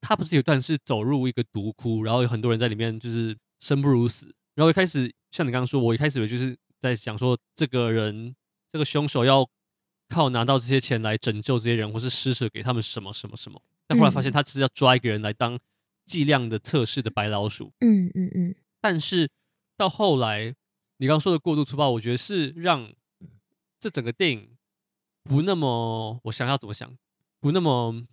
他不是有段是走入一個毒窟，然後有很多人在裡面就是生不如死，然後一開始像你剛剛說，我一開始的就是在想說這，這個人這個凶手要。靠拿到這些錢來拯救這些人，或是施捨給他們什麼什麼什麼，但後來發現他只是要抓一個人來當劑量的測試的白老鼠。嗯嗯嗯。但是到後來，你剛剛說的過度粗暴，我覺得是讓這整個電影不那麼我想要怎麼想，不那麼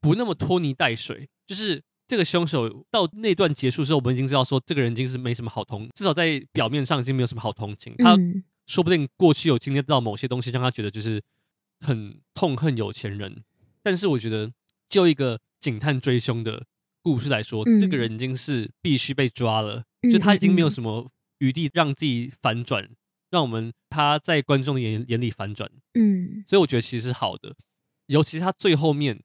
不那麼拖泥帶水。就是這個兇手到那段結束的時候，我們已經知道說這個人已經是沒什麼好同，至少在表面上已經沒有什麼好同情他。嗯說不定過去有經歷到某些東西，讓他覺得就是很痛恨有錢人。但是我覺得，就一個警探追凶的故事來說，嗯，這個人已經是必須被抓了，嗯，就他已經沒有什麼餘地讓自己反轉，讓我們他在觀眾的眼眼裡反轉。嗯，所以我覺得其實是好的。尤其是他最後面，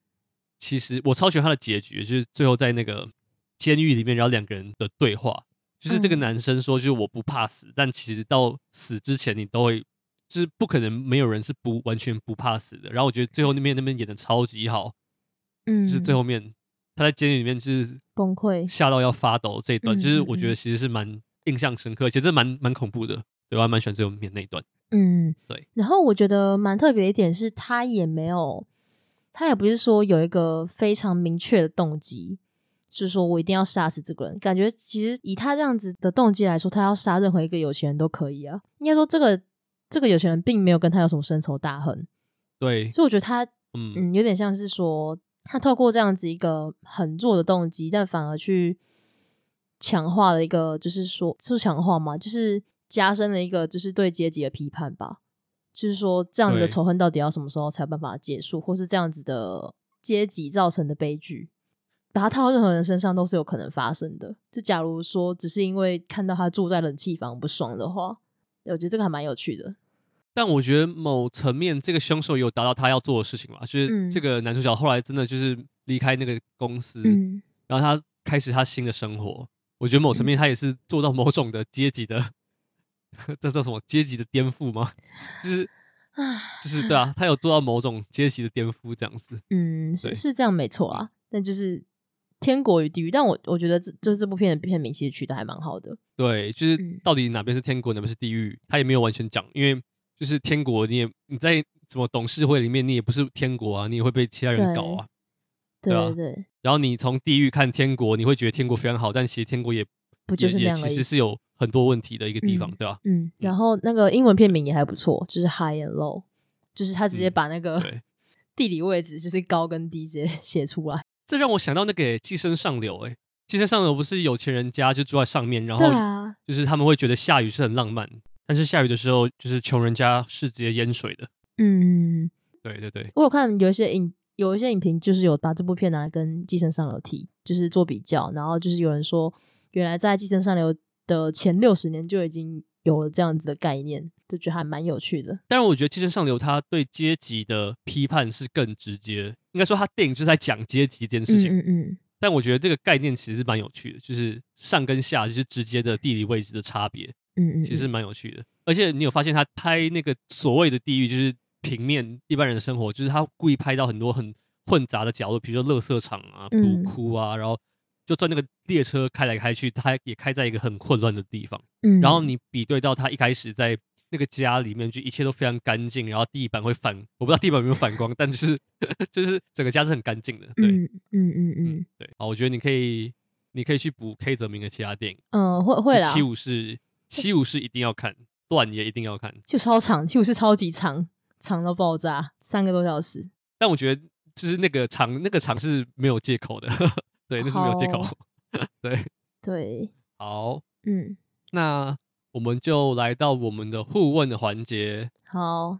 其實我超喜歡他的結局，就是最後在那個監獄裡面，然後兩個人的對話。就是這個男生說，就是我不怕死，嗯，但其實到死之前，你都會就是不可能沒有人是不完全不怕死的。然後我覺得最後那邊那邊演的超級好，嗯，就是最後面他在監獄裡面就是崩潰嚇到要發抖這一段，嗯，就是我覺得其實是蠻印象深刻，其實蠻蠻恐怖的，所以我還蠻喜歡最後面那一段。嗯，對。然後我覺得蠻特別的一點是，他也沒有，他也不是說有一個非常明確的動機。就是說我一定要殺死這個人，感覺其實以他這樣子的動機來說，他要殺任何一個有錢人都可以啊。應該說，這個這個有錢人並沒有跟他有什麼深仇大恨，對。所以我覺得他嗯，嗯有點像是說，他透過這樣子一個很弱的動機，但反而去強化了一個，就是說，是，是強化嘛，就是加深了一個，就是對階級的批判吧。就是說，這樣子的仇恨到底要什麼時候才辦法結束，或是這樣子的階級造成的悲劇。把它套到任何人身上都是有可能發生的。就假如說，只是因為看到他住在冷氣房不爽的話，我覺得這個還蠻有趣的。但我覺得某層面，這個凶手有達到他要做的事情嘛？就是這個男主角後來真的就是離開那個公司、嗯，然後他開始他新的生活。我覺得某層面，他也是做到某種的階級的，嗯、 (laughs) 這叫什麼階級的顛覆嗎？就是，就是對啊，他有做到某種階級的顛覆這樣子。嗯，是是這樣沒錯啊。但就是。天國與地獄，但我我覺得這就是這部片的片名，其實取得還蠻好的。對，就是到底哪邊是天國，哪邊是地獄？他也沒有完全講，因為就是天國，你也你在什麼董事會裡面，你也不是天國啊，你也會被其他人搞啊，對，對，對，對啊。然後你從地獄看天國，你會覺得天國非常好，但其實天國也不就是那，也也其實是有很多問題的一個地方，嗯、對吧、啊？嗯。然後那個英文片名也還不錯，就是 High and Low，就是他直接把那個地理位置就是高跟低直接寫出來。這讓我想到那個《寄生上流》哎，《寄生上流》不是有錢人家就住在上面，然後就是他們會覺得下雨是很浪漫，但是下雨的時候，就是窮人家是直接淹水的。嗯，對對對。我有看有一些影有一些影評，就是有把這部片拿來跟《寄生上流》提，就是做比較，然後就是有人說，原來在《寄生上流》的前六十年就已經有了這樣子的概念，就覺得還蠻有趣的。但是我覺得《寄生上流》它對階級的批判是更直接。應該說他電影就是在講階級這件事情，但我覺得這個概念其實是蠻有趣的，就是上跟下就是直接的地理位置的差別，其實蠻有趣的。而且你有發現他拍那個所謂的地獄，就是平面一般人的生活，就是他故意拍到很多很混雜的角落，比如說垃圾場啊、毒窟啊，然後就在那個列車開來開去，他也開在一個很混亂的地方，然後你比對到他一開始在。那個家裡面就一切都非常乾淨，然後地板會反，我不知道地板有沒有反光， (laughs) 但、就是就是整個家是很乾淨的。對嗯嗯嗯嗯，對啊，我覺得你可以你可以去補黑澤明的其他電影。嗯，會會啦。七武士七武士一定要看，斷也一定要看。就超長，七武士超級長，長到爆炸，三個多小時。但我覺得就是那個長那個長是沒有借口的， (laughs) 對，那是沒有借口的。 (laughs) 對對，好，嗯，那。我們就來到我們的互問的環節。好，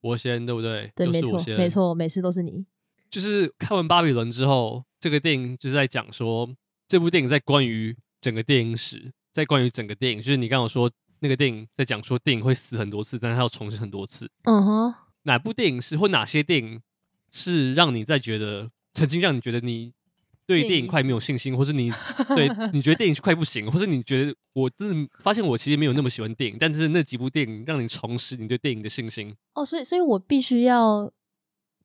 我先對不對？對是我先，沒錯，沒錯，每次都是你。就是看完《巴比倫》之後，這個電影就是在講說，這部電影在關於整個電影史，在關於整個電影。就是你剛剛說那個電影，在講說電影會死很多次，但是它要重生很多次。嗯哼，哪部電影是或哪些電影是讓你在覺得曾經讓你覺得你？對電影快沒有信心，或是你對你覺得電影是快不行， (laughs) 或是你覺得我自己發現我其實沒有那麼喜歡電影，但是那幾部電影讓你重拾你對電影的信心哦，所以所以我必須要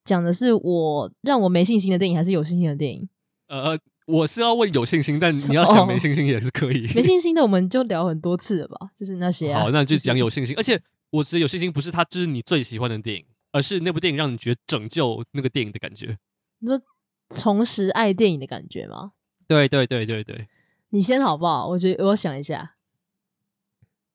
講的是我讓我沒信心的電影還是有信心的電影？呃，我是要問有信心，但你要想沒信心也是可以。 (laughs) 沒信心的我們就聊很多次了吧，就是那些、啊、好那就講有信心，就是、而且我覺得有信心不是他就是你最喜歡的電影，而是那部電影讓你覺得拯救那個電影的感覺。你說。重拾愛電影的感覺嗎？對對對對對，對，你先好不好？我覺得我想一下，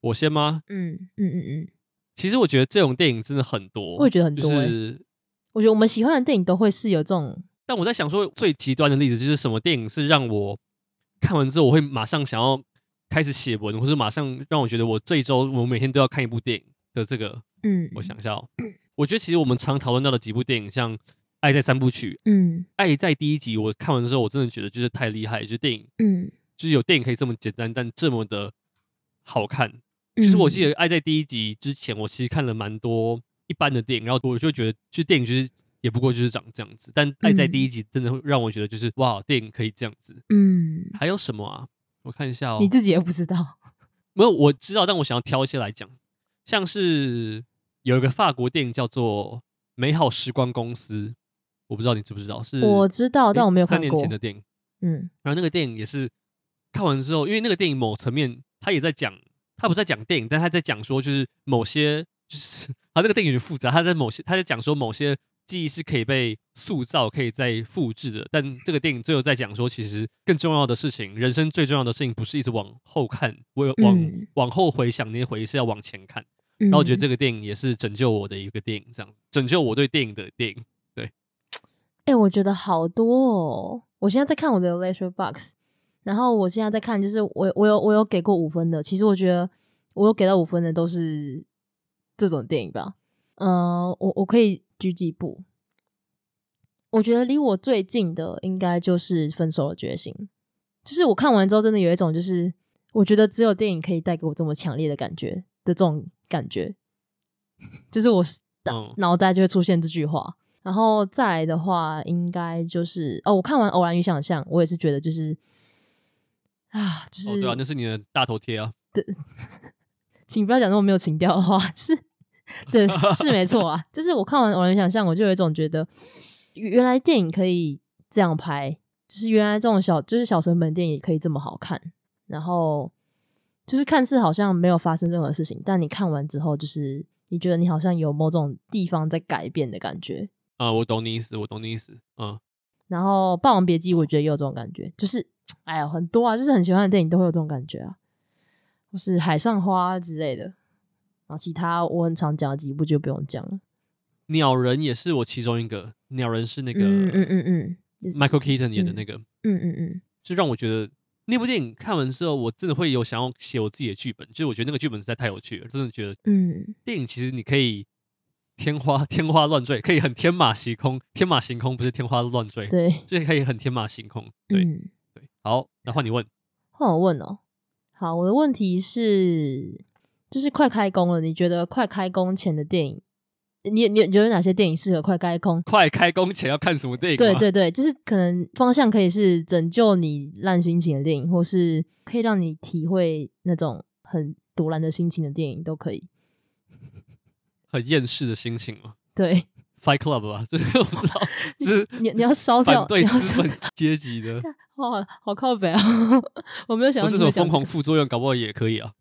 我先嗎？嗯嗯嗯嗯。其實我覺得這種電影真的很多，我也覺得很多、欸就是。我覺得我們喜歡的電影都會是有這種。但我在想說，最極端的例子就是什麼電影是讓我看完之後，我會馬上想要開始寫文，或是馬上讓我覺得我這一週我每天都要看一部電影的這個。嗯，我想一下哦、喔。 (coughs) 我覺得其實我們常討論到的幾部電影，像。《愛在三部曲》，嗯，《愛在》第一集我看完之後，我真的覺得就是太厲害，就是電影，嗯，就是有電影可以這麼簡單，但這麼的好看。嗯、其實我記得《愛在》第一集之前，我其實看了蠻多一般的電影，然後我就覺得，就電影就是也不過就是長這樣子。但《愛在》第一集真的讓我覺得就是、嗯、哇，電影可以這樣子。嗯，還有什麼啊？我看一下、喔，你自己也不知道？ (laughs) 沒有，我知道，但我想要挑一些來講。像是有一個法國電影叫做《美好時光公司》。我不知道你知不知道，是我知道，但我沒有看過、欸、三年前的電影。嗯，然後那個電影也是看完之後，因為那個電影某層面，他也在講，他不是在講電影，但他在講說，就是某些，就是啊，這、那個電影很複雜。他在某些，他在講說，某些記憶是可以被塑造，可以再複制的。但這個電影最後在講說，其實更重要的事情，人生最重要的事情，不是一直往後看，我往、嗯、往後回想那些回憶，是要往前看。嗯、然後我覺得這個電影也是拯救我的一個電影，這樣子，拯救我對電影的電影。誒、欸、我覺得好多哦！我現在在看我的《Letterboxd》，然後我現在在看，就是我我有我有給過五分的。其實我覺得我有給到五分的都是這種電影吧。嗯、呃，我我可以舉幾部。我覺得離我最近的應該就是《分手的決心》，就是我看完之後真的有一種，就是我覺得只有電影可以帶給我這麼強烈的感覺的這種感覺，就是我腦腦袋就會出現這句話。然後再來的話，應該就是哦，我看完《偶然與想象》，我也是覺得就是啊，就是、哦、對啊，那是你的大頭貼啊。對，請不要講那麼沒有情調的話。是，對，是沒錯啊。 (laughs) 就是我看完《偶然與想象》，我就有一種覺得，原來電影可以這樣拍，就是原來這種小，就是小成本電影可以這麼好看。然後就是看似好像沒有發生任何事情，但你看完之後，就是你覺得你好像有某種地方在改變的感覺。啊，我懂你意思，我懂你意思。嗯，然後《霸王別姬》我覺得也有這種感覺，就是，哎呀，很多啊，就是很喜歡的電影都會有這種感覺啊，或、就是《海上花》之類的。然後其他我很常講的幾部就不用講了，《鳥人》也是我其中一個，《鳥人》是那個嗯嗯嗯，嗯，Michael Keaton 演、嗯、的那個，嗯嗯嗯，嗯，就讓我覺得那部電影看完之後，我真的會有想要寫我自己的劇本，就是我覺得那個劇本實在太有趣了，真的覺得，嗯，電影其實你可以。天花天花亂墜可以很天馬行空，天馬行空不是天花亂墜，對，這可以很天馬行空，對、嗯、對，好，那換你問，換我問哦。好，我的問題是，就是快開工了，你覺得快開工前的電影，你你，你覺得哪些電影適合快開工？快開工前要看什麼電影？對對對，就是可能方向可以是拯救你爛心情的電影，或是可以讓你體會那種很獨藍的心情的電影都可以。 (laughs) 很厭世的心情嘛？對，Fight Club 吧，就是我不知道， (laughs) 就是你你要燒掉，反對資本階級的，哇， (laughs) 好靠北啊！ (laughs) 我沒有想，到想、這個、是什麼瘋狂副作用，搞不好也可以啊，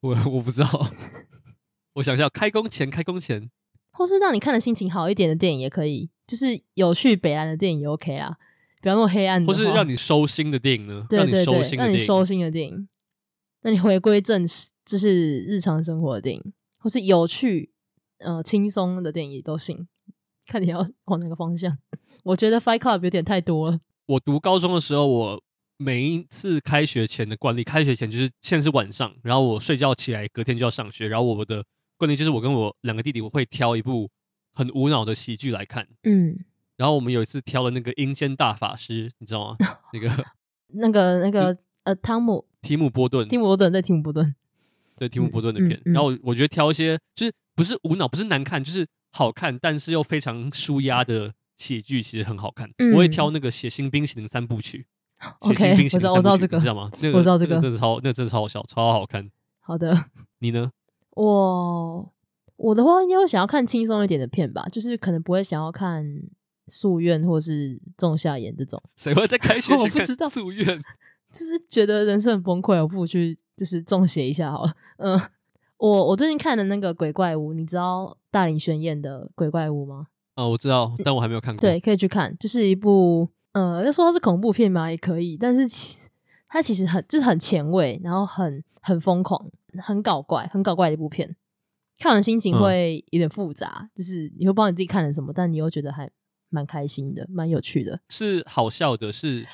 我我不知道， (laughs) 我想一下，開工前，開工前，或是讓你看的心情好一點的電影也可以，就是有趣北蘭的電影也 OK 啊，不要那麼黑暗的，或是讓你收心的電影呢？讓你收心對，收心。讓你收心的電影，那你，你回歸正，就是日常生活的電影，或是有趣。呃，輕鬆的電影都行，看你要往哪個方向。我覺得 Fight Club 有點太多了。我讀高中的時候，我每一次開學前的慣例，開學前就是現在是晚上，然後我睡覺起來，隔天就要上學。然後我的慣例就是，我跟我兩個弟弟，我會挑一部很無腦的喜劇來看。嗯。然後我們有一次挑了那個《陰間大法師》，你知道嗎？ (laughs) 那個、就是、那個、那個呃，湯姆、提姆·波頓、提姆·波頓，對提姆·波頓，對提姆·波頓的片、嗯嗯嗯。然後我覺得挑一些就是。不是無腦，不是難看，就是好看，但是又非常舒壓的喜劇，其實很好看。嗯、我會挑那個《血腥冰淇淋三部曲》okay, 血腥冰淇淋三部曲。OK，我知道這個，你知道嗎？那個我知道這個，那個、真的超，那個真的超好笑，超好看。好的，你呢？我我的話應該會想要看輕鬆一點的片吧，就是可能不會想要看《夙願》或是《仲夏魘》這種。誰會在開學前看？我不知道。夙願》？就是覺得人生很崩潰，我不如去就是中邪一下好了。嗯。我我最近看的那個《鬼怪屋》，你知道大林宣彥的《鬼怪屋》嗎？哦，我知道，但我還沒有看過。嗯。對，可以去看。就是一部，呃，要說它是恐怖片嘛，也可以。但是其它其實很就是很前衛，然後很很瘋狂，很搞怪，很搞怪的一部片。看完心情會有點複雜，嗯、就是你會不知道你自己看了什麼，但你又覺得還蠻開心的，蠻有趣的。是好笑的，是的，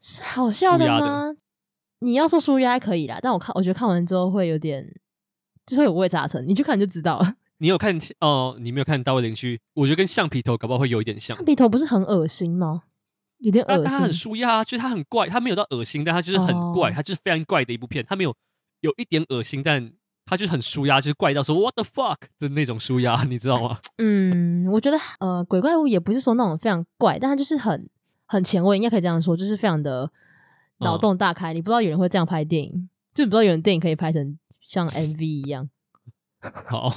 是是好笑的嗎？你要說紓壓還可以啦，但我看我覺得看完之後會有點。之、就、後、是、有味炸成，你去看就知道了。你有看哦、呃？你沒有看《大衛林區》？我覺得跟橡皮頭搞不好會有一點像。橡皮頭不是很噁心嗎？有點噁心，啊、但他很舒壓，就是他很怪，他沒有到噁心，但他就是很怪、哦，他就是非常怪的一部片。他沒有有一點噁心，但他就是很舒壓，就是怪到說 “what the fuck” 的那種舒壓，你知道嗎？嗯，我覺得呃，鬼怪物也不是說那種非常怪，但他就是很很前衛，應該可以這樣說，就是非常的腦洞大開、哦。你不知道有人會這樣拍電影，就你不知道有人電影可以拍成。像 MV 一樣。好，哦，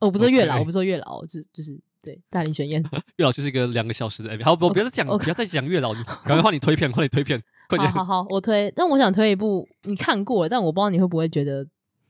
我不說月老，okay. 我不說月老，就是、就是對大林懸燕， (laughs) 月老就是一個兩個小時的 MV。好，okay, 不要再講，okay. 不要再講月老，趕 (laughs) 快換你推片，換你推片快點。好好好，我推，但我想推一部你看過了，但我不知道你會不會覺得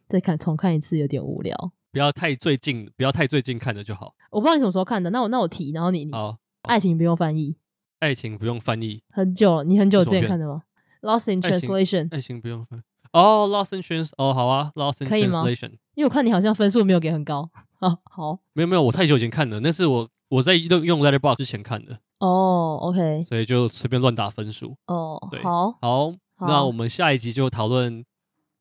再看重看一次有點無聊。不要太最近，不要太最近看的就好。我不知道你什麼時候看的，那我那我提，然後你，你好，好，愛情不用翻譯，愛情不用翻譯，很久了，你很久之前看的嗎？Lost in Translation，愛情，愛情不用翻譯。哦、oh,，Lost in Translation 哦，oh, 好啊，Lost in Translation，因為我看你好像分數沒有給很高啊，好，沒有沒有，我太久以前看的，那是我我在用 letterbox 之前看的哦、oh,，OK，所以就隨便亂打分數哦，oh, 對、oh, 好，好，好，那我們下一集就討論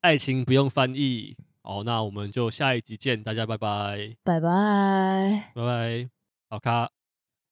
愛情不用翻譯，好，那我們就下一集見，大家拜拜，拜拜，拜拜，好咖。